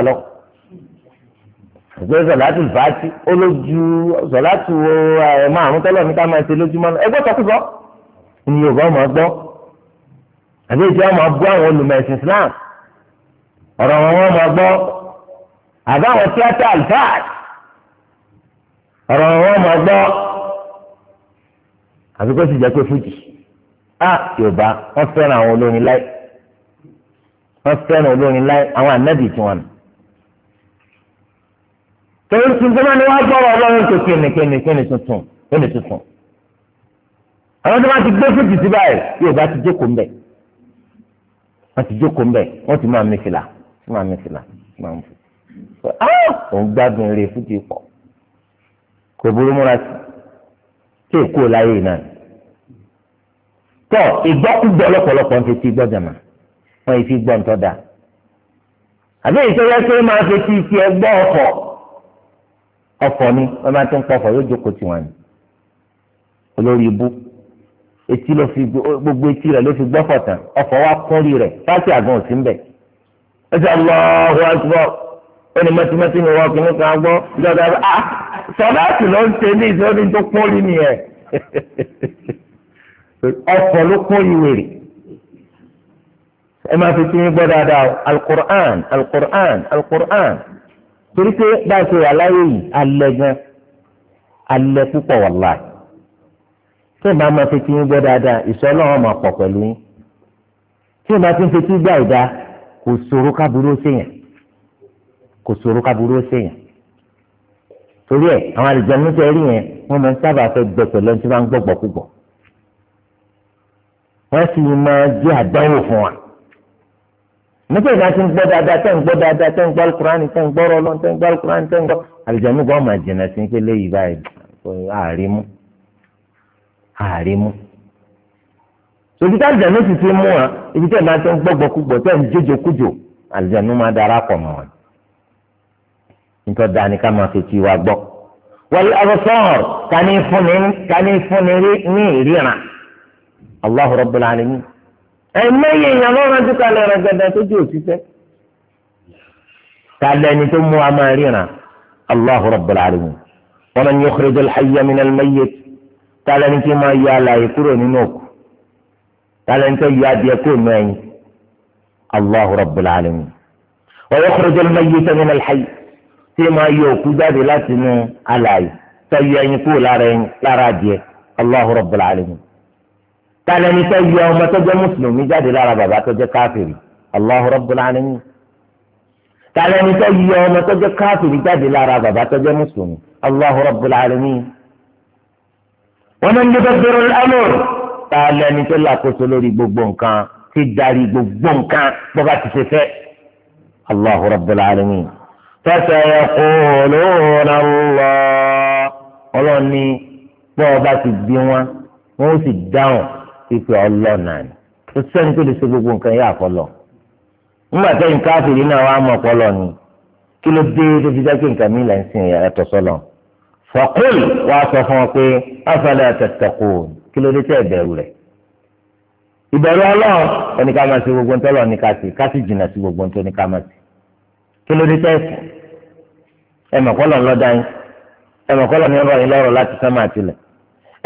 bá gbọ́ ẹgbẹ́ sọ̀látù fàátì ó lójú sọ̀látù ẹ̀ márùn tọ́lọ̀ ní ká máa ṣe lójúmọ́ náà ẹgbẹ́ sọ̀kúsọ ni yorùbá máa gbọ́ àbí ìṣe wọn máa bú àwọn olùmọ̀ ẹ̀sìn Islam ọ̀rọ̀ wọn wọn máa gbọ́ àbá àwọn tíátà alfaad ọ̀rọ̀ wọn wọn máa gbọ́ àbí kó sì jẹ́ pé fújì á yorùbá wọ́n fẹ́ràn àwọn olórin láì wọ́n fẹ́ràn olórin láì àwọn ànábì tiwọn nù torí tuntun náà ni wọ́n gbọ́rọ̀ ọlọ́run tó kéne kéne kéne tuntun kéne tuntun àwọn tó bá ti gbé fún jìtì báyìí yóò bá ti jókòó ń bẹ̀ wọ́n ti jókòó ń bẹ̀ wọ́n ti máa mẹ́fìlà tí máa mẹ́fìlà tí máa mú fún un gbádùn eré fújì pọ̀ kò burú múra sí tí èkó láyé náà tọ́ ìgbọ́kúgbọ́ lọ́pọ̀lọpọ̀ ń fetí gbọ́ jàmà wọ́n yìí fi gbọ́ ń tọ́ da àbí ìṣẹ́yẹ́ pé máa fetí ti ẹgbọ́ ọkọ̀ ọ̀fọ̀ ni wọ́n máa ti ń pọ̀fọ̀ yóò jókòó tiwọn ni olórí ibú etí ló fi gbogbo etí rẹ̀ ló fi gbọ́fọ̀ tán ọ̀fọ̀ wa kọ́rí rẹ̀ fásitì àgbọn òsì ń bẹ̀ ẹ sọ Allahu Akbar ó ní mẹtímẹtí ni wọn kìíní kan gbọ́ ìjọba a ah, sọláàtì ló ń ṣe ní ìsọdún tó pọ́lì nìyẹn ọ̀fọ̀ ló kọ́ ìwé rẹ̀ ẹ máa fi tún gbọ́ dáadáa alukur'an alukur'an alukur'an torí pé báyìí ṣe wà láyé yìí alẹ́ gan alẹ́ púpọ̀ wà láì tí ìbá máa fi ti yín gbọ́ dáadáa ìṣọ́ náà máa pọ̀ pẹ̀lú yín tí ìbá ti ń fetí gbà ìdá kò ṣòro kábúrú séèyàn kò ṣòro kábúrú séèyàn torí ẹ àwọn àlejò ẹni rí yẹn wọn máa ń sábà fẹ́ gbẹ pẹ̀lú tí wọn ń gbọgbọ púpọ̀ wọn sì máa jẹ àdánwò fún wa nígbà ìgbà tí ń gbọ́ dáadáa tẹ́ ń gbọ́ dáadáa tẹ́ ń gbọ́ alukurani tẹ́ ń gbọ́ rọlọ́ tẹ́ ń gbọ́ alukurani tẹ́ ń gbọ́ àlùjánu gan máa jìnnà sí pé léyìí báyìí àrímú àrímú. tòbí tá àlùjánu sì ti mú wa ibi tẹ́ ẹ̀ máa tẹ́ ń gbọ́ gbọ́kúgbọ́ tẹ́ ń jójo kújò àlùjánu máa dara pọ̀ mọ́ wọn. nítorí dání ká máa fi ti wa gbọ́. wal absar ẹ̀mẹ́yẹ èèyàn lọ́rọ̀ tó kalẹ̀ rẹ̀ gẹ̀dẹ̀ tó di òṣìṣẹ́ kálẹ̀ ni tó mú wa máa ríran Allahu Rabbul Alamin wa man yukhrijul hayya minal mayyit kálẹ̀ ni tó máa yọ alàyè kúrò nínú òkú kálẹ̀ ni tó yọ adìẹ kúrò nínú ẹyin Allahu Rabbul Alamin wa yukhrijul mayyita minal hayy tí máa yọ òkú jáde láti inú alàyè tó yọ ẹyin kúrò lára adìẹ Allahu Rabbul Alamin
talẹni fẹ́ yọ ọmọ
tó jẹ́ mùsùlùmí jáde lára bàbá tó jẹ́ káfìrí Allahu Rabbul Alamin talẹni fẹ́ yọ ọmọ tó jẹ́ káfìrí jáde lára bàbá tó jẹ́ mùsùlùmí Allahu Rabbul Alamin wọn náà ń dúpẹ́ bẹ̀rù amúr talẹni tó làkóso lórí gbogbo nǹkan ti darí gbogbo nǹkan bọ́ba ti ṣe fẹ́ Allahu Rabbul Alamin fẹsẹ̀ ẹ̀kọ́ lóòrán lọ ọlọ́ni bọ́ọ̀ ti bí wọn wọn ó sì dáhùn pípẹ́ ọlọ́ọ̀nà ni kò sẹ́ni tó lè ṣe gbogbo nǹkan yá àfọlọ́ nígbà tẹ́yìn káfíìrì náà wàá mọ̀ ọpọlọ ni kí ló dé tó fi jẹ́ kí nǹkan mi là ń sìn ẹ̀tọ́ sọ́lọ̀ fọ̀kúl wàá sọ fún ọ pé afẹ́lẹ́ àtẹ̀tẹ̀kù kí ló dé tẹ́ ìbẹ̀rù rẹ̀ ìbẹ̀rù ọlọ́run ẹni ká máa ṣe gbogbo ntọ́ lọ ní ká sí jìnnà sí gbogbo ntọ́ ní ká kí ló dé tẹ́ ẹ̀sìn ẹ mọ̀ kọ́lọ̀ ní ọ̀rọ̀ yín lọ́rọ̀ láti sánmà àtìlẹ̀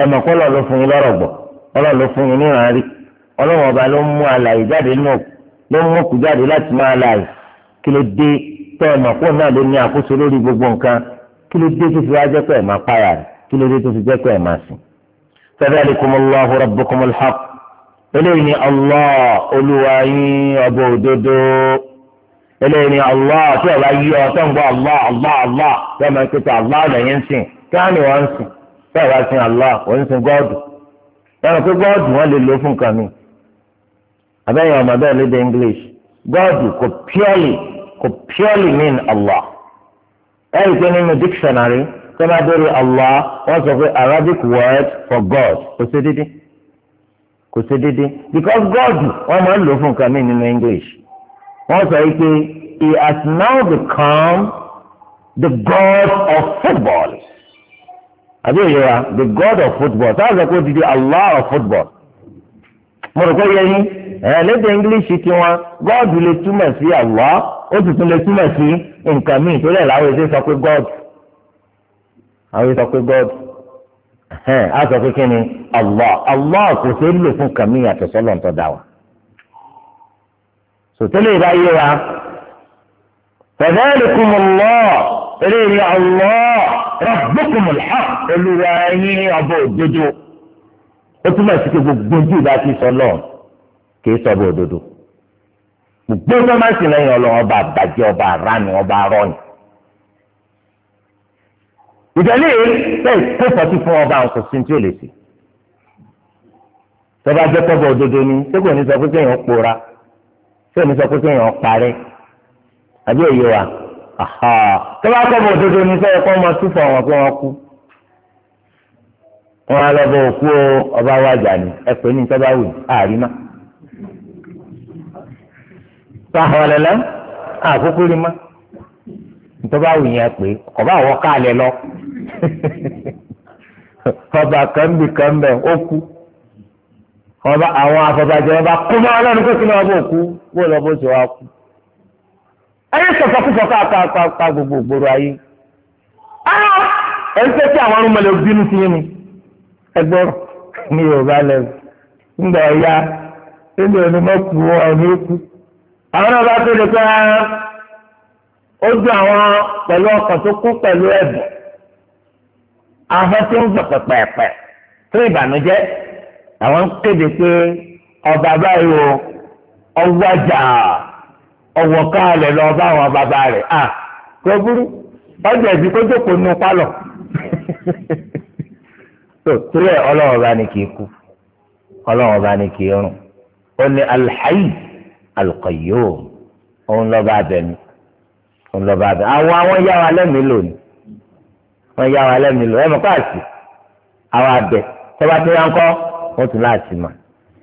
ẹ ló fún yín lọ́rọ̀ gbọ̀ ọlọ́run ló fún mi ní ìrànlẹ́ ọlọ́run ọba ló mú àlàyé jáde náà ló mú òkú jáde láti máa àlàyé kí ló dé tẹ́ ẹ̀ mọ̀ pé náà ló ní àkóso lórí gbogbo nǹkan kí ló dé tó fi wá jẹ́ pé ẹ̀ máa para rẹ̀ kí ló dé tó fi jẹ́ pé ẹ̀ máa sìn. fadhalikumullahu rabbukumul haqq eléyìí ni Allah olúwa yín ọba òdodo eléyìí ni Allah tí ọba yí ọ tó ń gbọ́ Allah Allah Allah bẹ́ẹ̀ máa ń pèsè Allah lẹ́yìn sìn kí wọ́n ń sìn bẹ́ẹ̀ wá sìn Allah òun sìn gọ́ọ̀dù ẹ̀rọ pé gọ́ọ̀dù wọn lè lò fún nǹkan mi abẹ́yẹn ọmọ bẹ́ẹ̀ lédè English gọ́ọ̀dù kò purely kò purely mean Allah ẹ̀rọ pé nínú dictionary sọ́nà dórí Allah wọ́n sọ pé Arabic word for God kò sí dídí kò sí dídí because gọ́ọ̀dù wọ́n máa ń lò fún nǹkan mi nínú English wọ́n sọ pé he has now become the God of football àbí òye wa the god of football sáà sọ pé odidi allah of football mo rò pé yẹyin ẹ lédè english kí wọn god lè túmọ̀ sí allah ó sì tún lè túmọ̀ sí nǹkan míì tó lẹ̀ láwọn èdè sọ pé god àwọn èdè sọ pé god a sọ pé kí ni allah allah kò sí lò fún nǹkan míì àti sọlọ ń tọ́ da wa sòtẹ́lẹ̀ ìbáyé wa fẹ̀dẹ́ẹ̀lì kùmùlọ́ọ̀ eléyìí Allah rabbukumul haqq olúwa yín ọba òdodo ó túmọ̀ sí pé gbogbo ojú ìbá ti sọ lọ́ọ̀ kì í sọ ọba òdodo gbogbo ọba máa sì lẹ́yìn ọlọ́run ọba àbàjẹ́ ọba àránù ọba arọ́yìn ìdẹ́lẹ́ bẹ́ẹ̀ kó fọ́tí fún ọba àwọn kòsí tí ó lè sí tọ́ba jẹ́ tọ́ba òdodo ni sẹ́kọ̀ọ́ ní sọ pé kéèyàn pòórá sẹ́kọ̀ọ́ ní sọ pé kéèyàn parẹ́ àbí òye wa tó bá kọ́ bọ̀ òdodo ní sọ́yẹ kó máa túfọ̀ wọn pé wọ́n kú wọn á lọ bọ òkú ọba wájà ni ẹ pè ní tọ́ba wù àárín náà sáhọ lẹlẹ àkókò rí ma ntọ́ba wù yẹn pé ọba àwọ káàlẹ̀ lọ ọba kànbì kànbẹ ó kú ọba àwọn afọbajẹ ọba kó máa lọ́nu kó sì máa òkú kó lọ bó ṣe wá kú. ayé sọ̀fọ̀kúfọ̀ káàkáà gbogbo ògbòrò ayé ẹ ń fẹ́ kí àwọn ọmọ lè bínú sí yín ni ẹgbẹ́ ní yorùbá lẹ́nu ńgbà ọ̀ya nínú onímọ̀kù ọ̀rọ̀ ikú àwọn ọba tó lè pẹ́ ah, ó dún àwọn pẹ̀lú ọkàn tó kú pẹ̀lú ẹ̀bùn tó ń pẹ̀pẹ̀pẹ̀ ọwọ́ káàlẹ̀ lọ bá àwọn bàbá rẹ̀ à tó burú ọjà ìbí kó jókòó nu pálọ̀ tó torí ẹ̀ ọlọ́wọ́ bá ní kì í kú ọlọ́wọ́ bá ní kì í rùn ó ní alḥayy alqayyum òun lọ́ba abẹ́mi òun lọ́ba abẹ́mi àwọn àwọn yá wa lẹ́mìí lónìí wọ́n yá wa lẹ́mìí lónìí ẹ̀ mọ̀ káàsì àwọn abẹ tọ́ba tó yá ń kọ́ wọ́n tún láti mọ̀.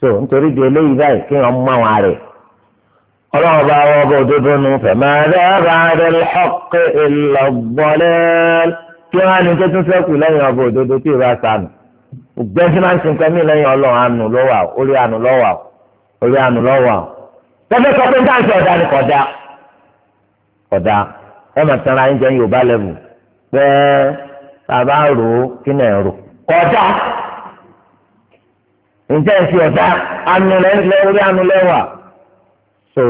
so nítorí di eléyìí báyìí kí wọn mú àwọn àrè ọlọ́run bá wọn bọ̀ òdodo nu fẹ̀mẹ́rẹ́ rárẹ̀ lọ́kẹ́ ìlọ̀gbọ́lẹ́ kí wọn á ní tó tún sẹ́kù lẹ́yìn ọba òdodo tí ìwà sànù ògbẹ́sí máa ń sin kẹ́mí lẹ́yìn ọlọ́run àánú lọ́wọ́ orí àánú lọ́wọ́ orí àánú lọ́wọ́ tẹ́lẹ̀ sọ pé dáǹsì ni kọ̀dá kọ̀dá ẹ mà tẹ́ra ẹ̀ ń Yorùbá lẹ́vù pé bàbá rò kí náà rò kọ̀dá ǹjẹ́ ẹ̀sìn ọ̀dá anulẹ̀ orí anulẹ̀ wà so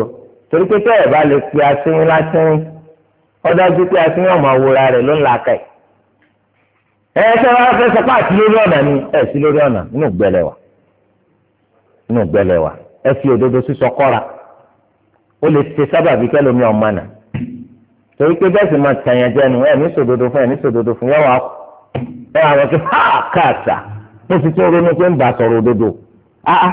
torí pé tẹ́ ẹ̀ bá lè pe asínwín lásínwín ọ̀dájú pé asínwín ọ̀mọ̀ àwòrán rẹ̀ ló ń la kẹ́ ẹ̀ ẹ̀ tẹ́ wọ́n fẹ́ sọ́kọ́ àti lórí ọ̀nà ni ẹ̀ sí lórí ọ̀nà inú gbẹlẹ̀ wà inú gbẹlẹ̀ wà ẹ fi òdodo sísọ kọ́ra ó lè ṣe sábàbí kẹ́lómi ọ̀ma nà torí pé bẹ́ẹ̀ sì máa tẹ̀yàn jẹ́nu ẹ̀ ní sòdodo fún ẹ̀ ní sòdodo fún yẹ́wàá ẹ̀ àwọn kí mo sì tún ronú pé ń bá sọ̀rọ̀ òdodo àá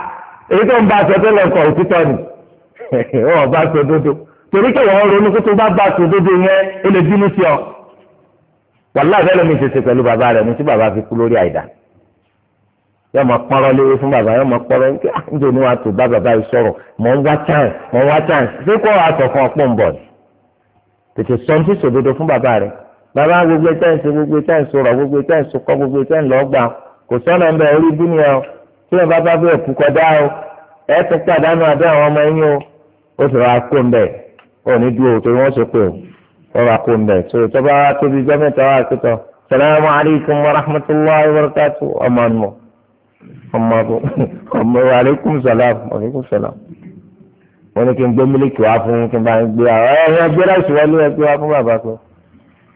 èyí tó ń bá sọ tẹ́lẹ̀ kọ̀ òtítọ́ ni ọ̀ bá sọ òdodo torí pé wọ́n ronú pé tó bá bá sọ òdodo yẹn ó lè bínú sí ọ wàlá ìfẹ́lẹ́ mi ṣèṣe pẹ̀lú bàbá rẹ̀ ní tí bàbá fi kú lórí àìdá yóò mọ pọ́nrọ́ léwé fún bàbá yóò mọ pọ́nrọ́ ní ah, níjẹ́ ni wàá tó bá bàbá yìí sọ̀rọ̀ mọ̀ ń wá chance mọ̀ ń wá chance ṣé kó wàá sọ fún ọpọ́ ń bọ̀ ni tètè sọ ní sòdodo fún bàbá rẹ̀ bàbá gbogbo ẹ̀tẹ́ ń ṣe gbogbo ẹ̀tẹ́ ń sọ̀rọ̀ gbogbo ẹ̀tẹ́ ń sọkọ́ gbogbo ẹ̀tẹ́ ń lọ́gbàá kò sọ́nà ń bẹ orí dúnìá o tí wọn bá bá bẹ kú kọjá o ẹ ti pàdánù àdé àwọn ọmọ yín o ó sì rà kó ń bẹ ó ní dúró torí wọn ṣe pé o ó rà kó ń bẹ tó tó bá tóbi jẹ mẹ́ta wà kútọ salamu alaykum wa rahmatulahi wa barakatu ọmọ nù ọmọ bò ọmọ wa aleykum salam aleykum salam wọn ní kí n gbé mílíkì wá fún kí n bá ń gbé àwọn ẹ ẹ gbé láìsí wọlé ẹ gbé wá fún bàbá kan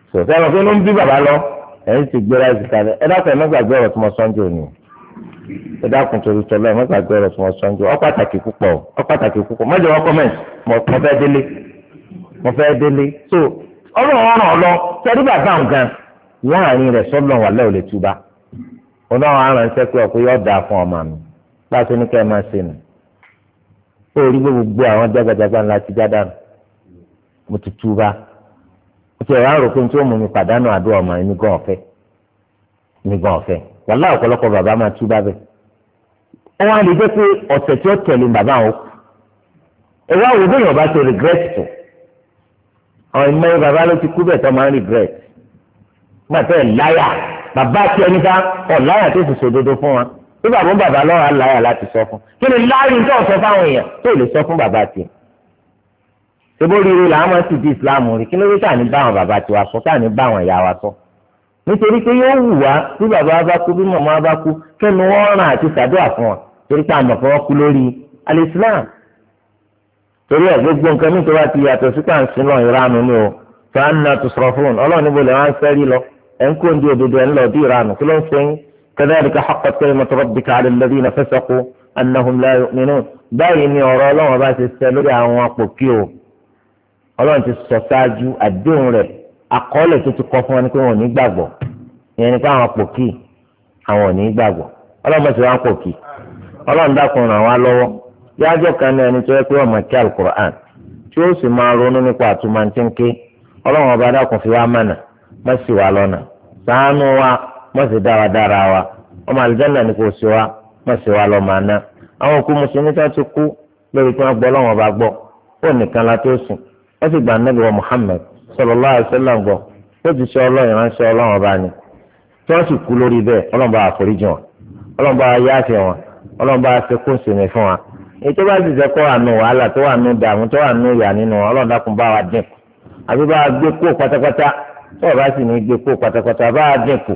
sọ sẹ́wọ̀n ẹ̀yin ti gbé láti kalẹ̀ ẹ dákun ẹ má gbàgbé ọ̀rọ̀ tí mo sọ́njú ni ẹ dákun torí tọ́lá ẹ má gbàgbé ọ̀rọ̀ tí mo sọ́njú ọ pàtàkì púpọ̀ ọ pàtàkì púpọ̀ má jẹ́ wọ́n mo fẹ́ délé mo fẹ́ délé so ọlọ́run ọ̀ràn ọ̀lọ́ sẹ́rí bàbá nǹkan láàrin rẹ̀ sọ́lọ̀ wà lẹ́wọ̀ lè túbà ọlọ́run aránṣẹ́ pé ọkọ yóò dáa fún ọmọ mi láti ní ká ẹ máa ṣe nù ó rí gbogbo àwọn jágbajàgba ńlá já dànù mo ti túbà tí ẹ wá rò pé tí ó mú mi pàdánù àdúrà ọmọ mi gan ọ̀fẹ́ mi gan ọ̀fẹ́ wàlá ọ̀pọ̀lọpọ̀ bàbá máa tú bá bẹ̀. ó wá lè jẹ́ pé ọ̀sẹ̀ tí ó tẹ̀lé bàbá àwọn kù ẹ wá wò bóyá ọba ṣe regret tó àwọn ìmọ̀ yẹn bàbá ló ti kú bẹ̀ tó máa ń regret nígbà tó ẹ̀ láyà bàbá tí ẹni ká ọ̀ láyà tó sì ṣòdodo fún wa bí bàbá bàbá lọ́wọ́ láyà láti sọ fún sebóríire làwọn máa ń sì di ìsìláàmù rí kí ló dé táà ní bá àwọn bàbá tiwa sọ táà ní bá àwọn ìyá wa sọ nítorí pé yóò wù wá bí bàbá bá kú bí màmá bá kú kẹ́nu wọn ràn àti ṣàdúrà fún wọn torí pé àmọ̀ fún wọn kú lórí alẹ́sìláàmù torí ẹ̀ gbogbo nǹkan mi tó bá ti yàtọ̀ sí pàǹsí lọ ìranu ni o fàánà tó sọ̀rọ̀ fún un ọlọ́run níbo lè wá ń lọ ẹ̀ ń kó ndí òdodo ẹ̀ ń lọ bí ìranu kí ló ń sẹ́yìn kadhalika haqqat kalimatu rabbika 'ala alladhina fasaqu annahum báyìí ni ọ̀rọ̀ ọlọ́run bá ti sẹ́ lórí àwọn apòkí o ọlọ́run ti sọ ṣáájú àdéhùn rẹ̀ àkọọ́lẹ̀ tó ti kọ́ fún wọn ni pé wọn ò ní gbàgbọ́ ìyẹn ni pé àwọn pòkì àwọn ò ní gbàgbọ́ ọlọ́run bá ti wá pòkì ọlọ́run yájọ́ kan ní ẹni tó yẹ pé ọmọ kí alukur'an tí ó sì máa ronú nípa ọlọ́run ọba dákun fi wá mọ̀nà lọ́nà wa dáradára wa ọmọ ni kò sí wa wa lọ́mọ àná àwọn òkú tó kú lórí wọ́n wọ́n sì gba anabi wa muhammed sallallahu alaihi wasallam gbọ́ ó ti ṣe ọlọ́run ìránṣẹ́ ọlọ́run ọba ni tí wọ́n sì kú lórí bẹ́ẹ̀ ọlọ́run bá àforíjì wọn ọlọ́run bá yáàfẹ wọn ọlọ́run bá sekú sinmi fún wa ètò bá ti sẹ́kọ̀ àánú wàhálà tó wà nù dààmú tó wà nù yà nínú ọlọ́run dákun bá wa dín àbí bá a gbé kó pátápátá tó o bá sì ní gbé kó pátápátá bá a dín kù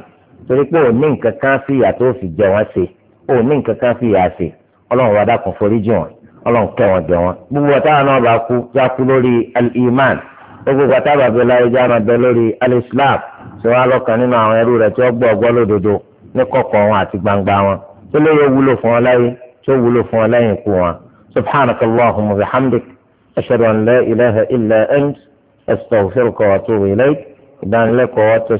torí pé òní nǹkan kan fìyà tó fi jẹ wọn ṣe òní nǹkan kan fìyà ṣe ọlọ́run wa dákun foríjì wọn ọlọ́run kẹ́ wọn jọ wọn gbogbo àtàwọn náà bá kú já kú lórí al-iman gbogbo àtàwọn àbẹ láyé já máa bẹ lórí al-islam tí wọn lọ́kàn nínú àwọn ẹrú rẹ̀ tí wọ́n gbọ́ ọgbọ́ lódodo ní kọ̀kọ̀ wọn àti gbangba wọn tó lóye wúlò fún wọn láyé tó wúlò fún wọn lẹ́yìn ikú wọn subhanaka allahumma wa bihamdik ashhadu an la ilaha illa ant astaghfiruka wa atubu ilayk ìdánilẹ́kọ̀ọ́ wa tó